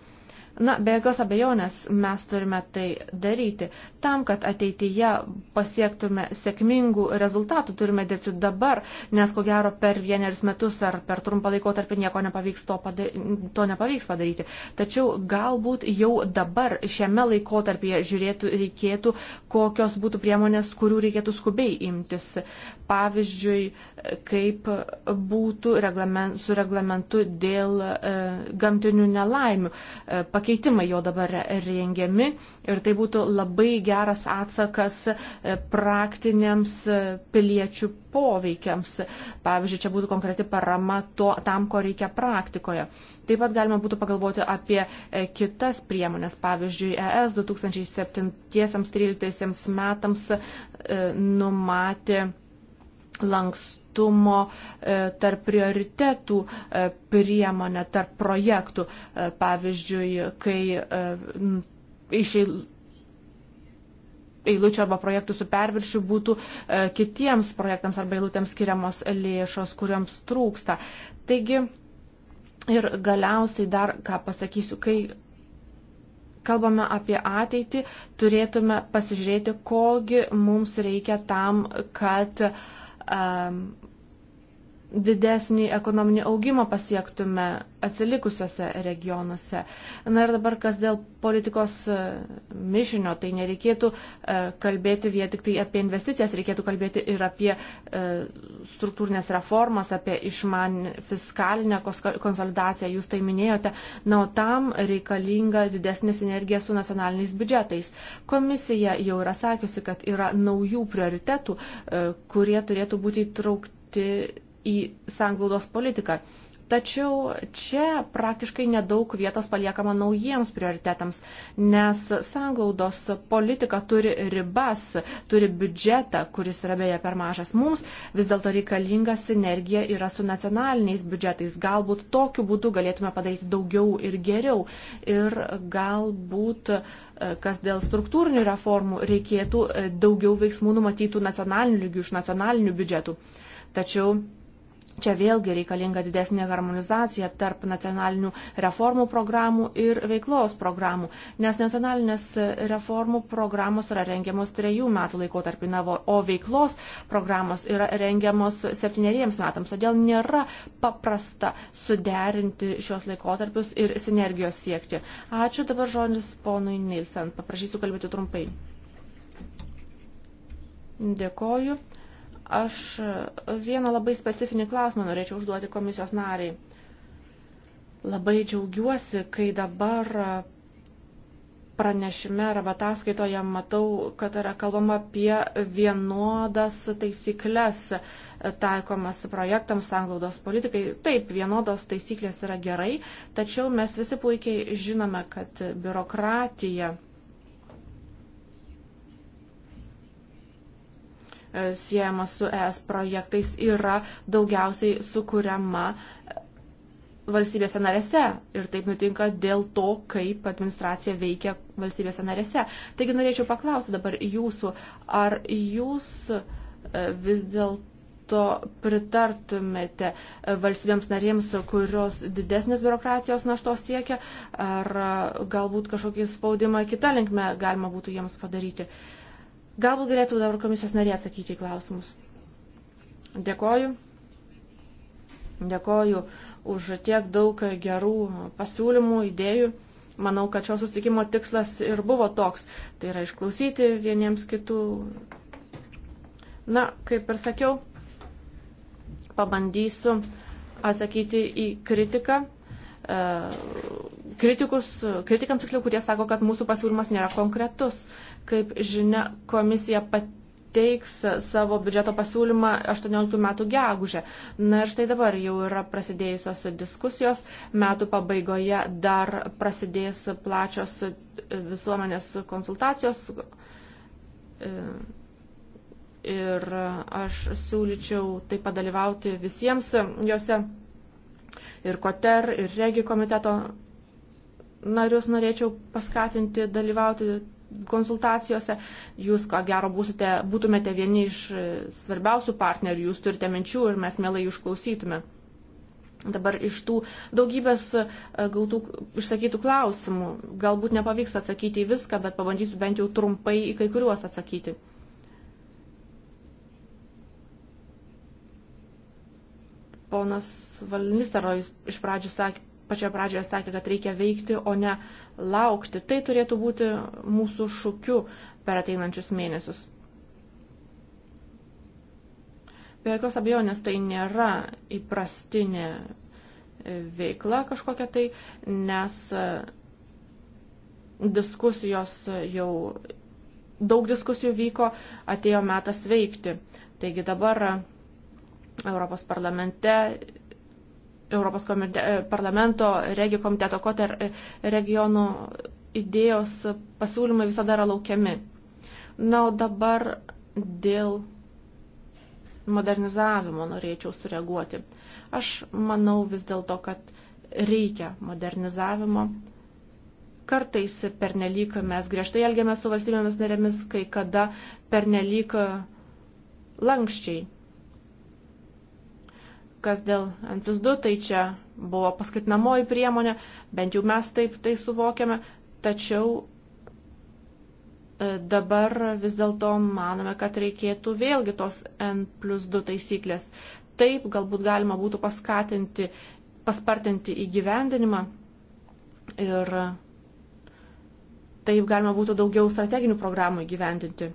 Na, be jokios abejonės mes turime tai daryti. Tam, kad ateityje pasiektume sėkmingų rezultatų, turime dirbti dabar, nes ko gero per vienerius metus ar per trumpą laikotarpį nieko nepavyks to, pada to nepavyks padaryti. Tačiau galbūt jau dabar šiame laikotarpyje žiūrėtų reikėtų, kokios būtų priemonės, kurių reikėtų skubiai imtis. Pavyzdžiui, kaip būtų reglament, su reglamentu dėl e, gamtinių nelaimių. E, pakeitimai jo dabar rengiami ir tai būtų labai geras atsakas e, praktiniams e, piliečių poveikiams. Pavyzdžiui, čia būtų konkreti parama to, tam, ko reikia praktikoje. Taip pat galima būtų pagalvoti apie e, kitas priemonės. Pavyzdžiui, ES 2007-2013 metams numatė lankstų nuoseklumo e, tarp prioritetų e, priemonę, tarp projektų. E, pavyzdžiui, kai iš eilučių arba projektų su perviršiu būtų kitiems projektams arba eilutėms skiriamos lėšos, kuriams trūksta. Taigi, ir galiausiai dar ką pasakysiu, kai kalbame apie ateitį, turėtume pasižiūrėti, kogi mums reikia tam, kad um, didesnį ekonominį augimą pasiektume atsilikusiuose regionuose. Na ir dabar kas dėl politikos e, mišinio, tai nereikėtų e, kalbėti vien tik tai apie investicijas, reikėtų kalbėti ir apie e, struktūrinės reformas, apie išman fiskalinę konsolidaciją, jūs tai minėjote. Na, o tam reikalinga didesnė sinergija su nacionaliniais biudžetais. Komisija jau yra sakiusi, kad yra naujų prioritetų, kurie turėtų būti įtraukti į sanglaudos politiką. Tačiau čia praktiškai nedaug vietos paliekama naujiems prioritetams, nes sanglaudos politika turi ribas, turi biudžetą, kuris yra beje per mažas mums, vis dėlto reikalinga sinergija yra su nacionaliniais biudžetais. Galbūt tokiu būdu galėtume padaryti daugiau ir geriau. Ir galbūt e, kas dėl struktūrinių reformų reikėtų e, daugiau veiksmų numatytų nacionalinių lygių iš nacionalinių biudžetų. Tačiau Čia vėlgi reikalinga didesnė harmonizacija tarp nacionalinių reformų programų ir veiklos programų, nes nacionalinės reformų programos yra rengiamos trejų metų laikotarpį, o veiklos programos yra rengiamos septyneriems metams. Todėl nėra paprasta suderinti šios laikotarpius ir sinergijos siekti. Ačiū dabar žodis ponui Nilsen. Paprašysiu kalbėti trumpai. Dėkoju. Aš vieną labai specifinį klausimą norėčiau užduoti komisijos nariai. Labai džiaugiuosi, kai dabar pranešime arba ataskaitoje matau, kad yra kalbama apie vienodas taisyklės taikomas projektams, sanglaudos politikai. Taip, vienodos taisyklės yra gerai, tačiau mes visi puikiai žinome, kad biurokratija siejama su ES projektais yra daugiausiai sukūriama valstybėse narėse. Ir taip nutinka dėl to, kaip administracija veikia valstybėse narėse. Taigi norėčiau paklausti dabar jūsų, ar jūs e, vis dėlto to pritartumėte e, valstybėms narėms, kurios didesnės biurokratijos naštos siekia, ar e, galbūt kažkokį spaudimą kitą linkmę galima būtų jiems padaryti. Uh, Galbūt galėtų dabar komisijos narė atsakyti į klausimus. Dėkoju. Dėkoju už tiek daug gerų pasiūlymų, idėjų. Manau, kad šio sustikimo tikslas ir buvo toks. Tai yra išklausyti vieniems kitų. Na, kaip ir sakiau, pabandysiu atsakyti į kritiką. E, kritikus, kritikams tiksliau, kurie sako, kad mūsų pasiūlymas nėra konkretus. Kaip žinia, komisija pateiks savo biudžeto pasiūlymą 18 metų gegužę. Na ir štai dabar jau yra prasidėjusios diskusijos, metų pabaigoje dar prasidės plačios visuomenės konsultacijos. Ir aš siūlyčiau taip padalyvauti visiems juose ir Koter, ir Regi komiteto narius norėčiau paskatinti dalyvauti konsultacijose. Jūs, ko gero, būsite, būtumėte vieni iš svarbiausių partnerių, jūs turite minčių ir mes mielai išklausytume. Dabar iš tų daugybės e, gautų išsakytų klausimų, galbūt nepavyks atsakyti į viską, bet pabandysiu bent jau trumpai į kai kuriuos atsakyti. Ponas Valnisterojus iš pradžių sakė, pačioje pradžioje sakė, kad reikia veikti, o ne laukti. Tai turėtų būti mūsų šūkiu per ateinančius mėnesius. Be jokios abejonės tai nėra įprastinė veikla kažkokia tai, nes e, diskusijos jau, daug diskusijų vyko, atėjo metas veikti. Taigi dabar e, Europos parlamente Europos komite, e, parlamento, regijų komiteto, koter tai regionų idėjos pasiūlymai visada yra laukiami. Na, o dabar dėl modernizavimo norėčiau sureaguoti. Aš manau vis dėlto, kad reikia modernizavimo. Kartais pernelyk mes griežtai elgiamės su valstybėmis narėmis, kai kada pernelyk lankščiai Kas dėl N plus 2, tai čia buvo paskatinamoji priemonė, bent jau mes taip tai suvokiame, tačiau e, dabar vis dėlto manome, kad reikėtų vėlgi tos N plus 2 taisyklės. Taip galbūt galima būtų paskatinti, paspartinti įgyvendinimą ir taip galima būtų daugiau strateginių programų įgyvendinti.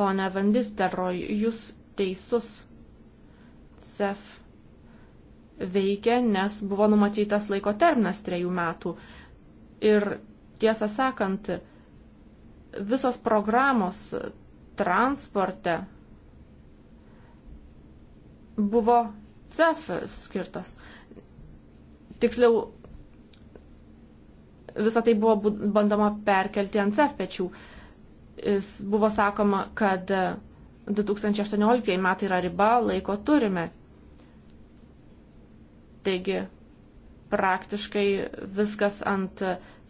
Pone Vandisteroj, jūs teisus. CEF veikia, nes buvo numatytas laiko terminas trejų metų. Ir tiesą sakant, visos programos transporte buvo CEF skirtas. Tiksliau, visą tai buvo bandoma perkelti ant CEF pečių. Jis buvo sakoma, kad 2018 metai yra riba, laiko turime Taigi praktiškai viskas ant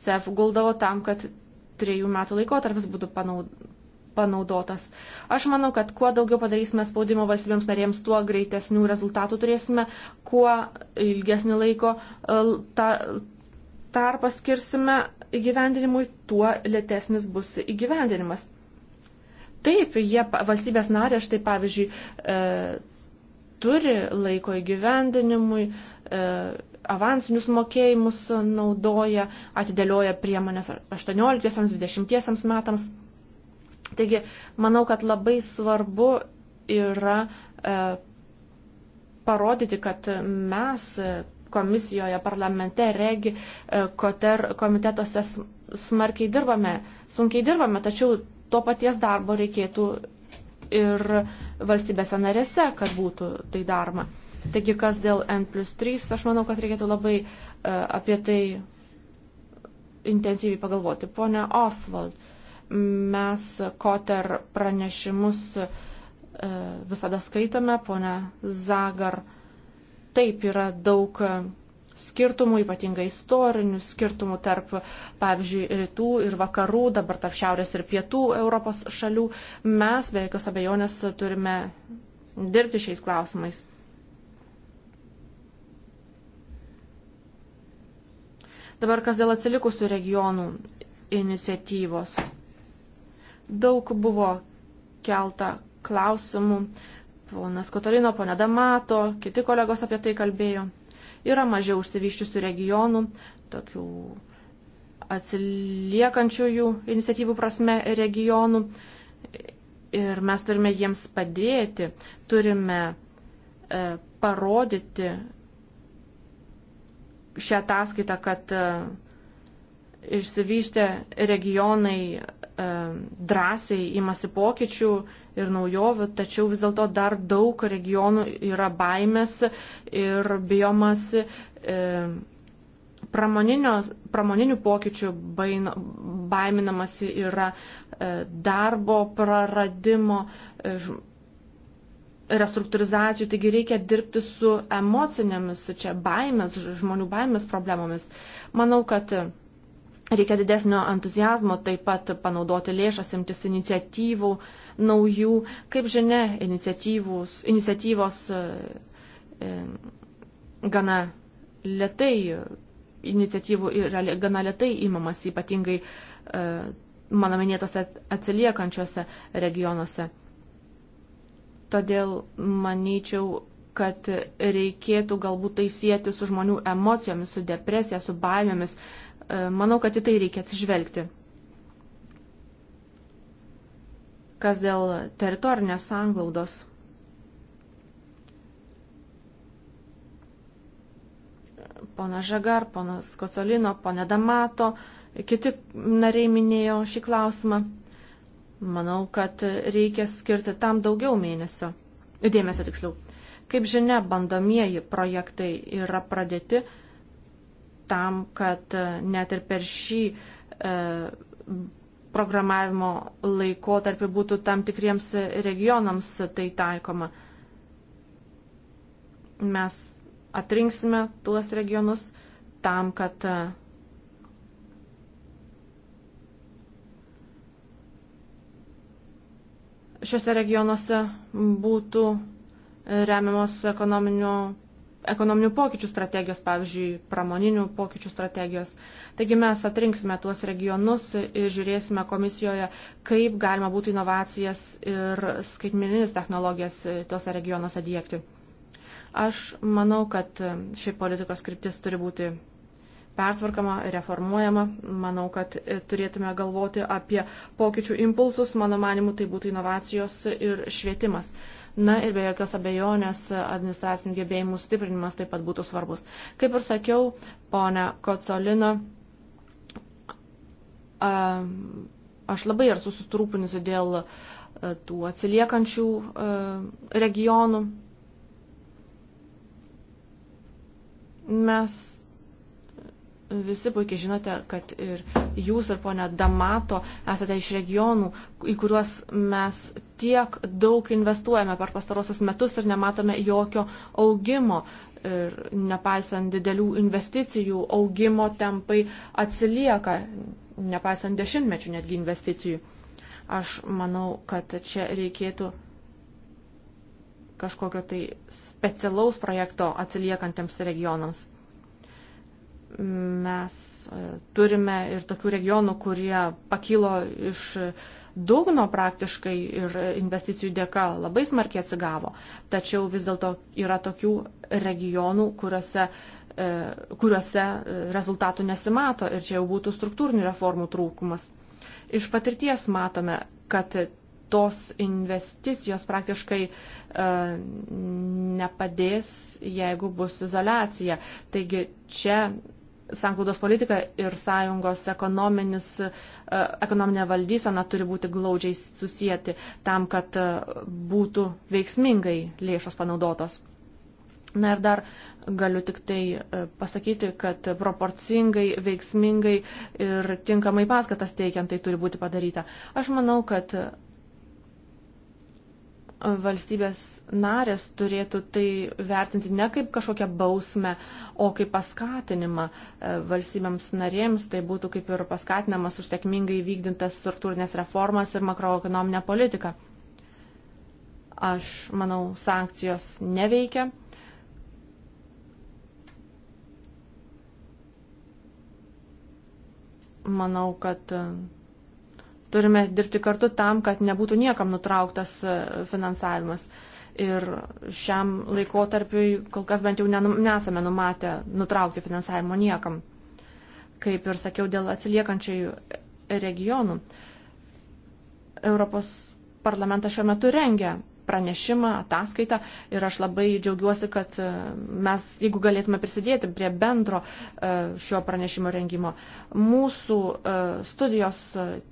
CEF guldavo tam, kad trejų metų laikotarpis būtų panaudotas. Aš manau, kad kuo daugiau padarysime spaudimo valstybėms narėms, tuo greitesnių rezultatų turėsime, kuo ilgesnį laiko e, ta, tarpą skirsime įgyvendinimui, tuo lėtesnis bus įgyvendinimas. Taip, jie, valstybės narė, štai pavyzdžiui, e, turi laiko įgyvendinimui, e, avansinius mokėjimus naudoja, atidėlioja priemonės 18-20 metams. Taigi, manau, kad labai svarbu yra e, parodyti, kad mes komisijoje, parlamente, regi, e, koter, komitetuose smarkiai dirbame, sunkiai dirbame, tačiau to paties darbo reikėtų ir valstybėse narėse, kad būtų tai daroma. Taigi, kas dėl N plus 3, aš manau, kad reikėtų labai e, apie tai intensyviai pagalvoti. Pone Oswald, mes Koter pranešimus e, visada skaitome, pone Zagar, taip yra daug skirtumų, ypatingai istorinių skirtumų tarp, pavyzdžiui, rytų ir vakarų, dabar tarp šiaurės ir pietų Europos šalių, mes be jokios abejonės turime dirbti šiais klausimais. Dabar kas dėl atsilikusių regionų iniciatyvos. Daug buvo kelta klausimų. Ponas Kotolino, ponė Damato, kiti kolegos apie tai kalbėjo. Yra mažiau užsivyščiusių regionų, tokių atsiliekančiųjų iniciatyvų prasme regionų. Ir mes turime jiems padėti, turime e, parodyti šią ataskaitą, kad e, išsivyštę regionai E, drąsiai imasi pokyčių ir naujovių, tačiau vis dėlto dar daug regionų yra baimės ir bijomasi e, pramoninių pokyčių, baiminamasi yra e, darbo praradimo, restruktūrizacijų, taigi reikia dirbti su emocinėmis, čia baimės, žmonių baimės problemomis. Manau, kad Reikia didesnio entuzijazmo taip pat panaudoti lėšas, imtis iniciatyvų naujų. Kaip žinia, iniciatyvos e, e gana lietai, iniciatyvų yra gana lietai įmamas, ypatingai e, mano minėtose atsiliekančiose regionuose. Todėl manyčiau, kad reikėtų galbūt tai sieti su žmonių emocijomis, su depresija, su baimėmis, E, manau, kad į tai reikia atsižvelgti. Kas dėl teritorinės sanglaudos. Pona Žagar, ponas Kocolino, pone Damato, kiti nariai minėjo šį klausimą. Manau, kad reikia skirti tam daugiau mėnesio. Dėmesio tiksliau. Kaip žinia, bandomieji projektai yra pradėti tam, kad e, net ir per šį e, programavimo laikotarpį būtų tam tikriems regionams tai taikoma. Mes atrinksime tuos regionus tam, kad e, šiuose regionuose būtų remiamos ekonominio ekonominių pokyčių strategijos, pavyzdžiui, pramoninių pokyčių strategijos. Taigi mes atrinksime tuos regionus ir žiūrėsime komisijoje, kaip galima būtų inovacijas ir skaitmeninis technologijas tuose regionuose dėkti. Aš manau, kad ši politikos kryptis turi būti pertvarkama, reformuojama. Manau, kad turėtume galvoti apie pokyčių impulsus. Mano manimu, tai būtų inovacijos ir švietimas. Na ir be jokios abejonės administracinių gebėjimų stiprinimas taip pat būtų svarbus. Kaip ir sakiau, ponia Kocolino, aš labai esu sustrūpinusi dėl tų atsiliekančių regionų. Mes visi puikiai žinote, kad ir jūs ir ponė Damato esate iš regionų, į kuriuos mes tiek daug investuojame per pastarosius metus ir nematome jokio augimo. Ir nepaisant didelių investicijų, augimo tempai atsilieka, nepaisant dešimtmečių netgi investicijų. Aš manau, kad čia reikėtų kažkokio tai specialaus projekto atsiliekantiems regionams mes e, turime ir tokių regionų, kurie pakilo iš dugno praktiškai ir investicijų dėka labai smarkiai atsigavo. Tačiau vis dėlto yra tokių regionų, kuriuose, e, kuriuose e, rezultatų nesimato ir čia jau būtų struktūrinių reformų trūkumas. Iš patirties matome, kad tos investicijos praktiškai e, nepadės, jeigu bus izolacija. Taigi čia sanklaudos politika ir sąjungos e, ekonominė valdysena turi būti glaudžiai susijęti tam, kad e, būtų veiksmingai lėšos panaudotos. Na ir dar galiu tik tai e, pasakyti, kad proporcingai, veiksmingai ir tinkamai paskatas teikiant tai turi būti padaryta. Aš manau, kad valstybės narės turėtų tai vertinti ne kaip kažkokią bausmę, o kaip paskatinimą e, valstybėms narėms, tai būtų kaip ir paskatinamas už sėkmingai vykdintas struktūrinės reformas ir makroekonominę politiką. Aš manau, sankcijos neveikia. Manau, kad Turime dirbti kartu tam, kad nebūtų niekam nutrauktas e, finansavimas. Ir šiam laikotarpiui kol kas bent jau nesame numatę nutraukti finansavimo niekam. Kaip ir sakiau, dėl atsiliekančiai regionų. Europos parlamentas šiuo metu rengia pranešimą, ataskaitą ir aš labai džiaugiuosi, kad e, mes, jeigu galėtume prisidėti prie bendro e, šio pranešimo rengimo. Mūsų e, studijos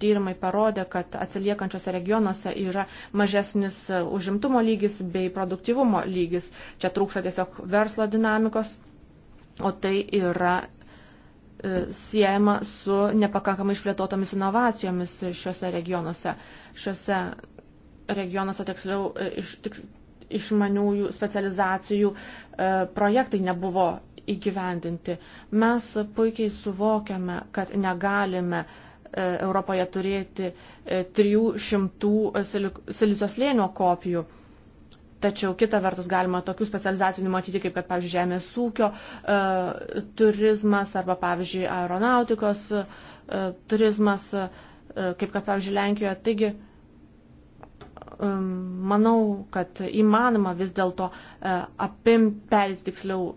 tyrimai parodė, kad atsiliekančiose regionuose yra mažesnis užimtumo lygis bei produktivumo lygis. Čia trūksta tiesiog verslo dinamikos, o tai yra siejama su nepakankamai išplėtotomis inovacijomis šiuose regionuose. Šiuose regionuose tiksliau e, iš, tik, išmaniųjų specializacijų e, projektai nebuvo įgyvendinti. Mes puikiai suvokiame, kad negalime e, Europoje turėti 300 silicio slėnio kopijų. Tačiau kita vertus galima tokių specializacijų numatyti, kaip kad, pavyzdžiui, žemės ūkio e, turizmas arba, pavyzdžiui, aeronautikos e, turizmas, e, kaip kad, pavyzdžiui, Lenkijoje. Taigi, e, manau, kad įmanoma vis dėlto e, apim, perėti tiksliau,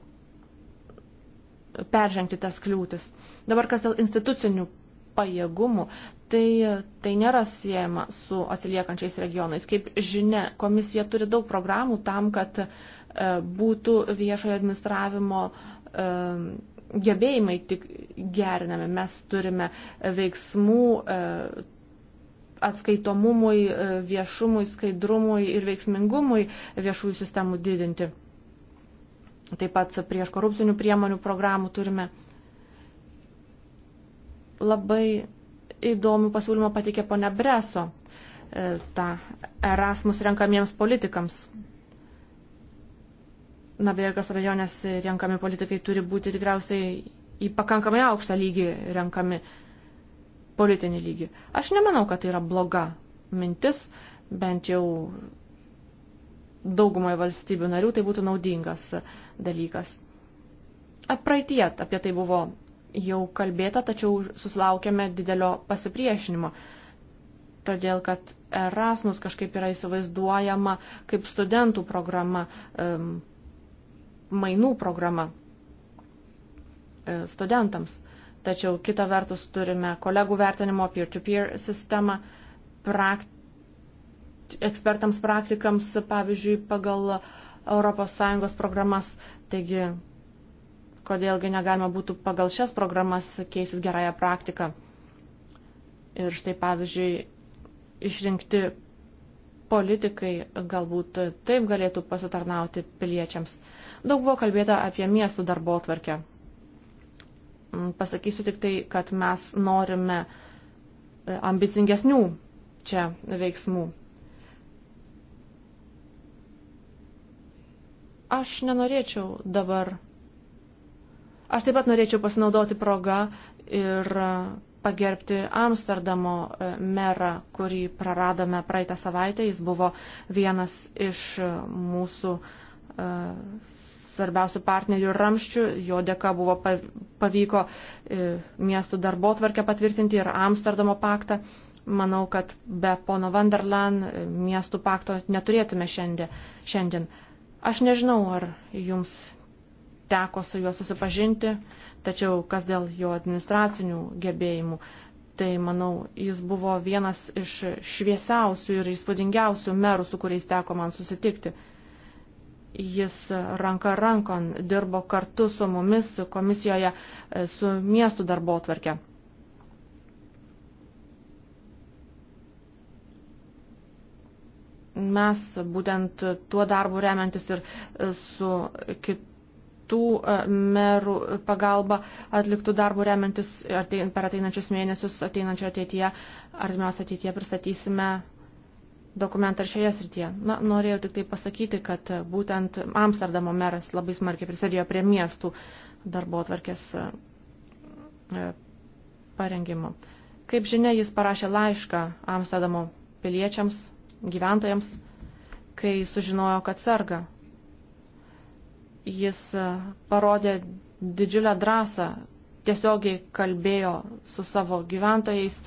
peržengti tas kliūtis. Dabar kas dėl institucinių pajėgumų, tai, tai nėra siejama su atsiliekančiais regionais. Kaip žinia, komisija turi daug programų tam, kad e, būtų viešojo administravimo e, gebėjimai tik gerinami. Mes turime veiksmų atskaitomumui, e, viešumui, skaidrumui ir veiksmingumui viešųjų sistemų didinti. Taip pat prieš korupcinių priemonių programų turime labai įdomių pasiūlymą patikė ponia Breso, e, tą Erasmus renkamiems politikams. Na, be jokios abejonės renkami politikai turi būti tikriausiai į pakankamai aukštą lygį renkami politinį lygį. Aš nemanau, kad tai yra bloga mintis, bent jau daugumai valstybių narių tai būtų naudingas dalykas. Praeitie apie tai buvo jau kalbėta, tačiau susilaukėme didelio pasipriešinimo. Todėl, kad Erasmus kažkaip yra įsivaizduojama kaip studentų programa, mainų programa e, studentams tačiau kita vertus turime kolegų vertinimo peer-to-peer -peer sistemą, prakt... ekspertams praktikams, pavyzdžiui, pagal ES programas. Taigi, kodėlgi negalima būtų pagal šias programas keisis gerąją praktiką. Ir štai, pavyzdžiui, išrinkti politikai galbūt taip galėtų pasitarnauti piliečiams. Daug buvo kalbėta apie miestų darbo tvarkę. Mm, pasakysiu tik tai, kad mes norime e, ambicingesnių čia veiksmų. Aš nenorėčiau dabar. Aš taip pat norėčiau pasinaudoti progą ir e, pagerbti Amsterdamo e, merą, kurį praradome praeitą savaitę. Jis buvo vienas iš mūsų svarbiausių partnerių ir ramščių. Jo dėka buvo pavyko e, miestų darbo tvarkę patvirtinti ir Amsterdamo paktą. Manau, kad be pono Vanderlan e, miestų pakto neturėtume šiandien. šiandien. Aš nežinau, ar jums teko su juo susipažinti, tačiau kas dėl jo administracinių gebėjimų, tai manau, jis buvo vienas iš šviesiausių ir įspūdingiausių merų, su kuriais teko man susitikti. Jis ranka rankon dirbo kartu su mumis komisijoje e, su miestų darbo atvarkė. Mes būtent tuo darbu remiantis ir e, su kitų e, merų pagalba atliktų darbų remiantis per ateinančius mėnesius, ateinančio ateityje, artimiausio ateityje pristatysime dokumentą ir šioje srityje. Na, norėjau tik tai pasakyti, kad būtent Amsterdamo meras labai smarkiai prisidėjo prie miestų darbo atvarkės e, parengimo. Kaip žinia, jis parašė laišką Amsterdamo piliečiams, gyventojams, kai sužinojo, kad serga. Jis e, parodė didžiulę drąsą, tiesiogiai kalbėjo su savo gyventojais,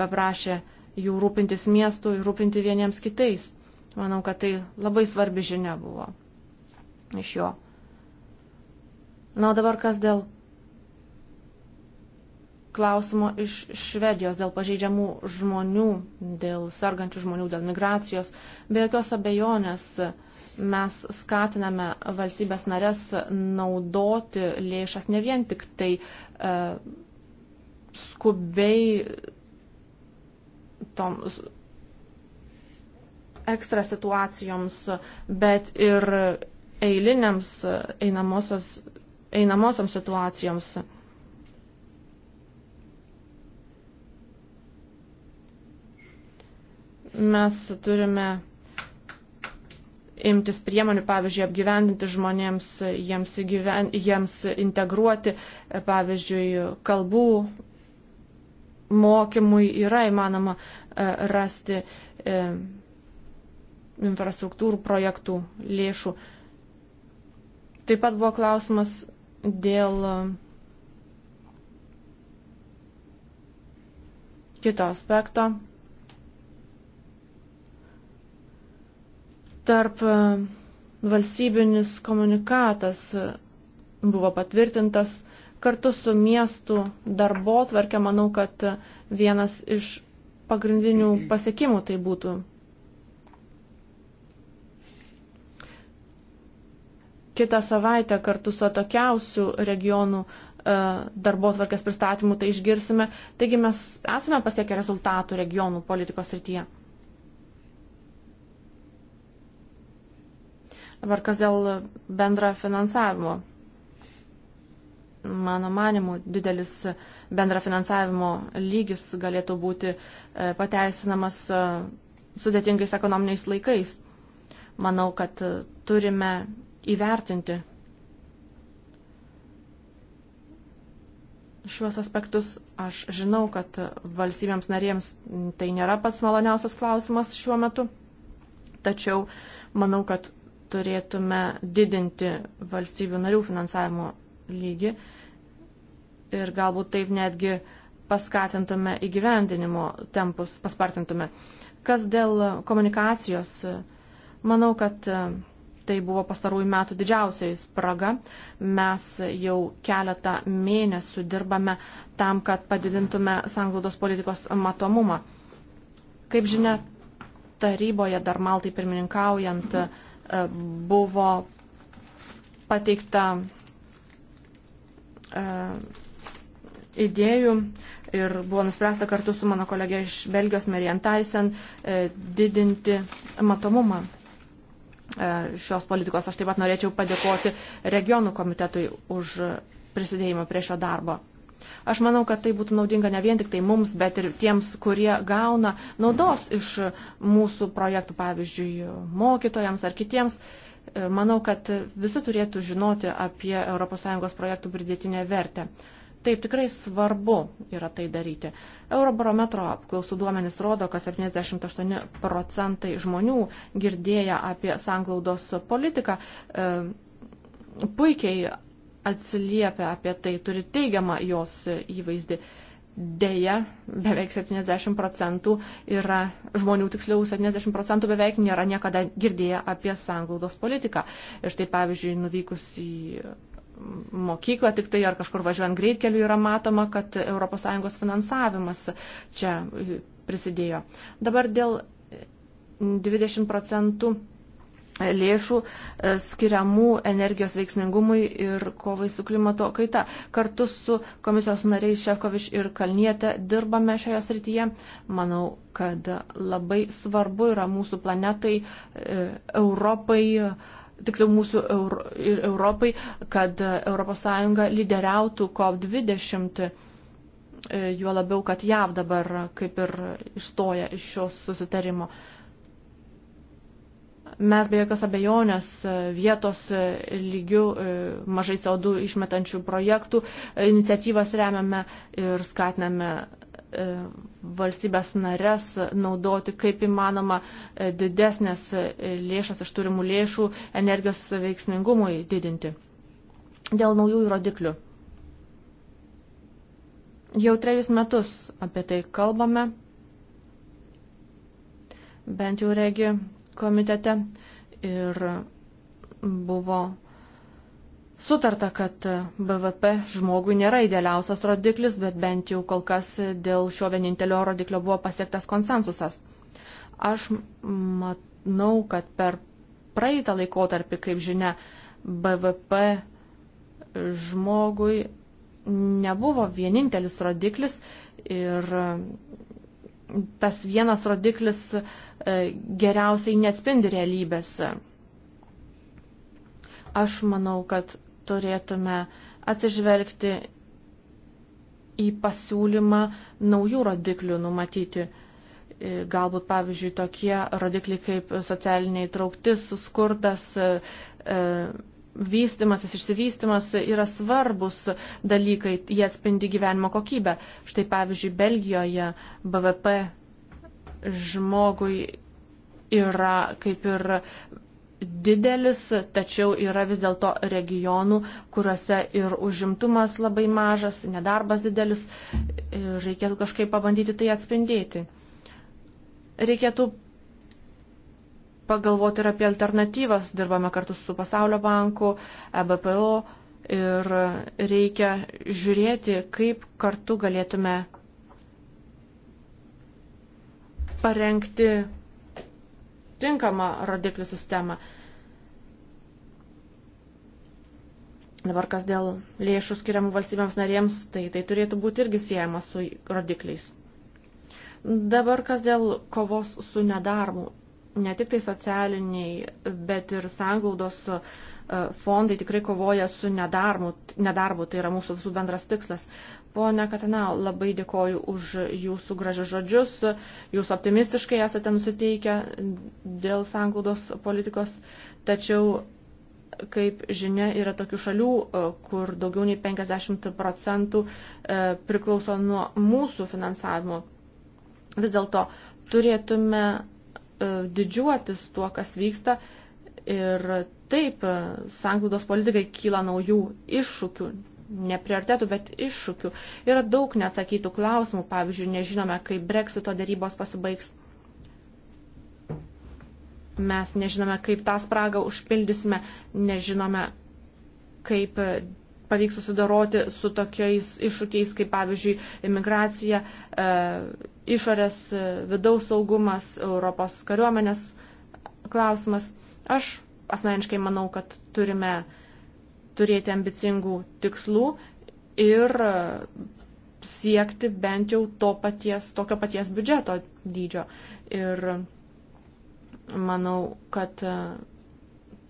paprašė jų rūpintis miestu ir rūpinti vieniems kitais. Manau, kad tai labai svarbi žinia buvo iš jo. Na, o dabar kas dėl klausimo iš Švedijos, dėl pažeidžiamų žmonių, dėl sergančių žmonių, dėl migracijos. Be jokios abejonės mes skatiname valstybės narės naudoti lėšas ne vien tik tai e, skubiai toms ekstra situacijoms, bet ir eiliniams einamosios, einamosioms situacijoms. Mes turime imtis priemonių, pavyzdžiui, apgyvendinti žmonėms, jiems, įgyven, jiems integruoti, pavyzdžiui, kalbų mokymui yra įmanoma E, rasti e, infrastruktūrų projektų lėšų. Taip pat buvo klausimas dėl e, kito aspekto. Tarp valstybinis komunikatas buvo patvirtintas kartu su miestų darbo tvarkė. Manau, kad vienas iš pagrindinių pasiekimų tai būtų. Kita savaitė kartu su atokiausių regionų e, darbos varkės pristatymų tai išgirsime. Taigi mes esame pasiekę rezultatų regionų politikos rytyje. Dabar kas dėl bendra finansavimo mano manimu, didelis bendra finansavimo lygis galėtų būti e, pateisinamas e, sudėtingais ekonominiais laikais. Manau, kad e, turime įvertinti šiuos aspektus. Aš žinau, kad valstybėms narėms tai nėra pats maloniausias klausimas šiuo metu, tačiau manau, kad turėtume didinti valstybių narių finansavimo lygį ir galbūt taip netgi paskatintume įgyvendinimo tempus, paspartintume. Kas dėl komunikacijos, manau, kad e, tai buvo pastarųjų metų didžiausiai spraga. Mes jau keletą mėnesių dirbame tam, kad padidintume sanglaudos politikos matomumą. Kaip žinia, taryboje dar Maltai pirmininkaujant e, buvo pateikta e, idėjų ir buvo nuspręsta kartu su mano kolegė iš Belgijos Marian Tyson e, didinti matomumą e, šios politikos. Aš taip pat norėčiau padėkoti regionų komitetui už prisidėjimą prie šio darbo. Aš manau, kad tai būtų naudinga ne vien tik tai mums, bet ir tiems, kurie gauna naudos iš mūsų projektų, pavyzdžiui, mokytojams ar kitiems. E, manau, kad visi turėtų žinoti apie ES projektų pridėtinę vertę. Taip tikrai svarbu yra tai daryti. Eurobarometro apklausų duomenys rodo, kad 78 procentai žmonių girdėję apie sanglaudos politiką e, puikiai atsiliepia apie tai, turi teigiamą jos įvaizdį. Deja, beveik 70 procentų yra žmonių, tiksliau 70 procentų beveik nėra niekada girdėję apie sanglaudos politiką. Ir štai pavyzdžiui, nuvykus į mokyklą tik tai ar kažkur važiuojant greitkeliu yra matoma, kad ES finansavimas čia prisidėjo. Dabar dėl 20 procentų lėšų e, skiriamų energijos veiksmingumui ir kovai su klimato kaita. Kartu su komisijos nariais Šefkovič ir Kalnietė dirbame šioje srityje. Manau, kad labai svarbu yra mūsų planetai, e, Europai tiksliau mūsų ir Europai, kad ES lyderiautų COP20, e, juo labiau, kad JAV dabar kaip ir išstoja iš šios susitarimo. Mes be jokios abejonės e, vietos e, lygių mažai CO2 išmetančių projektų iniciatyvas remiame ir skatiname E, valstybės narės naudoti kaip įmanoma e, didesnės e, lėšas iš turimų lėšų energijos veiksmingumui didinti. Dėl naujųjų rodiklių. Jau trejus metus apie tai kalbame, bent jau regi komitete ir buvo Sutarta, kad BVP žmogui nėra idealiausias rodiklis, bet bent jau kol kas dėl šio vienintelio rodiklio buvo pasiektas konsensusas. Aš manau, kad per praeitą laikotarpį, kaip žinia, BVP žmogui nebuvo vienintelis rodiklis ir tas vienas rodiklis e, geriausiai neatspindi realybės. Aš manau, kad turėtume atsižvelgti į pasiūlymą naujų rodiklių numatyti. E, galbūt, pavyzdžiui, tokie rodikliai kaip socialinė įtrauktis, skurdas, e, e, vystimasis, išsivystimas yra svarbus dalykai, jie atspindi gyvenimo kokybę. Štai, pavyzdžiui, Belgijoje BVP žmogui yra kaip ir didelis, tačiau yra vis dėlto regionų, kuriuose ir užimtumas labai mažas, nedarbas didelis. Reikėtų kažkaip pabandyti tai atspindėti. Reikėtų pagalvoti ir apie alternatyvas. Dirbame kartu su Pasaulio banku, EBPO ir reikia žiūrėti, kaip kartu galėtume parengti tinkamą rodiklių sistemą. Dabar kas dėl lėšų skiriamų valstybėms narėms, tai tai turėtų būti irgi siejama su rodikliais. Dabar kas dėl kovos su nedarbu. Ne tik tai socialiniai, bet ir sanglaudos e, fondai tikrai kovoja su nedarbu, nedarbu tai yra mūsų visų bendras tikslas. Pone Katanau, labai dėkoju už jūsų gražius žodžius, jūs optimistiškai esate nusiteikę dėl sanglaudos politikos, tačiau, kaip žinia, yra tokių šalių, e, kur daugiau nei 50 procentų e, priklauso nuo mūsų finansavimo. Vis dėlto turėtume e, didžiuotis tuo, kas vyksta ir taip sanglaudos politikai kyla naujų iššūkių ne prioritetų, bet iššūkių. Yra daug neatsakytų klausimų, pavyzdžiui, nežinome, kaip breksito darybos pasibaigs. Mes nežinome, kaip tą spragą užpildysime, nežinome, kaip pavyks susidoroti su tokiais iššūkiais, kaip pavyzdžiui, imigracija, e, išorės e, vidaus saugumas, Europos kariuomenės klausimas. Aš asmeniškai manau, kad turime turėti ambicingų tikslų ir siekti bent jau to paties, tokio paties biudžeto dydžio. Ir manau, kad e,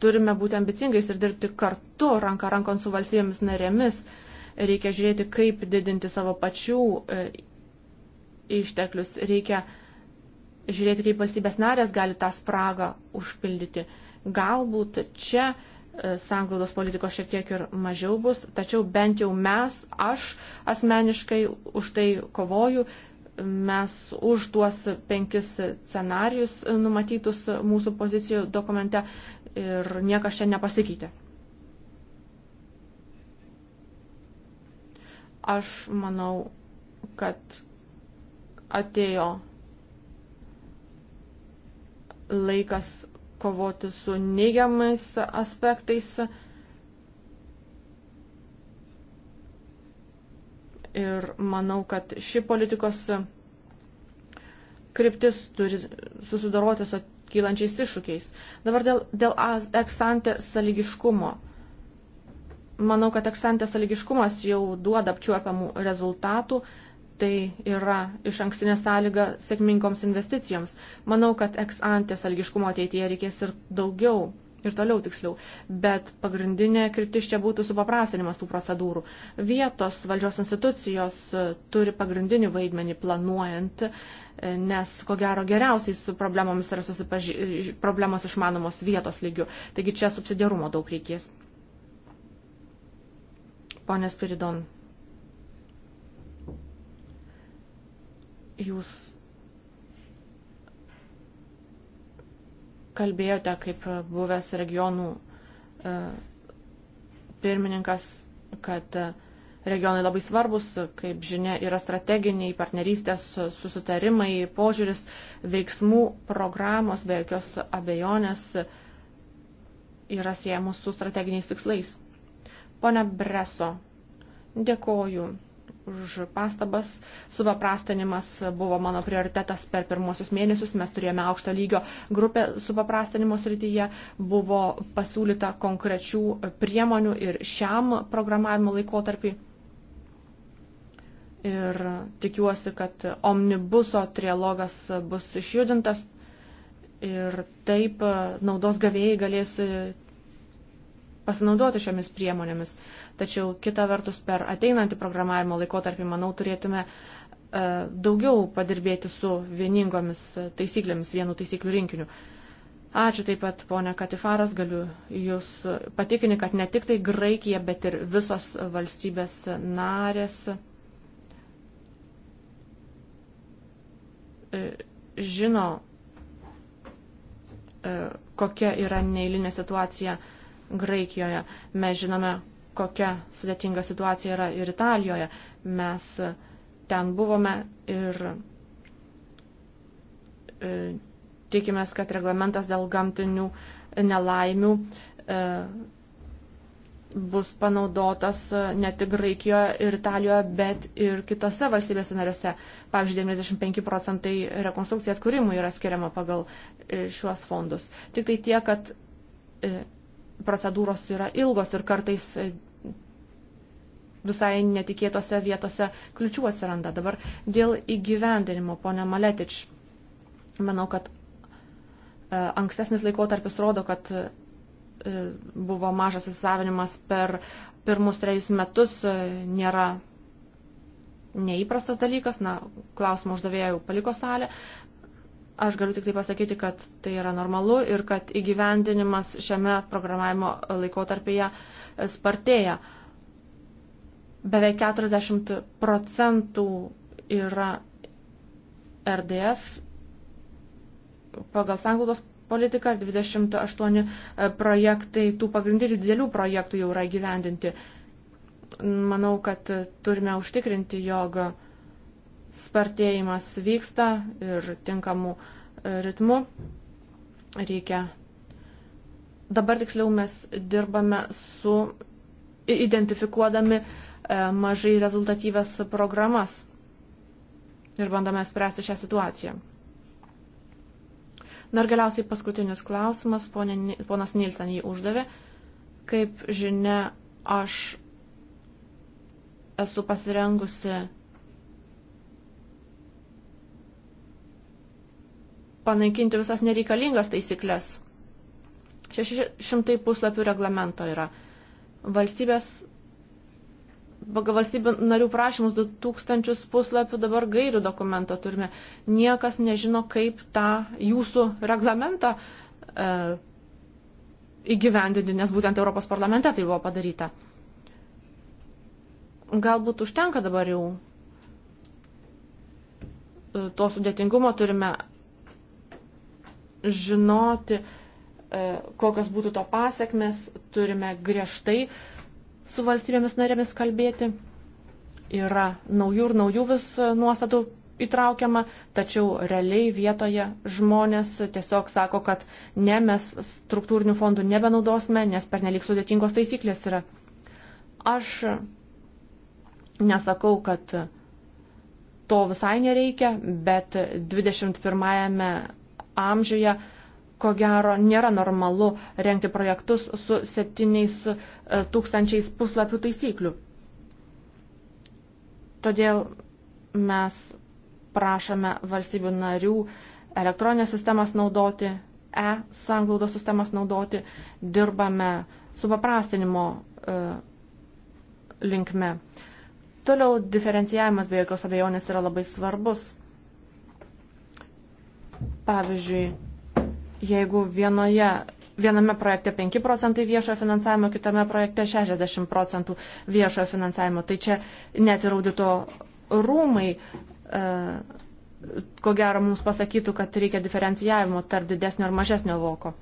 turime būti ambicingais ir dirbti kartu, ranka rankon su valstybėmis narėmis. Reikia žiūrėti, kaip didinti savo pačių e, išteklius. Reikia žiūrėti, kaip valstybės narės gali tą spragą užpildyti. Galbūt čia uh, E, sanglaudos politikos šiek tiek ir mažiau bus, tačiau bent jau mes, aš asmeniškai už tai kovoju, mes už tuos penkis scenarius numatytus mūsų pozicijų dokumente ir niekas čia nepasikeitė. Aš manau, kad atėjo laikas kovoti su neigiamais aspektais. Ir manau, kad ši politikos kryptis turi susidaroti su kylančiais iššūkiais. Dabar dėl, dėl eksantė saligiškumo. Manau, kad eksantė saligiškumas jau duoda apčiuopiamų rezultatų. Uh, tai yra iš ankstinė sąlyga sėkmingoms investicijoms. Manau, kad eks antės algiškumo ateityje reikės ir daugiau. Ir toliau tiksliau, bet pagrindinė kryptis čia būtų supaprastinimas tų procedūrų. Vietos valdžios institucijos e, turi pagrindinį vaidmenį planuojant, e, nes ko gero geriausiai su problemomis yra susipaži... E, problemos išmanomos vietos lygių. Taigi čia subsidiarumo daug reikės. Pone Spiridon. Jūs kalbėjote kaip buvęs regionų e, pirmininkas, kad e, regionai labai svarbus, kaip žinia, yra strateginiai partnerystės susitarimai, požiūris, veiksmų programos be jokios abejonės yra siejamos su strateginiais tikslais. Pone Breso, dėkoju už pastabas. Supaprastinimas buvo mano prioritetas per pirmosius mėnesius. Mes turėjome aukšto lygio grupę supaprastinimo srityje. Buvo pasiūlyta konkrečių priemonių ir šiam programavimo laikotarpiu. Ir tikiuosi, kad omnibuso trialogas bus išjudintas ir taip naudos gavėjai galės pasinaudoti šiomis priemonėmis. Tačiau kita vertus per ateinantį programavimo laikotarpį, manau, turėtume e, daugiau padirbėti su vieningomis e, taisyklėmis, vienu taisyklių rinkiniu. Ačiū taip pat, ponia Katifaras, galiu Jūs patikinti, kad ne tik tai Graikija, bet ir visos valstybės narės e, žino, kokia yra neįlinė situacija Graikijoje. Mes žinome, kokia sudėtinga situacija yra ir Italijoje. Mes ten buvome ir e, tikimės, kad reglamentas dėl gamtinių nelaimių e, bus panaudotas e, ne tik Graikijoje ir Italijoje, bet ir kitose valstybėse narėse. Pavyzdžiui, 95 procentai rekonstrukcijai atkūrimui yra skiriama pagal šiuos fondus. Tik tai tie, kad procedūros yra ilgos ir kartais visai netikėtose vietose kliučių atsiranda. Dabar dėl įgyvendinimo, ponia Maletič, manau, kad e, ankstesnis laikotarpis rodo, kad e, buvo mažas įsisavinimas per pirmus trejus metus, e, nėra neįprastas dalykas, na, klausimą uždavėjau paliko salę. Aš galiu tik tai pasakyti, kad tai yra normalu ir kad įgyvendinimas šiame programavimo laikotarpyje spartėja. Uh, beveik 40 procentų yra RDF pagal sanglaudos politiką, 28 e, projektai, tų pagrindinių didelių projektų jau yra gyvendinti. Manau, kad turime užtikrinti, jog spartėjimas vyksta ir tinkamų e, ritmų reikia. Dabar tiksliau mes dirbame su identifikuodami uh, E, mažai rezultatyves programas ir bandome spręsti šią situaciją. Na ir galiausiai paskutinis klausimas, ponė, ponas Nilsen jį uždavė. Kaip žinia, aš esu pasirengusi panaikinti visas nereikalingas taisyklės. 600 puslapių reglamento yra. Valstybės pagal valstybių narių prašymus 2000 puslapių dabar gairių dokumento turime. Niekas nežino, kaip tą jūsų reglamentą e, įgyvendinti, nes būtent Europos parlamente tai buvo padaryta. Galbūt užtenka dabar jau e, to sudėtingumo turime žinoti, e, kokios būtų to pasiekmes, turime griežtai uh, su valstybėmis narėmis kalbėti. Yra naujų ir naujų vis nuostatų įtraukiama, tačiau realiai vietoje žmonės tiesiog sako, kad ne, mes struktūrinių fondų nebenaudosime, nes pernelik sudėtingos taisyklės yra. Aš nesakau, kad to visai nereikia, bet 21-ame amžiuje ko gero nėra normalu renkti projektus su 7000 e, puslapių taisyklių. Todėl mes prašome valstybių narių elektroninės sistemas naudoti, e-sanglaudos sistemas naudoti, dirbame su paprastinimo e, linkme. Toliau diferencijavimas be jokios abejonės yra labai svarbus. Pavyzdžiui, jeigu vienoje, viename projekte 5 procentai viešojo finansavimo, kitame projekte 60 procentų viešojo finansavimo. Tai čia net ir audito rūmai, e, ko gero, mums pasakytų, kad reikia diferencijavimo tarp didesnio ir mažesnio voko.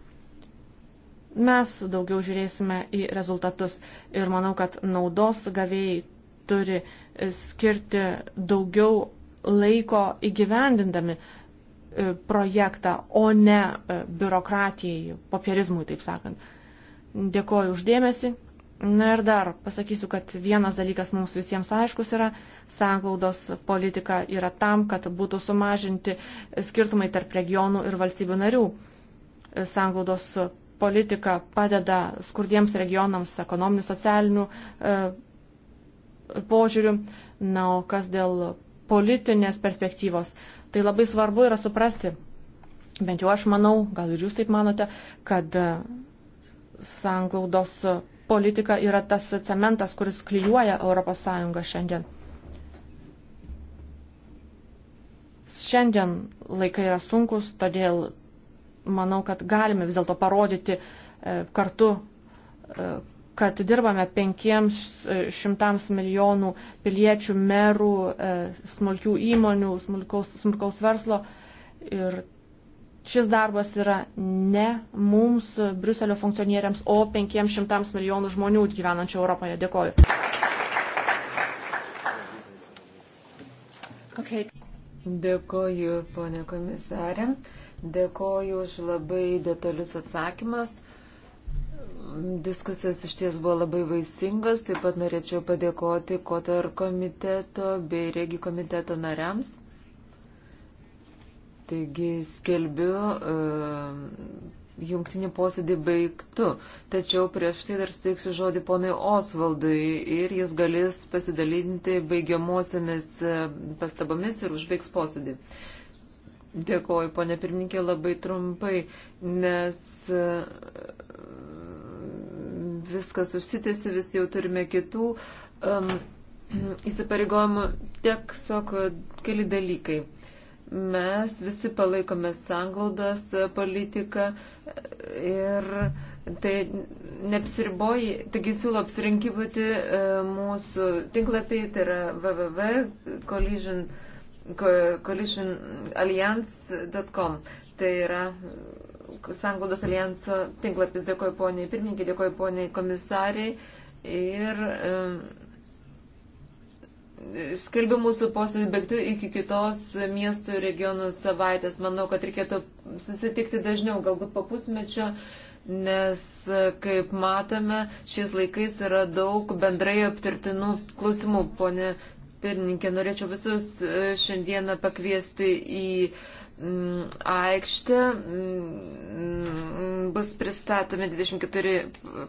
Mes daugiau žiūrėsime į rezultatus ir manau, kad naudos gavėjai turi skirti daugiau laiko įgyvendindami E, projektą, o ne e, biurokratijai, popierizmui, taip sakant. Dėkoju uždėmesi. Na ir dar pasakysiu, kad vienas dalykas mums visiems aiškus yra, sanglaudos politika yra tam, kad būtų sumažinti skirtumai tarp regionų ir valstybių narių. Sanglaudos politika padeda skurdiems regionams ekonominių, socialinių e, požiūrių. Na, o kas dėl politinės perspektyvos, Tai labai svarbu yra suprasti, bent jau aš manau, gal ir jūs taip manote, kad e, sanglaudos politika yra tas cementas, kuris klyjuoja ES šiandien. Šiandien laikai yra sunkus, todėl manau, kad galime vis dėlto parodyti e, kartu, e, kad dirbame penkiems e, šimtams milijonų piliečių, merų, e, smulkių įmonių, smulkaus, smulkaus verslo. Ir šis darbas yra ne mums, Bruselio funkcionieriams, o penkiems šimtams milijonų žmonių gyvenančių Europoje. Dėkoju. Okay. Dėkoju, ponė komisarė. Dėkoju už labai detalius atsakymas. Diskusijos iš ties buvo labai vaisingos, taip pat norėčiau padėkoti Kotar komiteto bei Regi komiteto nariams. Taigi skelbiu uh, jungtinį posėdį baigtų, tačiau prieš tai dar suteiksiu žodį ponui Osvaldui ir jis galės pasidalinti baigiamosiamis e, pastabomis ir užbaigs posėdį. Dėkoju, ponė pirmininkė, labai trumpai, nes. Uh, viskas užsitėsi, vis jau turime kitų um, įsipareigojimų. Tiek sako uh, keli dalykai. Mes visi palaikome sanglaudos uh, politiką uh, ir tai neapsiriboji, taigi siūlo apsirinkybūti mūsų tinklapiai, tai yra www collision, collisionalliance.com. Tai yra Sanglaudos alijanso tinklapis. Dėkoju poniai pirmininkė, dėkoju poniai komisariai. Ir e, skelbiu mūsų posėdį baigtų iki kitos miestų ir regionų savaitės. Manau, kad reikėtų susitikti dažniau, galbūt po pusmečio, nes, e, kaip matome, šiais laikais yra daug bendrai aptirtinų klausimų. Pone pirmininkė, norėčiau visus e, šiandieną pakviesti į aikštę mm, bus pristatomi 24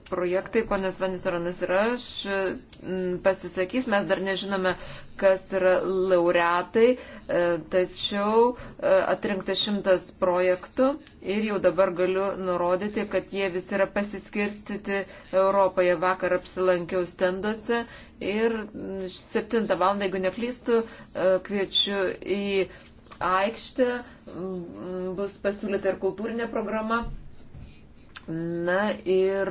projektai, ponas Vanisaronas ir aš mm, pasisakys, mes dar nežinome, kas yra laureatai, e, tačiau e, atrinkta šimtas projektų ir jau dabar galiu nurodyti, kad jie visi yra pasiskirstyti Europoje. Vakar apsilankiau stenduose ir 7 mm, val. jeigu neklystu, e, kviečiu į aikštė, mm, bus pasiūlyta ir kultūrinė programa. Na ir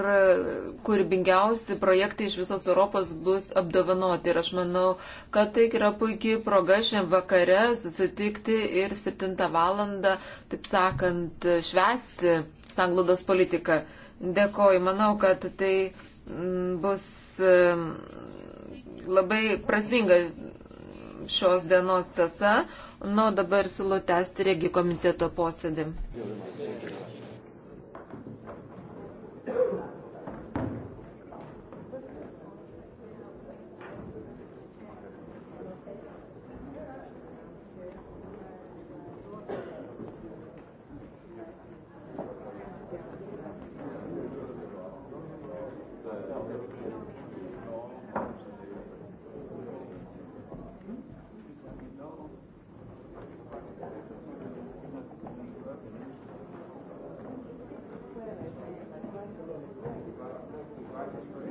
kūrybingiausi projektai iš visos Europos bus apdovanoti. Ir aš manau, kad tai yra puikiai proga šiandien vakare susitikti ir 7 valandą, taip sakant, švesti sanglaudos politiką. Dėkoju, manau, kad tai mm, bus labai prasminga šios dienos tasa, Nu, dabar siūlau tęsti regi komiteto posėdį. Thank you. Yeah.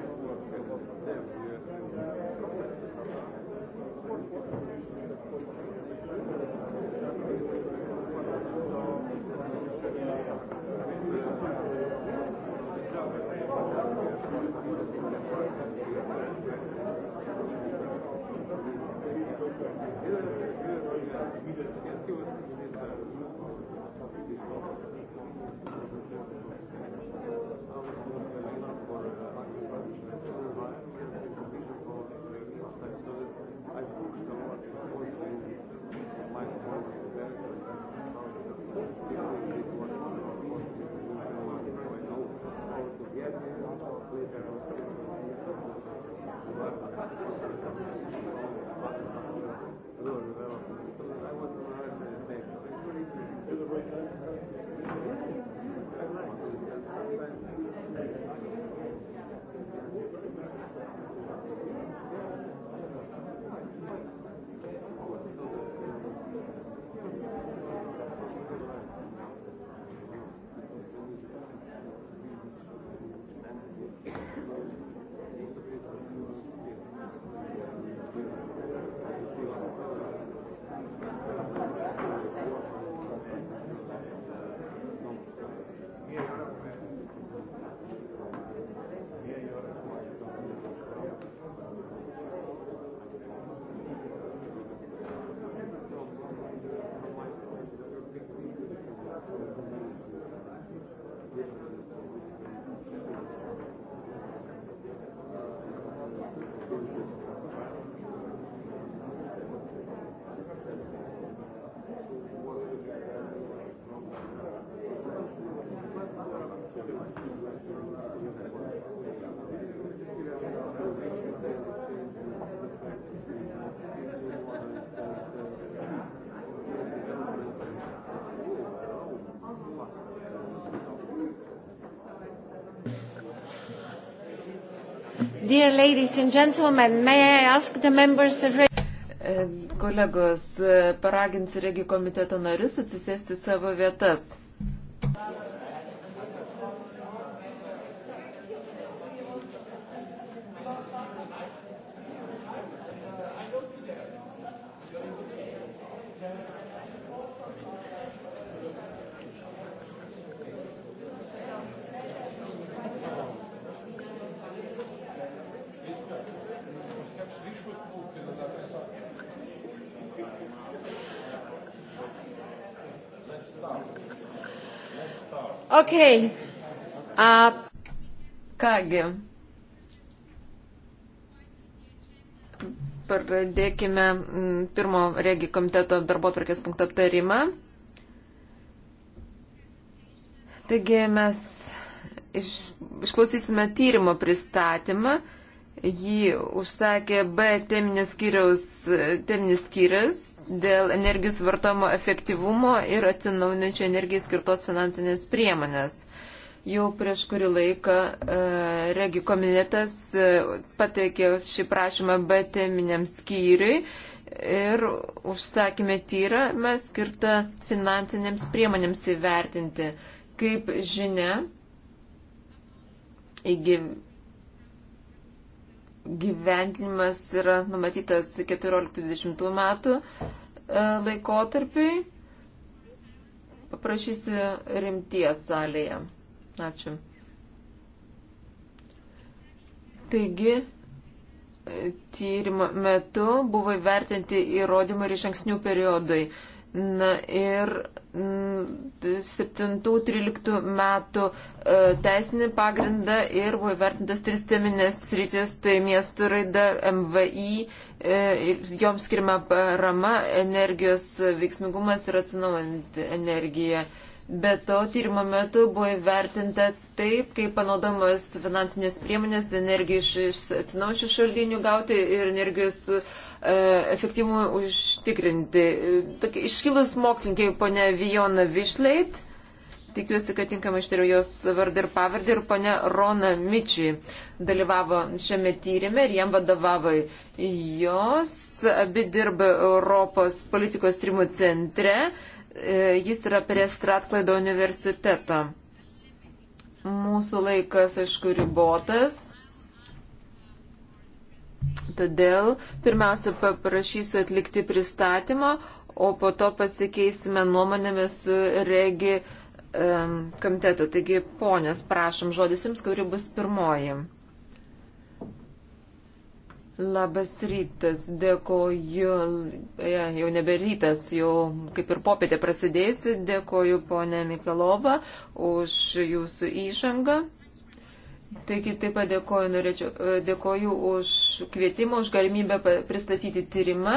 Dear ladies and gentlemen, may I ask the members of... Kolegos, paraginsiu regi komiteto narius atsisėsti savo vietas. Okay. Uh... Kągi. Pradėkime mm, pirmo regi komiteto darbo tvarkės punkto aptarimą. Taigi mes iš, išklausysime tyrimo pristatymą jį užsakė B teminis skyrius, teminis skyrius dėl energijos vartojimo efektyvumo ir atsinaujinančio energijai skirtos finansinės priemonės. Jau prieš kurį laiką e, regi komitetas e, pateikė šį prašymą B teminiam skyriui ir užsakėme tyrimą skirtą finansinėms priemonėms įvertinti. Kaip žinia, įgyvendinti gyventinimas yra numatytas 14-20 metų e, laikotarpiui. Paprašysiu rimties salėje. Ačiū. Taigi, e, tyrimo metu buvo įvertinti įrodymai ir iš anksnių periodai. Na ir 7-13 metų e, teisinį pagrindą ir buvo įvertintas tris teminės sritis, tai miestų raida, MVI, e, joms skirima parama, energijos veiksmingumas ir atsinaujant energija. Be to, tyrimo metu buvo įvertinta taip, kaip panaudomas finansinės priemonės energijai iš atsinaujančių šaltinių gauti ir energijos e, efektyvumą užtikrinti. Tokia, iškilus mokslininkai ponia Vijona Višleit, tikiuosi, kad tinkamai ištariu jos vardą ir pavardę, ir ponia Rona Mičiai dalyvavo šiame tyrimė ir jam vadovavo jos, abi dirba Europos politikos trimų centre E, jis yra prie Stratklaido universiteto. Mūsų laikas, aišku, ribotas. Todėl pirmiausia paprašysiu atlikti pristatymą, o po to pasikeisime nuomonėmis su regi um, komitetu. Taigi, ponės, prašom, žodis jums, kuri bus pirmoji. Labas rytas, dėkoju, ja, e, jau nebe rytas, jau kaip ir popietė prasidėjusi, dėkoju ponė Mikalova už jūsų įžangą. Taigi taip pat dėkoju, norėčiau, e, dėkoju už kvietimą, už galimybę pristatyti tyrimą,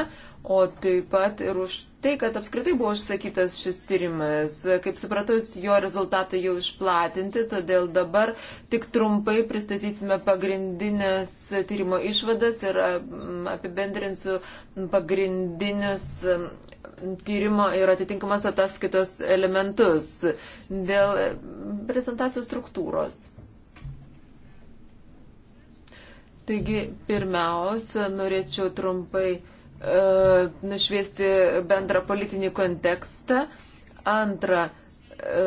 o taip pat ir už tai, kad apskritai buvo užsakytas šis tyrimas. Kaip supratau, jo rezultatai jau išplatinti, todėl dabar tik trumpai pristatysime pagrindinės tyrimo išvadas ir mm, apibendrinsiu pagrindinius mm, tyrimo ir atitinkamas ataskaitos elementus dėl mm, prezentacijos struktūros. Taigi, pirmiausia, norėčiau trumpai e, nušviesti bendrą politinį kontekstą. Antra, e,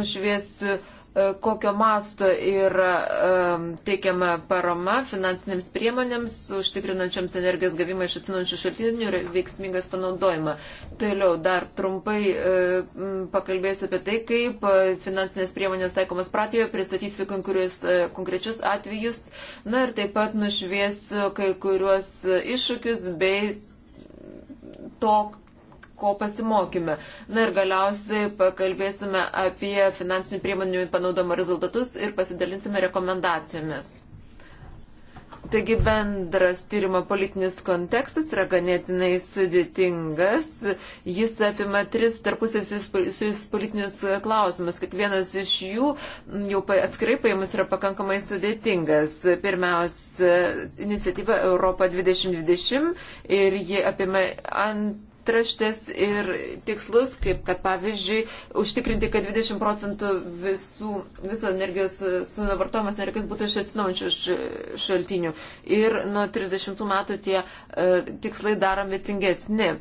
nušviesiu E, kokio masto yra um, teikiama parama finansinėms priemonėms, užtikrinančiams energijos gavimą iš atsinaujančių šaltinių ir veiksmingas panaudojimą. Toliau dar trumpai um, pakalbėsiu apie tai, kaip finansinės priemonės taikomas pratijoje, pristatysiu konkurius, uh, konkrečius atvejus, na ir taip pat nušviesiu kai kuriuos iššūkius bei to, ko pasimokime. Na ir galiausiai pakalbėsime apie finansinių priemonių panaudomą rezultatus ir pasidalinsime rekomendacijomis. Taigi bendras tyrimo politinis kontekstas yra ganėtinai sudėtingas. Jis apima tris tarpusiais politinius klausimus. Kiekvienas iš jų jau atskirai paėmus yra pakankamai sudėtingas. Pirmiausia, iniciatyva Europa 2020 ir ji apima ant traštes ir tikslus, kaip kad pavyzdžiui užtikrinti, kad 20 procentų visų, viso energijos sunavartojimas energijos būtų iš atsinaujančių šaltinių. Ir nuo 30 metų tie e, tikslai dar ambicingesni.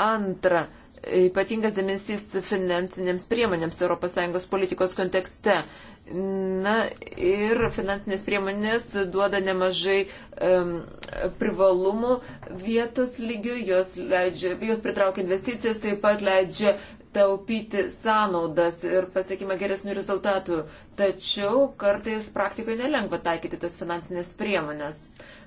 Antra, ypatingas dėmesys finansinėms priemonėms ES politikos kontekste. E, Na ir finansinės priemonės duoda nemažai um, privalumų vietos lygių, jos, leidžia, jos pritraukia investicijas, taip pat leidžia taupyti sąnaudas ir pasiekime geresnių rezultatų. Tačiau kartais praktikoje nelengva taikyti tas finansinės priemonės.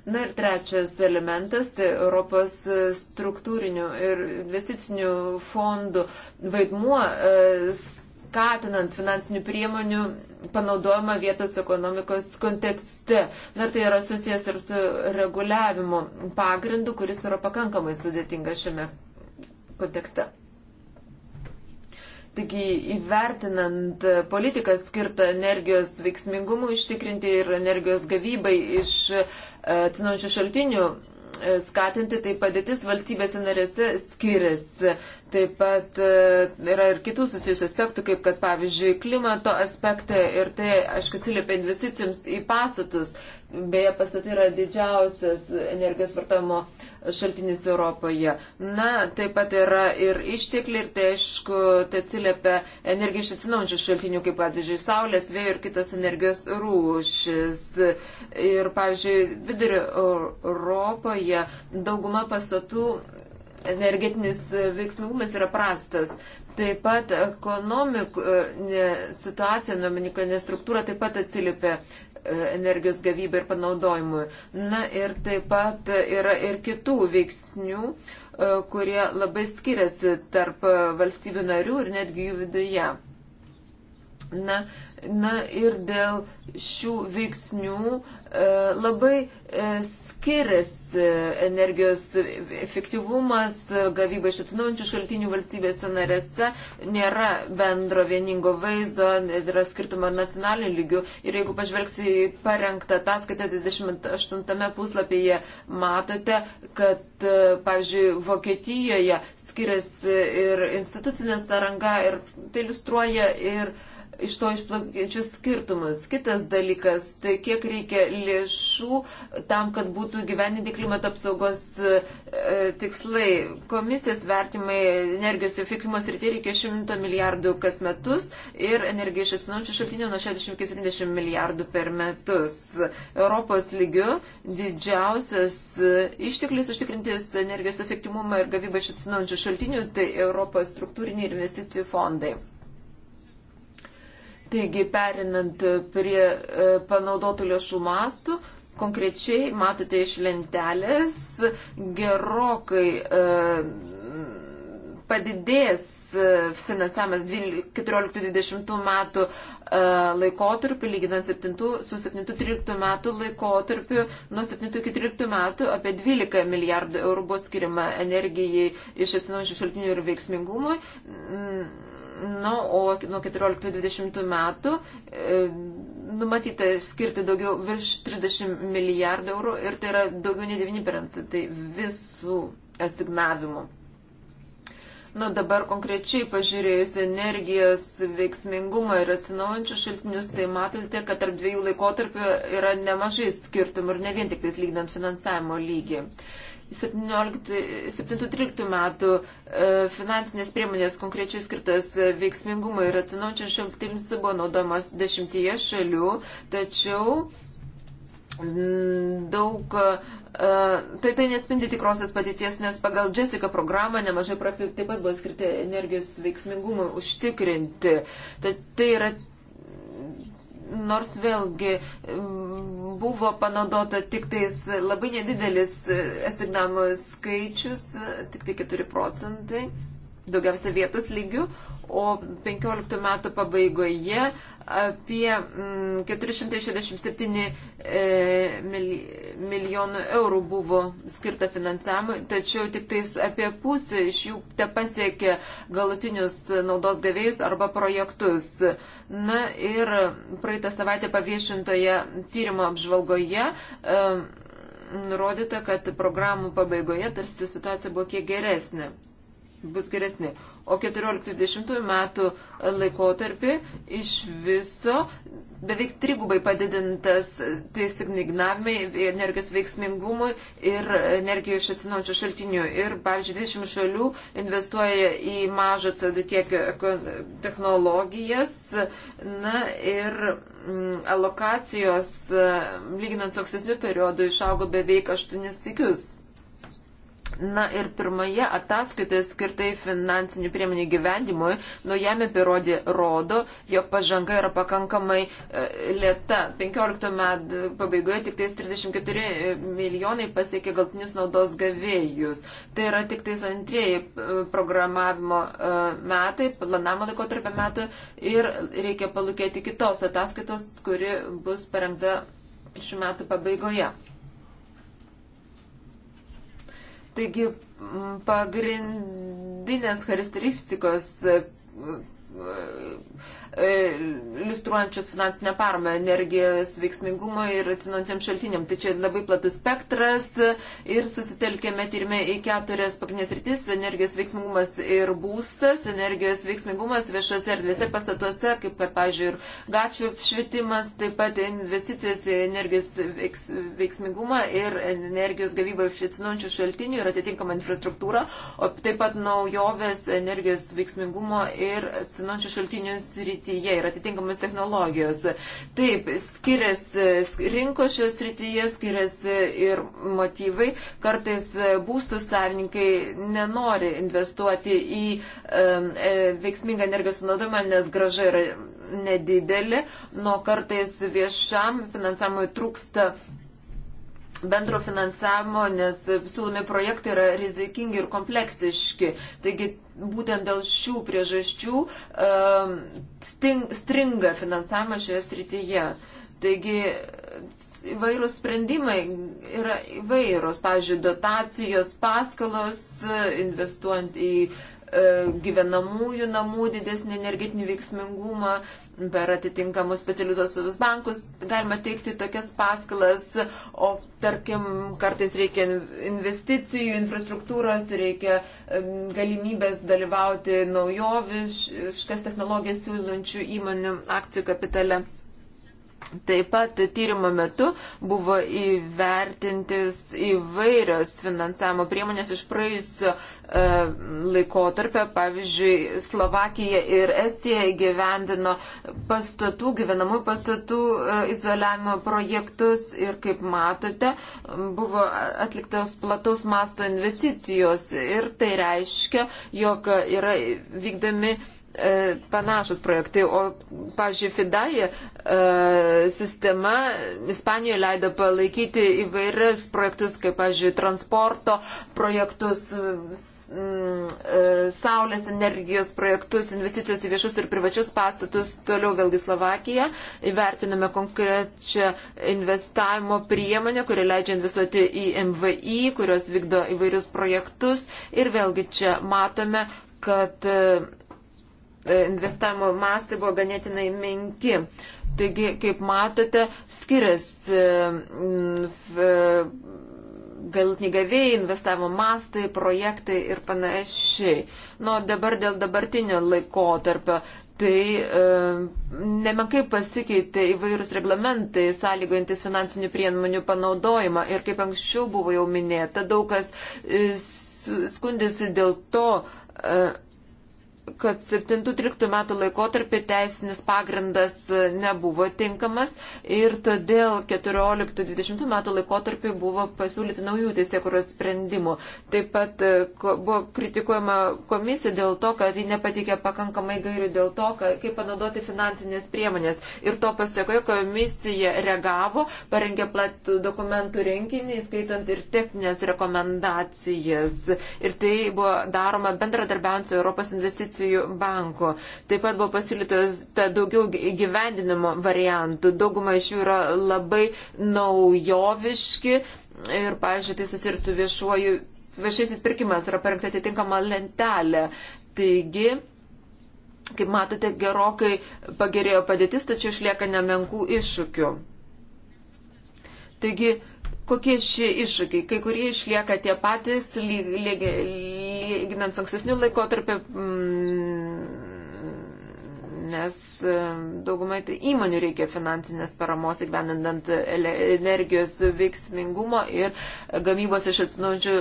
Na ir trečias elementas tai - Europos struktūrinių ir investicinių fondų vaidmuo. E, skatinant finansinių priemonių panaudojimą vietos ekonomikos kontekste. Dar tai yra susijęs ir su reguliavimo pagrindu, kuris yra pakankamai sudėtingas šiame kontekste. Taigi įvertinant politiką skirtą energijos veiksmingumui ištikrinti ir energijos gavybai iš e, atsinaujančių šaltinių e, skatinti, tai padėtis valstybėse narėse skiriasi. Taip pat e, yra ir kitų susijusių aspektų, kaip kad, pavyzdžiui, klimato aspektai ir tai, aišku, atsiliepia investicijoms į pastatus. Beje, pastatai yra didžiausias energijos vartojimo šaltinis Europoje. Na, taip pat yra ir ištekliai ir tai, aišku, tai atsiliepia energija iš atsinaujančių šaltinių, kaip, pavyzdžiui, saulės, vėjo ir kitos energijos rūšis. Ir, pavyzdžiui, vidurio Europoje dauguma pastatų energetinis veiksmingumas yra prastas. Taip pat ekonominė e, situacija, nuomeninė struktūra taip pat atsiliepia e, energijos gavybą ir panaudojimui. Na ir taip pat yra ir kitų veiksnių, e, kurie labai skiriasi tarp valstybių narių ir netgi jų viduje. Na, uh, Na ir dėl šių veiksnių e, labai e, skiriasi e, energijos efektyvumas, gavyba iš atsinaujančių šaltinių valstybėse narėse, nėra bendro vieningo vaizdo, yra skirtumo nacionalinių lygių. Ir jeigu pažvelgsi į parengtą ataskaitą 28 puslapyje, matote, kad, pavyzdžiui, Vokietijoje skiriasi ir institucinė sąranga ir tai iliustruoja ir uh, iš to išplaukiančius skirtumus. Kitas dalykas, tai kiek reikia lėšų tam, kad būtų gyveninti klimato apsaugos e, tikslai. Komisijos vertimai energijos ir fiksimo srityje reikia 100 milijardų kas metus ir energija iš atsinaujančių šaltinių nuo 60 iki 70 milijardų per metus. Europos lygiu didžiausias e, išteklis užtikrintis energijos efektyvumą ir gavybą iš atsinaujančių šaltinių tai Europos struktūriniai investicijų fondai. Taigi, perinant prie e, panaudotų lėšų mastų, konkrečiai matote iš lentelės gerokai e, padidės e, finansavimas 14-20 metų laikotarpiu, lyginant 7, su 7-13 metų laikotarpiu, nuo 7-13 metų apie 12 milijardų eurų buvo skiriama energijai iš atsinaujančių šaltinių ir veiksmingumui. Mm Na, o nuo 14-20 metų e, numatyta skirti daugiau virš 30 milijardų eurų ir tai yra daugiau nei 9 procentai visų asignavimų. Na, dabar konkrečiai pažiūrėjus energijos veiksmingumą ir atsinaujančius šaltinius, tai matote, kad tarp dviejų laikotarpių yra nemažai skirtumų ir ne vien tik tais lygdant finansavimo lygį. 17-13 metų e, finansinės priemonės konkrečiai skirtas veiksmingumui ir atsinaučiant šaltims buvo naudojamas dešimtyje šalių, tačiau mm, daug. E, tai tai neatspindi tikrosios padėties, nes pagal Jessica programą nemažai projektų taip pat buvo skirti energijos veiksmingumui užtikrinti. Tai, tai yra nors vėlgi buvo panaudota tik tais labai nedidelis e, asignavimo skaičius, e, tik tai 4 procentai daugiausia vietos lygių, o 15 metų pabaigoje apie 467 mm, e, milijonų eurų buvo skirta finansavimui, tačiau tik tais apie pusę iš jų te pasiekė galutinius naudos gavėjus arba projektus. Na ir praeitą savaitę paviešintoje tyrimo apžvalgoje e, nurodyta, kad programų pabaigoje tarsi situacija buvo kiek geresnė bus geresnė. O 14-20 metų laikotarpį iš viso beveik trigubai padidintas teisignavimai energijos veiksmingumui ir energijos iš atsinaujančių šaltinių. Ir, pavyzdžiui, 20 šalių investuoja į mažą CO2 kiekio technologijas. Na ir m, mm, alokacijos, lyginant su aksesniu periodu, išaugo beveik 8 sikius. Na ir pirmoje ataskaitoje skirtai finansinių priemonių gyvendimui, naujame pirodė rodo, jog pažanga yra pakankamai e, lėta. 15 metų pabaigoje tik 34 milijonai pasiekė galtinius naudos gavėjus. Tai yra tik tais antrieji e, programavimo e, metai, planavimo laikotarpio metų ir reikia palūkėti kitos ataskaitos, kuri bus parengta šių metų pabaigoje. Taigi pagrindinės charakteristikos E, iliustruojančios finansinę paramą energijos veiksmingumui ir atsinaujantiam šaltiniam. Tai čia labai platus spektras ir susitelkėme tyrimė į keturias pagrindinės rytis - energijos veiksmingumas ir būstas, energijos veiksmingumas viešose erdvėse, pastatuose, kaip kad, pavyzdžiui, ir gačių apšvietimas, taip pat investicijos į energijos veiks, veiksmingumą ir energijos gavybą iš atsinaujančių šaltinių ir atitinkamą infrastruktūrą, o taip pat naujovės energijos veiksmingumo ir atsinaujančių šaltinių srityje srityje ir atitinkamos technologijos. Taip, skiriasi rinkos šios srityje, skiriasi ir motyvai. Kartais e, būstų savininkai nenori investuoti į um, veiksmingą energijos sunaudojimą, nes graža yra nedidelė, nuo kartais viešam finansavimui trūksta bendro finansavimo, nes siūlomi projektai yra rizikingi ir kompleksiški. Taigi būtent dėl šių priežasčių um, sting, stringa finansavimas šioje srityje. Taigi įvairūs sprendimai yra įvairūs, pavyzdžiui, dotacijos, paskalos, investuojant į uh, E, gyvenamųjų namų didesnį energetinį veiksmingumą per atitinkamus specializuosius bankus. Galima teikti tokias paskalas, o tarkim, kartais reikia investicijų, infrastruktūros, reikia e, galimybės dalyvauti naujoviškas technologijas siūlančių įmonių akcijų kapitale. Taip pat tyrimo metu buvo įvertintis įvairios finansavimo priemonės iš praėjusio e, laikotarpio. Pavyzdžiui, Slovakija ir Estija įgyvendino pastatų, gyvenamųjų pastatų e, izoliavimo projektus ir, kaip matote, buvo atliktos plataus masto investicijos ir tai reiškia, jog yra vykdomi E, panašus projektai. O, pažiūrėjau, Fidaje e, sistema Ispanijoje leido palaikyti įvairius projektus, kaip, pažiūrėjau, transporto projektus, e, saulės energijos projektus, investicijos į viešus ir privačius pastatus, toliau vėlgi Slovakija. Įvertiname konkrečią investavimo priemonę, kuri leidžia investuoti į MVI, kurios vykdo įvairius projektus. Ir vėlgi čia matome, kad uh, E, investavimo mastai buvo ganėtinai menki. Taigi, kaip matote, skiriasi mm, e, galutiniai gavėjai, investavimo mastai, projektai ir panašiai. Nu, dabar dėl dabartinio laikotarpio. Tai e, nemenkai pasikeitė įvairūs reglamentai, sąlygojantis finansinių priemonių panaudojimą. Ir kaip anksčiau buvo jau minėta, daug kas e, skundėsi dėl to, e, kad 7-13 metų laikotarpį teisinis pagrindas e, nebuvo tinkamas ir todėl 14-20 metų laikotarpį buvo pasiūlyti naujų teisėkuros sprendimų. Taip pat e, buvo kritikuojama komisija dėl to, kad ji nepatikė pakankamai gairių dėl to, kaip panaudoti finansinės priemonės. Ir to pasiekoje komisija reagavo, parengė platų dokumentų rinkinį, skaitant ir techninės rekomendacijas. Ir tai buvo daroma bendradarbiaujant su Europos investicijų investicijų banko. Taip pat buvo pasiūlytas daugiau gyvendinimo variantų. Dauguma iš jų yra labai naujoviški ir, pažiūrėjau, tai susijęs su viešuoju. Viešasis pirkimas yra parengta atitinkama lentelė. Taigi, kaip matote, gerokai pagerėjo padėtis, tačiau išlieka nemenkų iššūkių. Taigi, kokie šie iššūkiai? Kai kurie išlieka tie patys, lyg, lyg, lyginant su ankstesniu laikotarpiu, mm, nes e, daugumai tai įmonių reikia finansinės paramos įgyvendinant energijos veiksmingumo ir gamybos iš atsinaujančių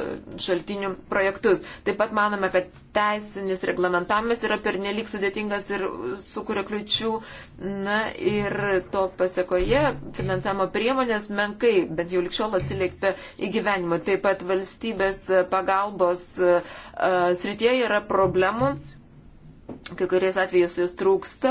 šaltinių projektus. Taip pat manome, kad teisinis reglamentavimas yra pernelik sudėtingas ir sukuria kliučių. Na ir to pasiekoje finansavimo priemonės menkai, bent jau likščiol atsiliekta įgyvenimo. Taip pat valstybės pagalbos e, srityje yra problemų kai kuriais atvejais jos trūksta,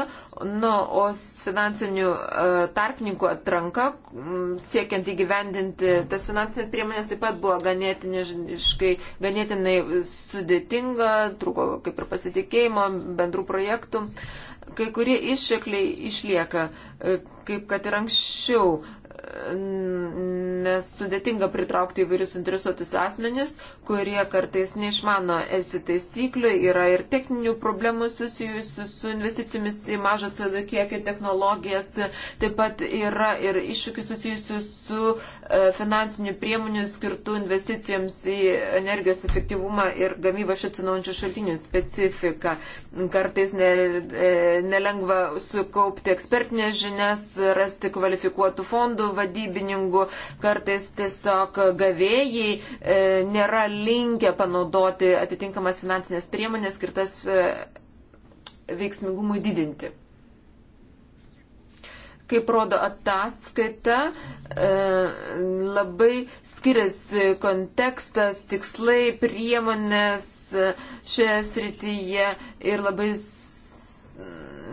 nu, o finansinių uh, tarpininkų atranka, um, siekiant įgyvendinti tas finansinės priemonės, taip pat buvo ganėtiniškai, ganėtinai sudėtinga, trūko kaip ir pasitikėjimo, bendrų projektų. Kai kurie iššekliai išlieka, e, kaip kad ir anksčiau. Uh, nes sudėtinga pritraukti įvairius interesuotus asmenis, kurie kartais neišmano esi taisyklių, yra ir techninių problemų susijusių su investicijomis į mažą CD kiekį technologijas, taip pat yra ir iššūkių susijusių su e, finansinių priemonių skirtų investicijoms į energijos efektyvumą ir gamybą iš atsinaujančių šaltinių specifiką. Kartais ne, e, nelengva sukaupti ekspertinės žinias, rasti kvalifikuotų fondų, vadybininkų, kartais tiesiog gavėjai e, nėra linkę panaudoti atitinkamas finansinės priemonės skirtas e, veiksmingumui didinti. Kaip rodo ataskaita, e, labai skiriasi kontekstas, tikslai, priemonės e, šioje srityje ir labai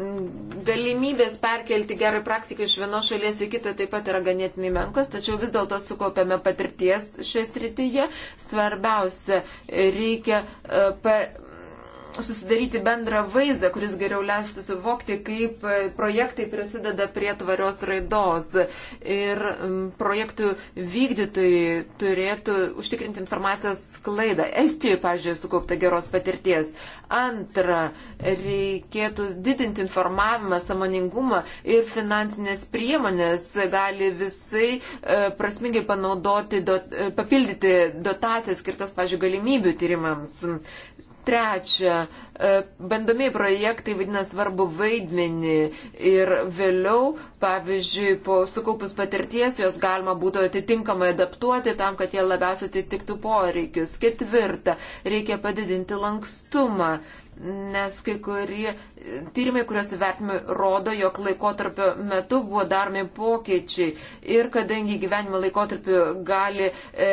Mm, galimybės perkelti gerą praktiką iš vienos šalies į kitą taip pat yra ganėtinai menkos, tačiau vis dėlto sukaupėme patirties šioje srityje. Svarbiausia, reikia. E, pa, susidaryti bendrą vaizdą, kuris geriau leistų suvokti, kaip e, projektai prisideda prie tvarios raidos. Ir projektų vykdytojai turėtų užtikrinti informacijos sklaidą. Estijoje, pažiūrėjau, sukaupta geros patirties. Antra, reikėtų didinti informavimą, samoningumą ir finansinės priemonės gali visai e, prasmingai panaudoti, dot, e, papildyti dotacijas skirtas, pažiūrėjau, galimybių tyrimams. Trečia, e, bandomieji projektai vadina svarbu vaidmenį ir vėliau, pavyzdžiui, po sukaupus patirties juos galima būtų atitinkamai adaptuoti tam, kad jie labiausiai atitiktų poreikius. Ketvirta, reikia padidinti lankstumą nes kai kurie e, tyrimai, kuriuos vertimai rodo, jog laikotarpio metu buvo daromi pokyčiai ir kadangi gyvenimo laikotarpio gali e,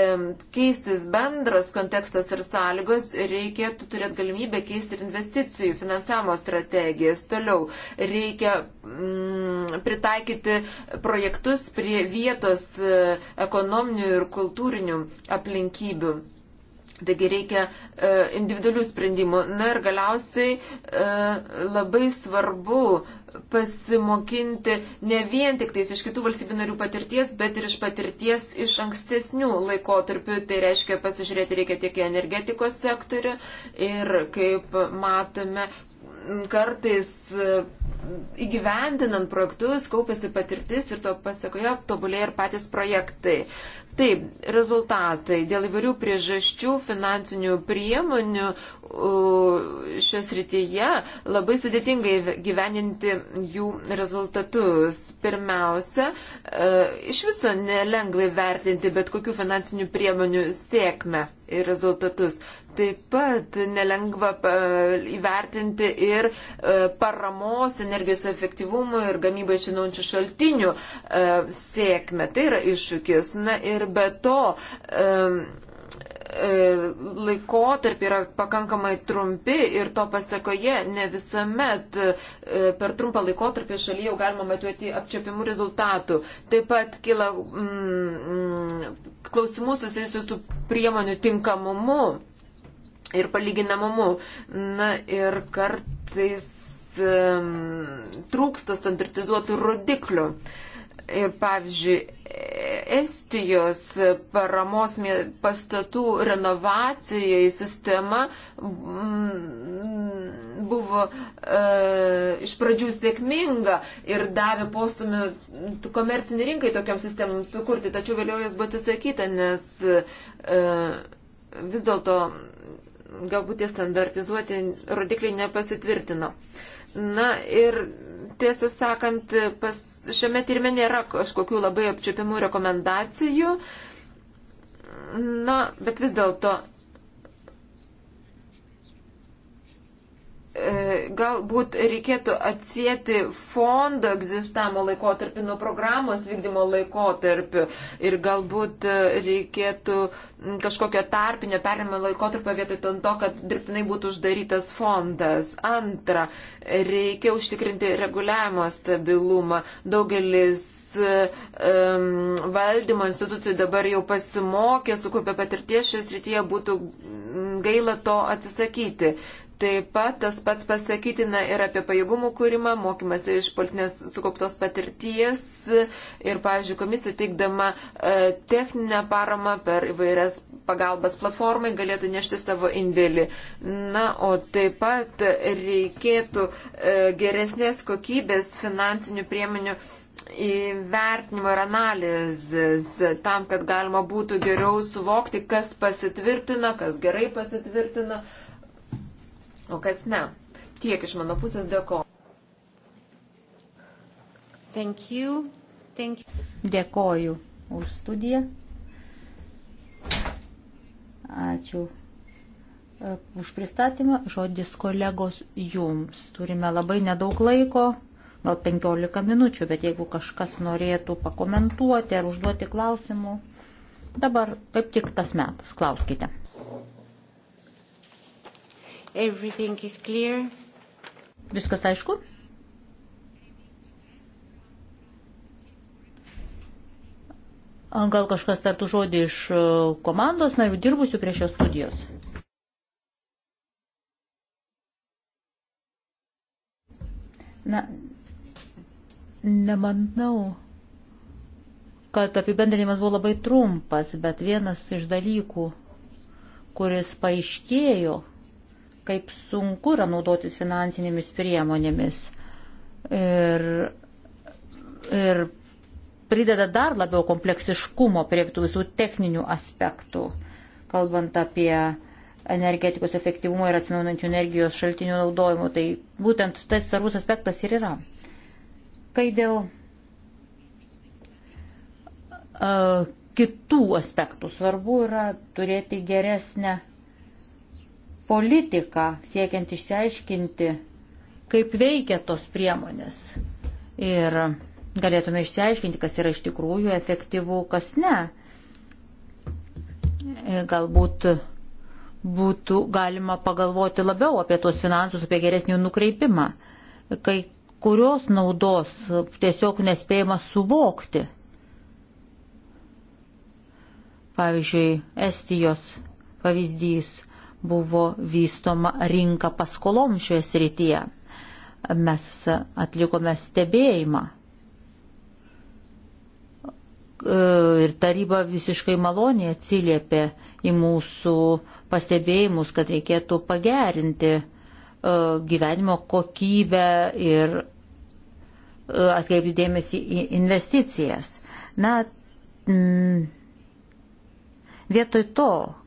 keistis bendras kontekstas ir sąlygos, reikėtų turėti galimybę keisti ir investicijų finansavimo strategijas. Toliau reikia mm, pritaikyti projektus prie vietos e, ekonominių ir kultūrinių aplinkybių. Taigi reikia e, individualių sprendimų. Na ir galiausiai e, labai svarbu pasimokinti ne vien tik tais iš kitų valstybių narių patirties, bet ir iš patirties iš ankstesnių laikotarpių. Tai reiškia pasižiūrėti reikia tiek į energetikos sektorių ir kaip matome, kartais e, įgyvendinant projektus kaupiasi patirtis ir to pasakoje tobulėja ir patys projektai. Taip, rezultatai. Dėl įvairių priežasčių finansinių priemonių šios rytyje labai sudėtingai gyveninti jų rezultatus. Pirmiausia, e, iš viso nelengvai vertinti bet kokių finansinių priemonių sėkmę ir rezultatus. Taip pat nelengva įvertinti ir e, paramos energijos efektyvumų ir gamybą žinaujančių šaltinių e, sėkmę. Tai yra iššūkis. Na ir be to e, laikotarpį yra pakankamai trumpi ir to pasakoje ne visuomet per trumpą laikotarpį šalyje jau galima matuoti apčiopimų rezultatų. Taip pat kyla mm, mm, klausimų susijusių su priemonių tinkamumu ir palyginamumu. Na ir kartais um, trūksta standartizuotų rodiklių. Ir pavyzdžiui, Estijos paramos pastatų renovacijai sistema mm, buvo e, iš pradžių sėkminga ir davė postumį komercinį rinkai tokiam sistemam sukurti, tačiau vėliau jas buvo atsisakyta, nes e, vis dėlto galbūt tie standartizuoti rodikliai nepasitvirtino. Na ir tiesą sakant, pas, šiame tyrimė nėra kažkokių labai apčiopiamų rekomendacijų. Na, bet vis dėlto E, galbūt reikėtų atsijėti fondo egzistavimo laikotarpį nuo programos vykdymo laikotarpių ir galbūt e, reikėtų kažkokio tarpinio perėmimo laikotarpio vietoj to, kad dirbtinai būtų uždarytas fondas. Antra, reikia užtikrinti reguliavimo stabilumą. Daugelis um, valdymo institucijų dabar jau pasimokė, sukaupė patirties šią srityje, būtų gaila to atsisakyti. Taip pat tas pats pasakytina ir apie pajėgumų kūrimą, mokymasi iš politinės sukauptos patirties ir, pavyzdžiui, komisija teikdama e, techninę paramą per įvairias pagalbas platformai galėtų nešti savo indėlį. Na, o taip pat reikėtų e, geresnės kokybės finansinių priemonių įvertinimo ir analizės tam, kad galima būtų geriau suvokti, kas pasitvirtina, kas gerai pasitvirtina o kas ne. Tiek iš mano pusės dėkoju. Thank you. Thank you. Dėkoju už studiją. Ačiū e, už pristatymą. Žodis kolegos jums. Turime labai nedaug laiko, gal 15 minučių, bet jeigu kažkas norėtų pakomentuoti ar užduoti klausimų, dabar kaip tik tas metas. Klauskite. Everything is clear. Viskas aišku? Gal kažkas tartų žodį iš e, komandos narių dirbusių prie šios studijos? Na, nemanau, kad apibendrinimas buvo labai trumpas, bet vienas iš dalykų, kuris paaiškėjo, kaip sunku yra naudotis finansinėmis priemonėmis. Ir, ir prideda dar labiau kompleksiškumo prie tų visų techninių aspektų, kalbant apie energetikos efektyvumą ir atsinaujančių energijos šaltinių naudojimą. Tai būtent tas svarbus aspektas ir yra. Kai dėl uh, kitų aspektų svarbu yra turėti geresnę politiką, siekiant išsiaiškinti, kaip veikia tos priemonės. Ir galėtume išsiaiškinti, kas yra iš tikrųjų efektyvu, kas ne. Galbūt būtų galima pagalvoti labiau apie tos finansus, apie geresnį nukreipimą, kai kurios naudos tiesiog nespėjama suvokti. Pavyzdžiui, Estijos pavyzdys buvo vystoma rinka paskolom šioje srityje. Mes atlikome stebėjimą. Ir taryba visiškai maloniai atsiliepė į mūsų pastebėjimus, kad reikėtų pagerinti e, gyvenimo kokybę ir e, atkreipti dėmesį į investicijas. Na, mm, Vietoj to,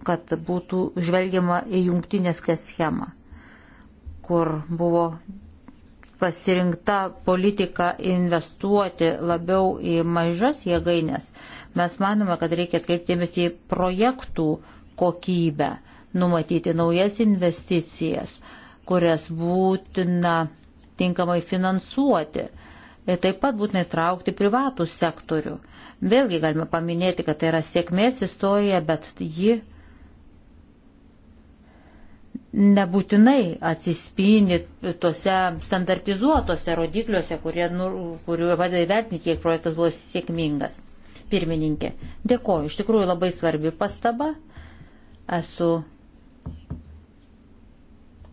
kad būtų žvelgiama į jungtinės schemą, kur buvo pasirinkta politika investuoti labiau į mažas jėgainės, mes manome, kad reikia atkreiptėmės į projektų kokybę, numatyti naujas investicijas, kurias būtina tinkamai finansuoti taip pat būtinai traukti privatų sektorių. Vėlgi galime paminėti, kad tai yra sėkmės istorija, bet ji nebūtinai atsispindi tuose standartizuotose rodikliuose, kurie, nu, kuriuo padeda įvertinti, kiek projektas buvo sėkmingas. Pirmininkė, dėkoju, iš tikrųjų labai svarbi pastaba. Esu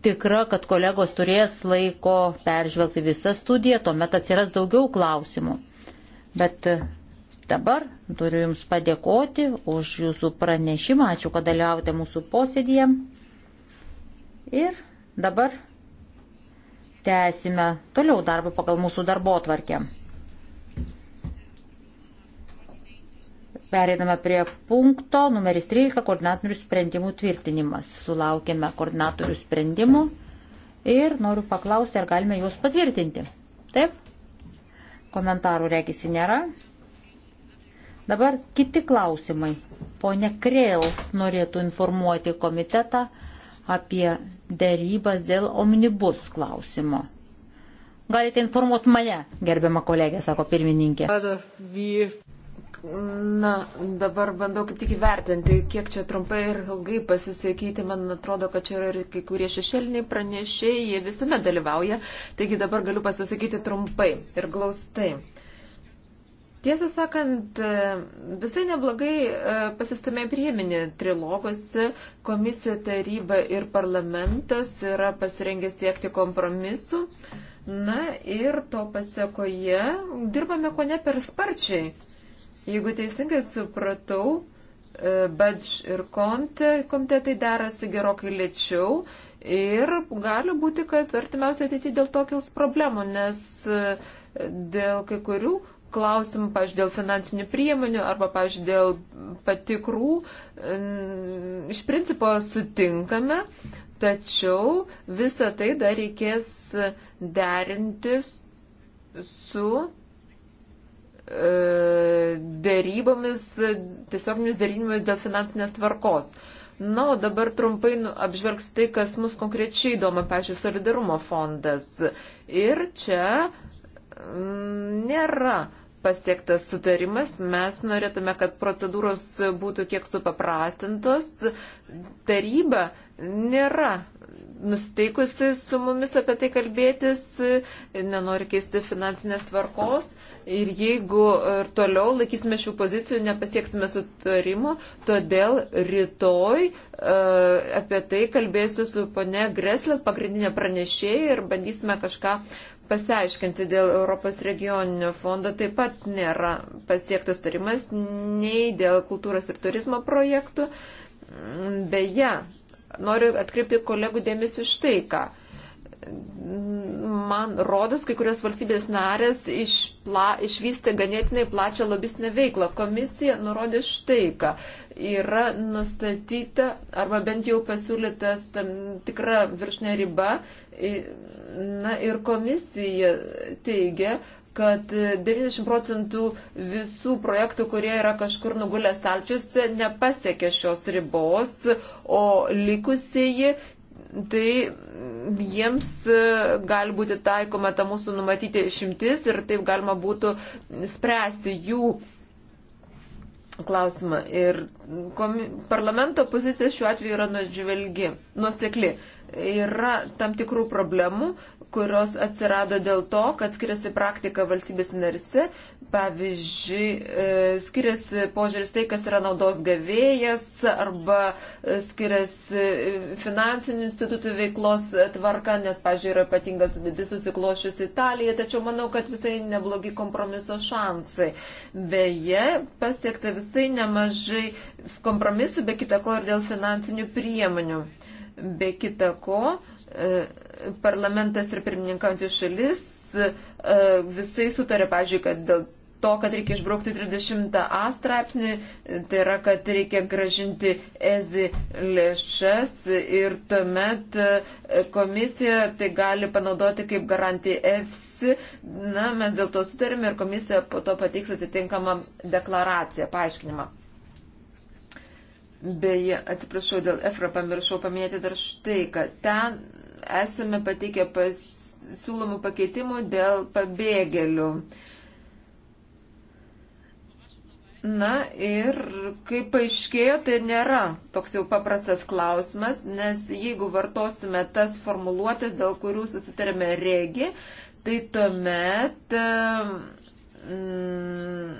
tikra, kad kolegos turės laiko peržvelgti visą studiją, tuomet atsiras daugiau klausimų. Bet e, dabar turiu Jums padėkoti už Jūsų pranešimą, ačiū, kad dalyvaujate mūsų posėdėje. Ir dabar tęsime toliau darbą pagal mūsų darbo tvarkę. Pereiname prie punkto numeris 13 koordinatorių sprendimų tvirtinimas. Sulaukėme koordinatorių sprendimų ir noriu paklausti, ar galime juos patvirtinti. Taip? Komentarų regisi nėra. Dabar kiti klausimai. Pone Krėl norėtų informuoti komitetą apie dėrybas dėl omnibus klausimo. Galite informuoti mane, gerbiama kolegė, sako pirmininkė. Na, dabar bandau kaip tik įvertinti, kiek čia trumpai ir ilgai pasisakyti. Man atrodo, kad čia yra ir kai kurie šešėliniai pranešėjai, jie visuomet dalyvauja. Taigi dabar galiu pasisakyti trumpai ir glaustai. Tiesą sakant, visai neblogai e, pasistumė prieminį trilogose. Komisija, taryba ir parlamentas yra pasirengę siekti kompromisų. Na ir to pasiekoje dirbame ko ne per sparčiai. Jeigu teisingai supratau, e, Badž ir Konte komitetai derasi gerokai lėčiau ir gali būti, kad artimiausiai ateityje dėl to kils problemų, nes e, dėl kai kurių klausimų, pažiūrėjau, dėl finansinių priemonių arba, pažiūrėjau, dėl patikrų, e, iš principo sutinkame, tačiau visą tai dar reikės derintis su dėrybomis, tiesioginis dėrybomis dėl finansinės tvarkos. Na, o dabar trumpai nu, apžvelgsiu tai, kas mus konkrečiai įdomu, pažiūrėjau, solidarumo fondas. Ir čia mm, nėra pasiektas sutarimas, mes norėtume, kad procedūros būtų kiek supaprastintos. Taryba nėra nusteikusi su mumis apie tai kalbėtis, nenori keisti finansinės tvarkos. Mhm. Ir jeigu ir toliau laikysime šių pozicijų, nepasieksime sutarimo, todėl rytoj uh, apie tai kalbėsiu su pone Greslė, pagrindinė pranešėja, ir bandysime kažką pasiaiškinti dėl Europos regioninio fondo taip pat nėra pasiektas tarimas nei dėl kultūros ir turizmo projektų. Beje, noriu atkreipti kolegų dėmesį štai ką man rodos, kai kurios valstybės narės išpla, išvystė ganėtinai plačią lobistinę veiklą. Komisija nurodė štai, ką yra nustatyta arba bent jau pasiūlytas tam tikra viršnė riba. Na ir komisija teigia, kad 90 procentų visų projektų, kurie yra kažkur nugulę stalčiuose, nepasiekė šios ribos, o likusieji tai jiems e, gali būti taikoma ta mūsų numatyti šimtis ir taip galima būtų spręsti jų klausimą. Ir komi, parlamento pozicija šiuo atveju yra nuosekli yra tam tikrų problemų, kurios atsirado dėl to, kad skiriasi praktika valstybės narise. Pavyzdžiui, e, skiriasi požiūris tai, kas yra naudos gavėjas arba e, skiriasi e, finansinių institutų veiklos tvarka, nes, pavyzdžiui, yra ypatingas sudėtis susiklošius Italija, tačiau manau, kad visai neblogi kompromiso šansai. Beje, pasiekta visai nemažai kompromisų, be kitako ir dėl finansinių priemonių. Uh, Be kita ko, e, parlamentas ir pirmininkantys šalis e, visai sutarė, pažiūrėjau, kad dėl to, kad reikia išbraukti 30a straipsnį, tai yra, kad reikia gražinti ezi lėšas ir tuomet e, komisija tai gali panaudoti kaip garantiją EFSI. Na, mes dėl to sutarėme ir komisija po to pateiks atitinkamą deklaraciją, paaiškinimą. Beje, atsiprašau, dėl EFRA pamiršau paminėti dar štai, kad ten esame pateikę siūlomų pakeitimų dėl pabėgėlių. Na ir kaip paaiškėjo, tai nėra toks jau paprastas klausimas, nes jeigu vartosime tas formuluotės, dėl kurių susitarėme regi, tai tuomet. Mm,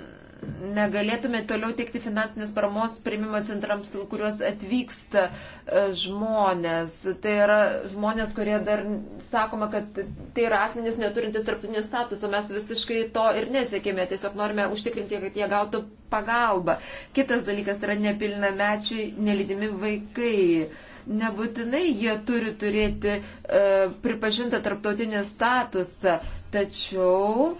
negalėtume toliau teikti finansinės paramos primimo centrams, kuriuos atvyksta e, žmonės. Tai yra žmonės, kurie dar sakoma, kad tai yra asmenys neturintis tarptautinio statuso. Mes visiškai to ir nesiekėme. Tiesiog norime užtikrinti, kad jie gautų pagalbą. Kitas dalykas yra nepilnamečiai, nelydimi vaikai nebūtinai jie turi turėti e, pripažintą tarptautinį statusą, tačiau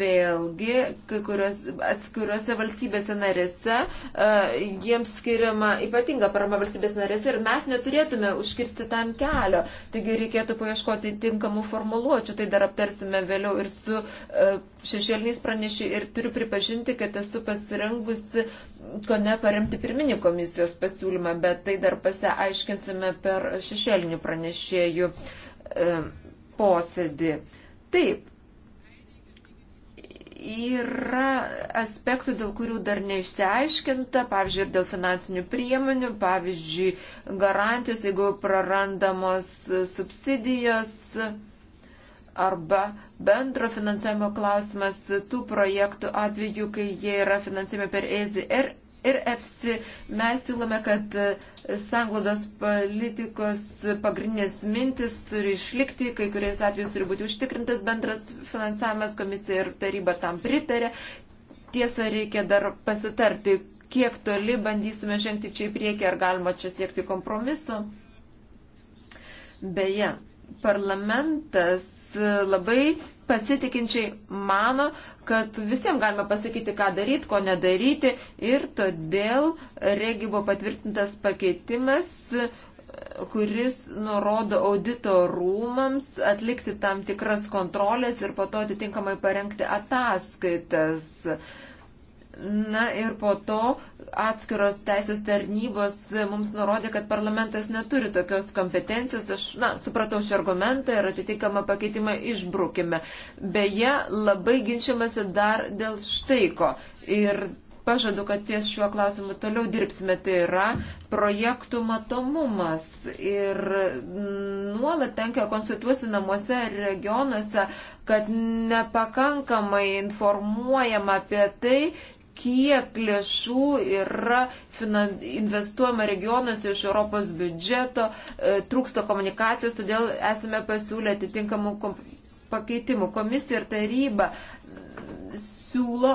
Vėlgi, kai kurios atskiruose valstybėse narėse uh, jiems skiriama ypatinga parama valstybės narėse ir mes neturėtume užkirsti tam kelio. Taigi reikėtų paieškoti tinkamų formuluočių. Tai dar aptarsime vėliau ir su uh, šešėliniais pranešiai ir turiu pripažinti, kad esu pasirengusi ko ne paremti pirminį komisijos pasiūlymą, bet tai dar pasiaiškinsime per šešėlinių pranešėjų uh, posėdį. Taip, yra aspektų, dėl kurių dar neišsiaiškinta, pavyzdžiui, ir dėl finansinių priemonių, pavyzdžiui, garantijos, jeigu prarandamos subsidijos arba bendro finansavimo klausimas tų projektų atveju, kai jie yra finansuojami per EZR ir EFSI mes siūlome, kad e, sanglodos politikos pagrindinės mintis turi išlikti, kai kuriais atvejais turi būti užtikrintas bendras finansavimas, komisija ir taryba tam pritarė. Tiesa, reikia dar pasitarti, kiek toli bandysime žengti čia į priekį, ar galima čia siekti kompromiso. Beje, parlamentas e, labai pasitikinčiai mano, kad visiems galima pasakyti, ką daryti, ko nedaryti ir todėl regi buvo patvirtintas pakeitimas, kuris nurodo audito rūmams atlikti tam tikras kontrolės ir po to atitinkamai parengti ataskaitas. Na ir po to atskiros teisės tarnybos mums nurodė, kad parlamentas neturi tokios kompetencijos. Aš, na, supratau šį argumentą ir atitinkamą pakeitimą išbrukime. Beje, labai ginčiamasi dar dėl štaiko. Ir pažadu, kad ties šiuo klausimu toliau dirbsime, tai yra projektų matomumas. Ir nuolat tenka konstituosi namuose ir regionuose, kad nepakankamai informuojama apie tai, kiek lėšų yra finan... investuojama regionuose iš Europos biudžeto, e, trūksta komunikacijos, todėl esame pasiūlę atitinkamų pakeitimų. Komisija ir taryba siūlo,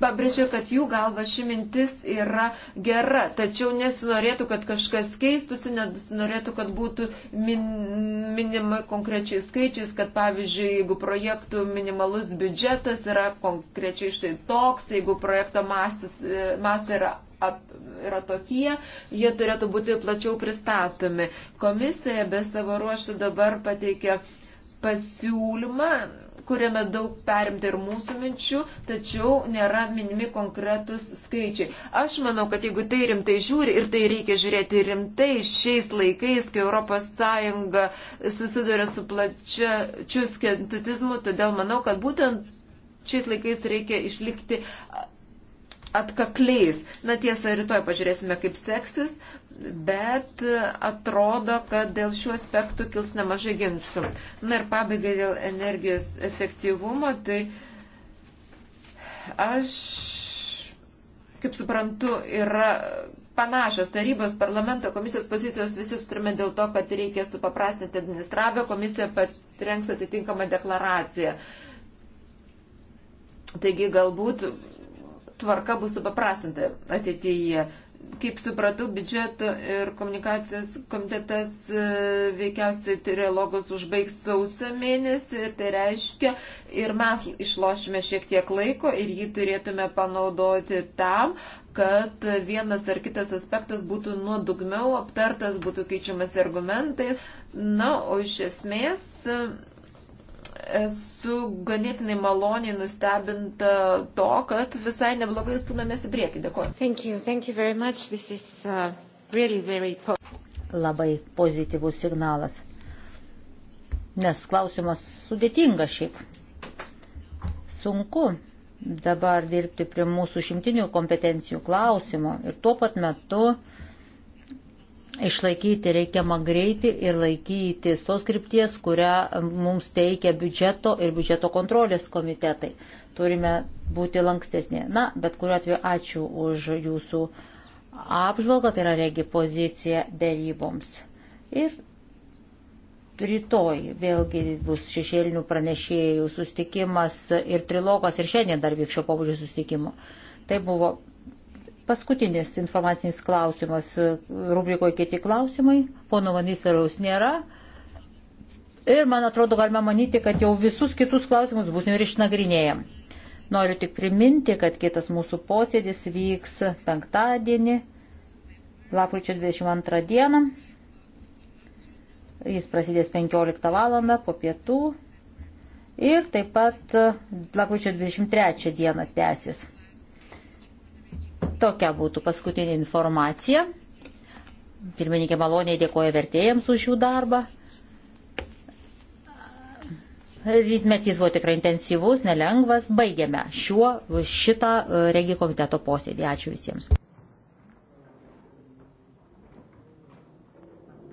pabrėžia, kad jų galva ši mintis yra gera, tačiau nesinorėtų, kad kažkas keistųsi, nesinorėtų, kad būtų min, minima konkrečiai skaičiais, kad pavyzdžiui, jeigu projektų minimalus biudžetas yra konkrečiai štai toks, jeigu projekto mastas, e, mastas yra ap, yra tokie, jie turėtų būti plačiau pristatomi. Komisija be savo ruoštų dabar pateikė pasiūlymą kuriame daug perimta ir mūsų minčių, tačiau nėra minimi konkretus skaičiai. Aš manau, kad jeigu tai rimtai žiūri ir tai reikia žiūrėti rimtai šiais laikais, kai ES susiduria su plačiu skentutizmu, todėl manau, kad būtent šiais laikais reikia išlikti atkakliais. Na tiesa, rytoj pažiūrėsime, kaip seksis, bet atrodo, kad dėl šių aspektų kils nemažai ginčių. Na ir pabaigai dėl energijos efektyvumo, tai aš, kaip suprantu, yra. Panašios tarybos parlamento komisijos pozicijos visi sutrime dėl to, kad reikia supaprastinti administravę, komisija patrenks atitinkamą deklaraciją. Taigi galbūt tvarka bus supaprasinta ateityje. Kaip supratau, biudžeto ir komunikacijos komitetas e, veikiausiai trialogus užbaigs sausio mėnesį ir tai reiškia, ir mes išlošime šiek tiek laiko ir jį turėtume panaudoti tam, kad vienas ar kitas aspektas būtų nuodugniau aptartas, būtų keičiamas argumentais. Na, o iš esmės esu ganėtinai maloniai nustebinta to, kad visai neblogai stumėmės į priekį. Dėkuoju. Thank you. Thank you very much. This is uh, really very Labai pozityvus signalas. Nes klausimas sudėtingas šiaip. Sunku dabar dirbti prie mūsų šimtinių kompetencijų klausimų ir tuo pat metu uh, išlaikyti reikiamą greitį ir laikytis tos krypties, kurią mums teikia biudžeto ir biudžeto kontrolės komitetai. Turime būti lankstesnė. Na, bet kuriuo atveju ačiū už jūsų apžvalgą, tai yra regi pozicija dėryboms. Ir rytoj vėlgi bus šešėlinių pranešėjų sustikimas ir trilogas ir šiandien dar vyks šio pobūdžio sustikimo. Tai buvo Paskutinis informacinis klausimas rubrikoje kiti klausimai. Pono Vanysaraus nėra. Ir man atrodo, galima manyti, kad jau visus kitus klausimus būsim ir išnagrinėjom. Noriu tik priminti, kad kitas mūsų posėdis vyks penktadienį, lapkričio 22 dieną. Jis prasidės 15 val. po pietų ir taip pat lapkričio 23 dieną tęsis. Tokia būtų paskutinė informacija. Pirmininkė maloniai dėkoja vertėjams už jų darbą. Rytmetys buvo tikrai intensyvus, nelengvas. Baigėme šiuo, šitą e, regi komiteto posėdį. Ačiū visiems.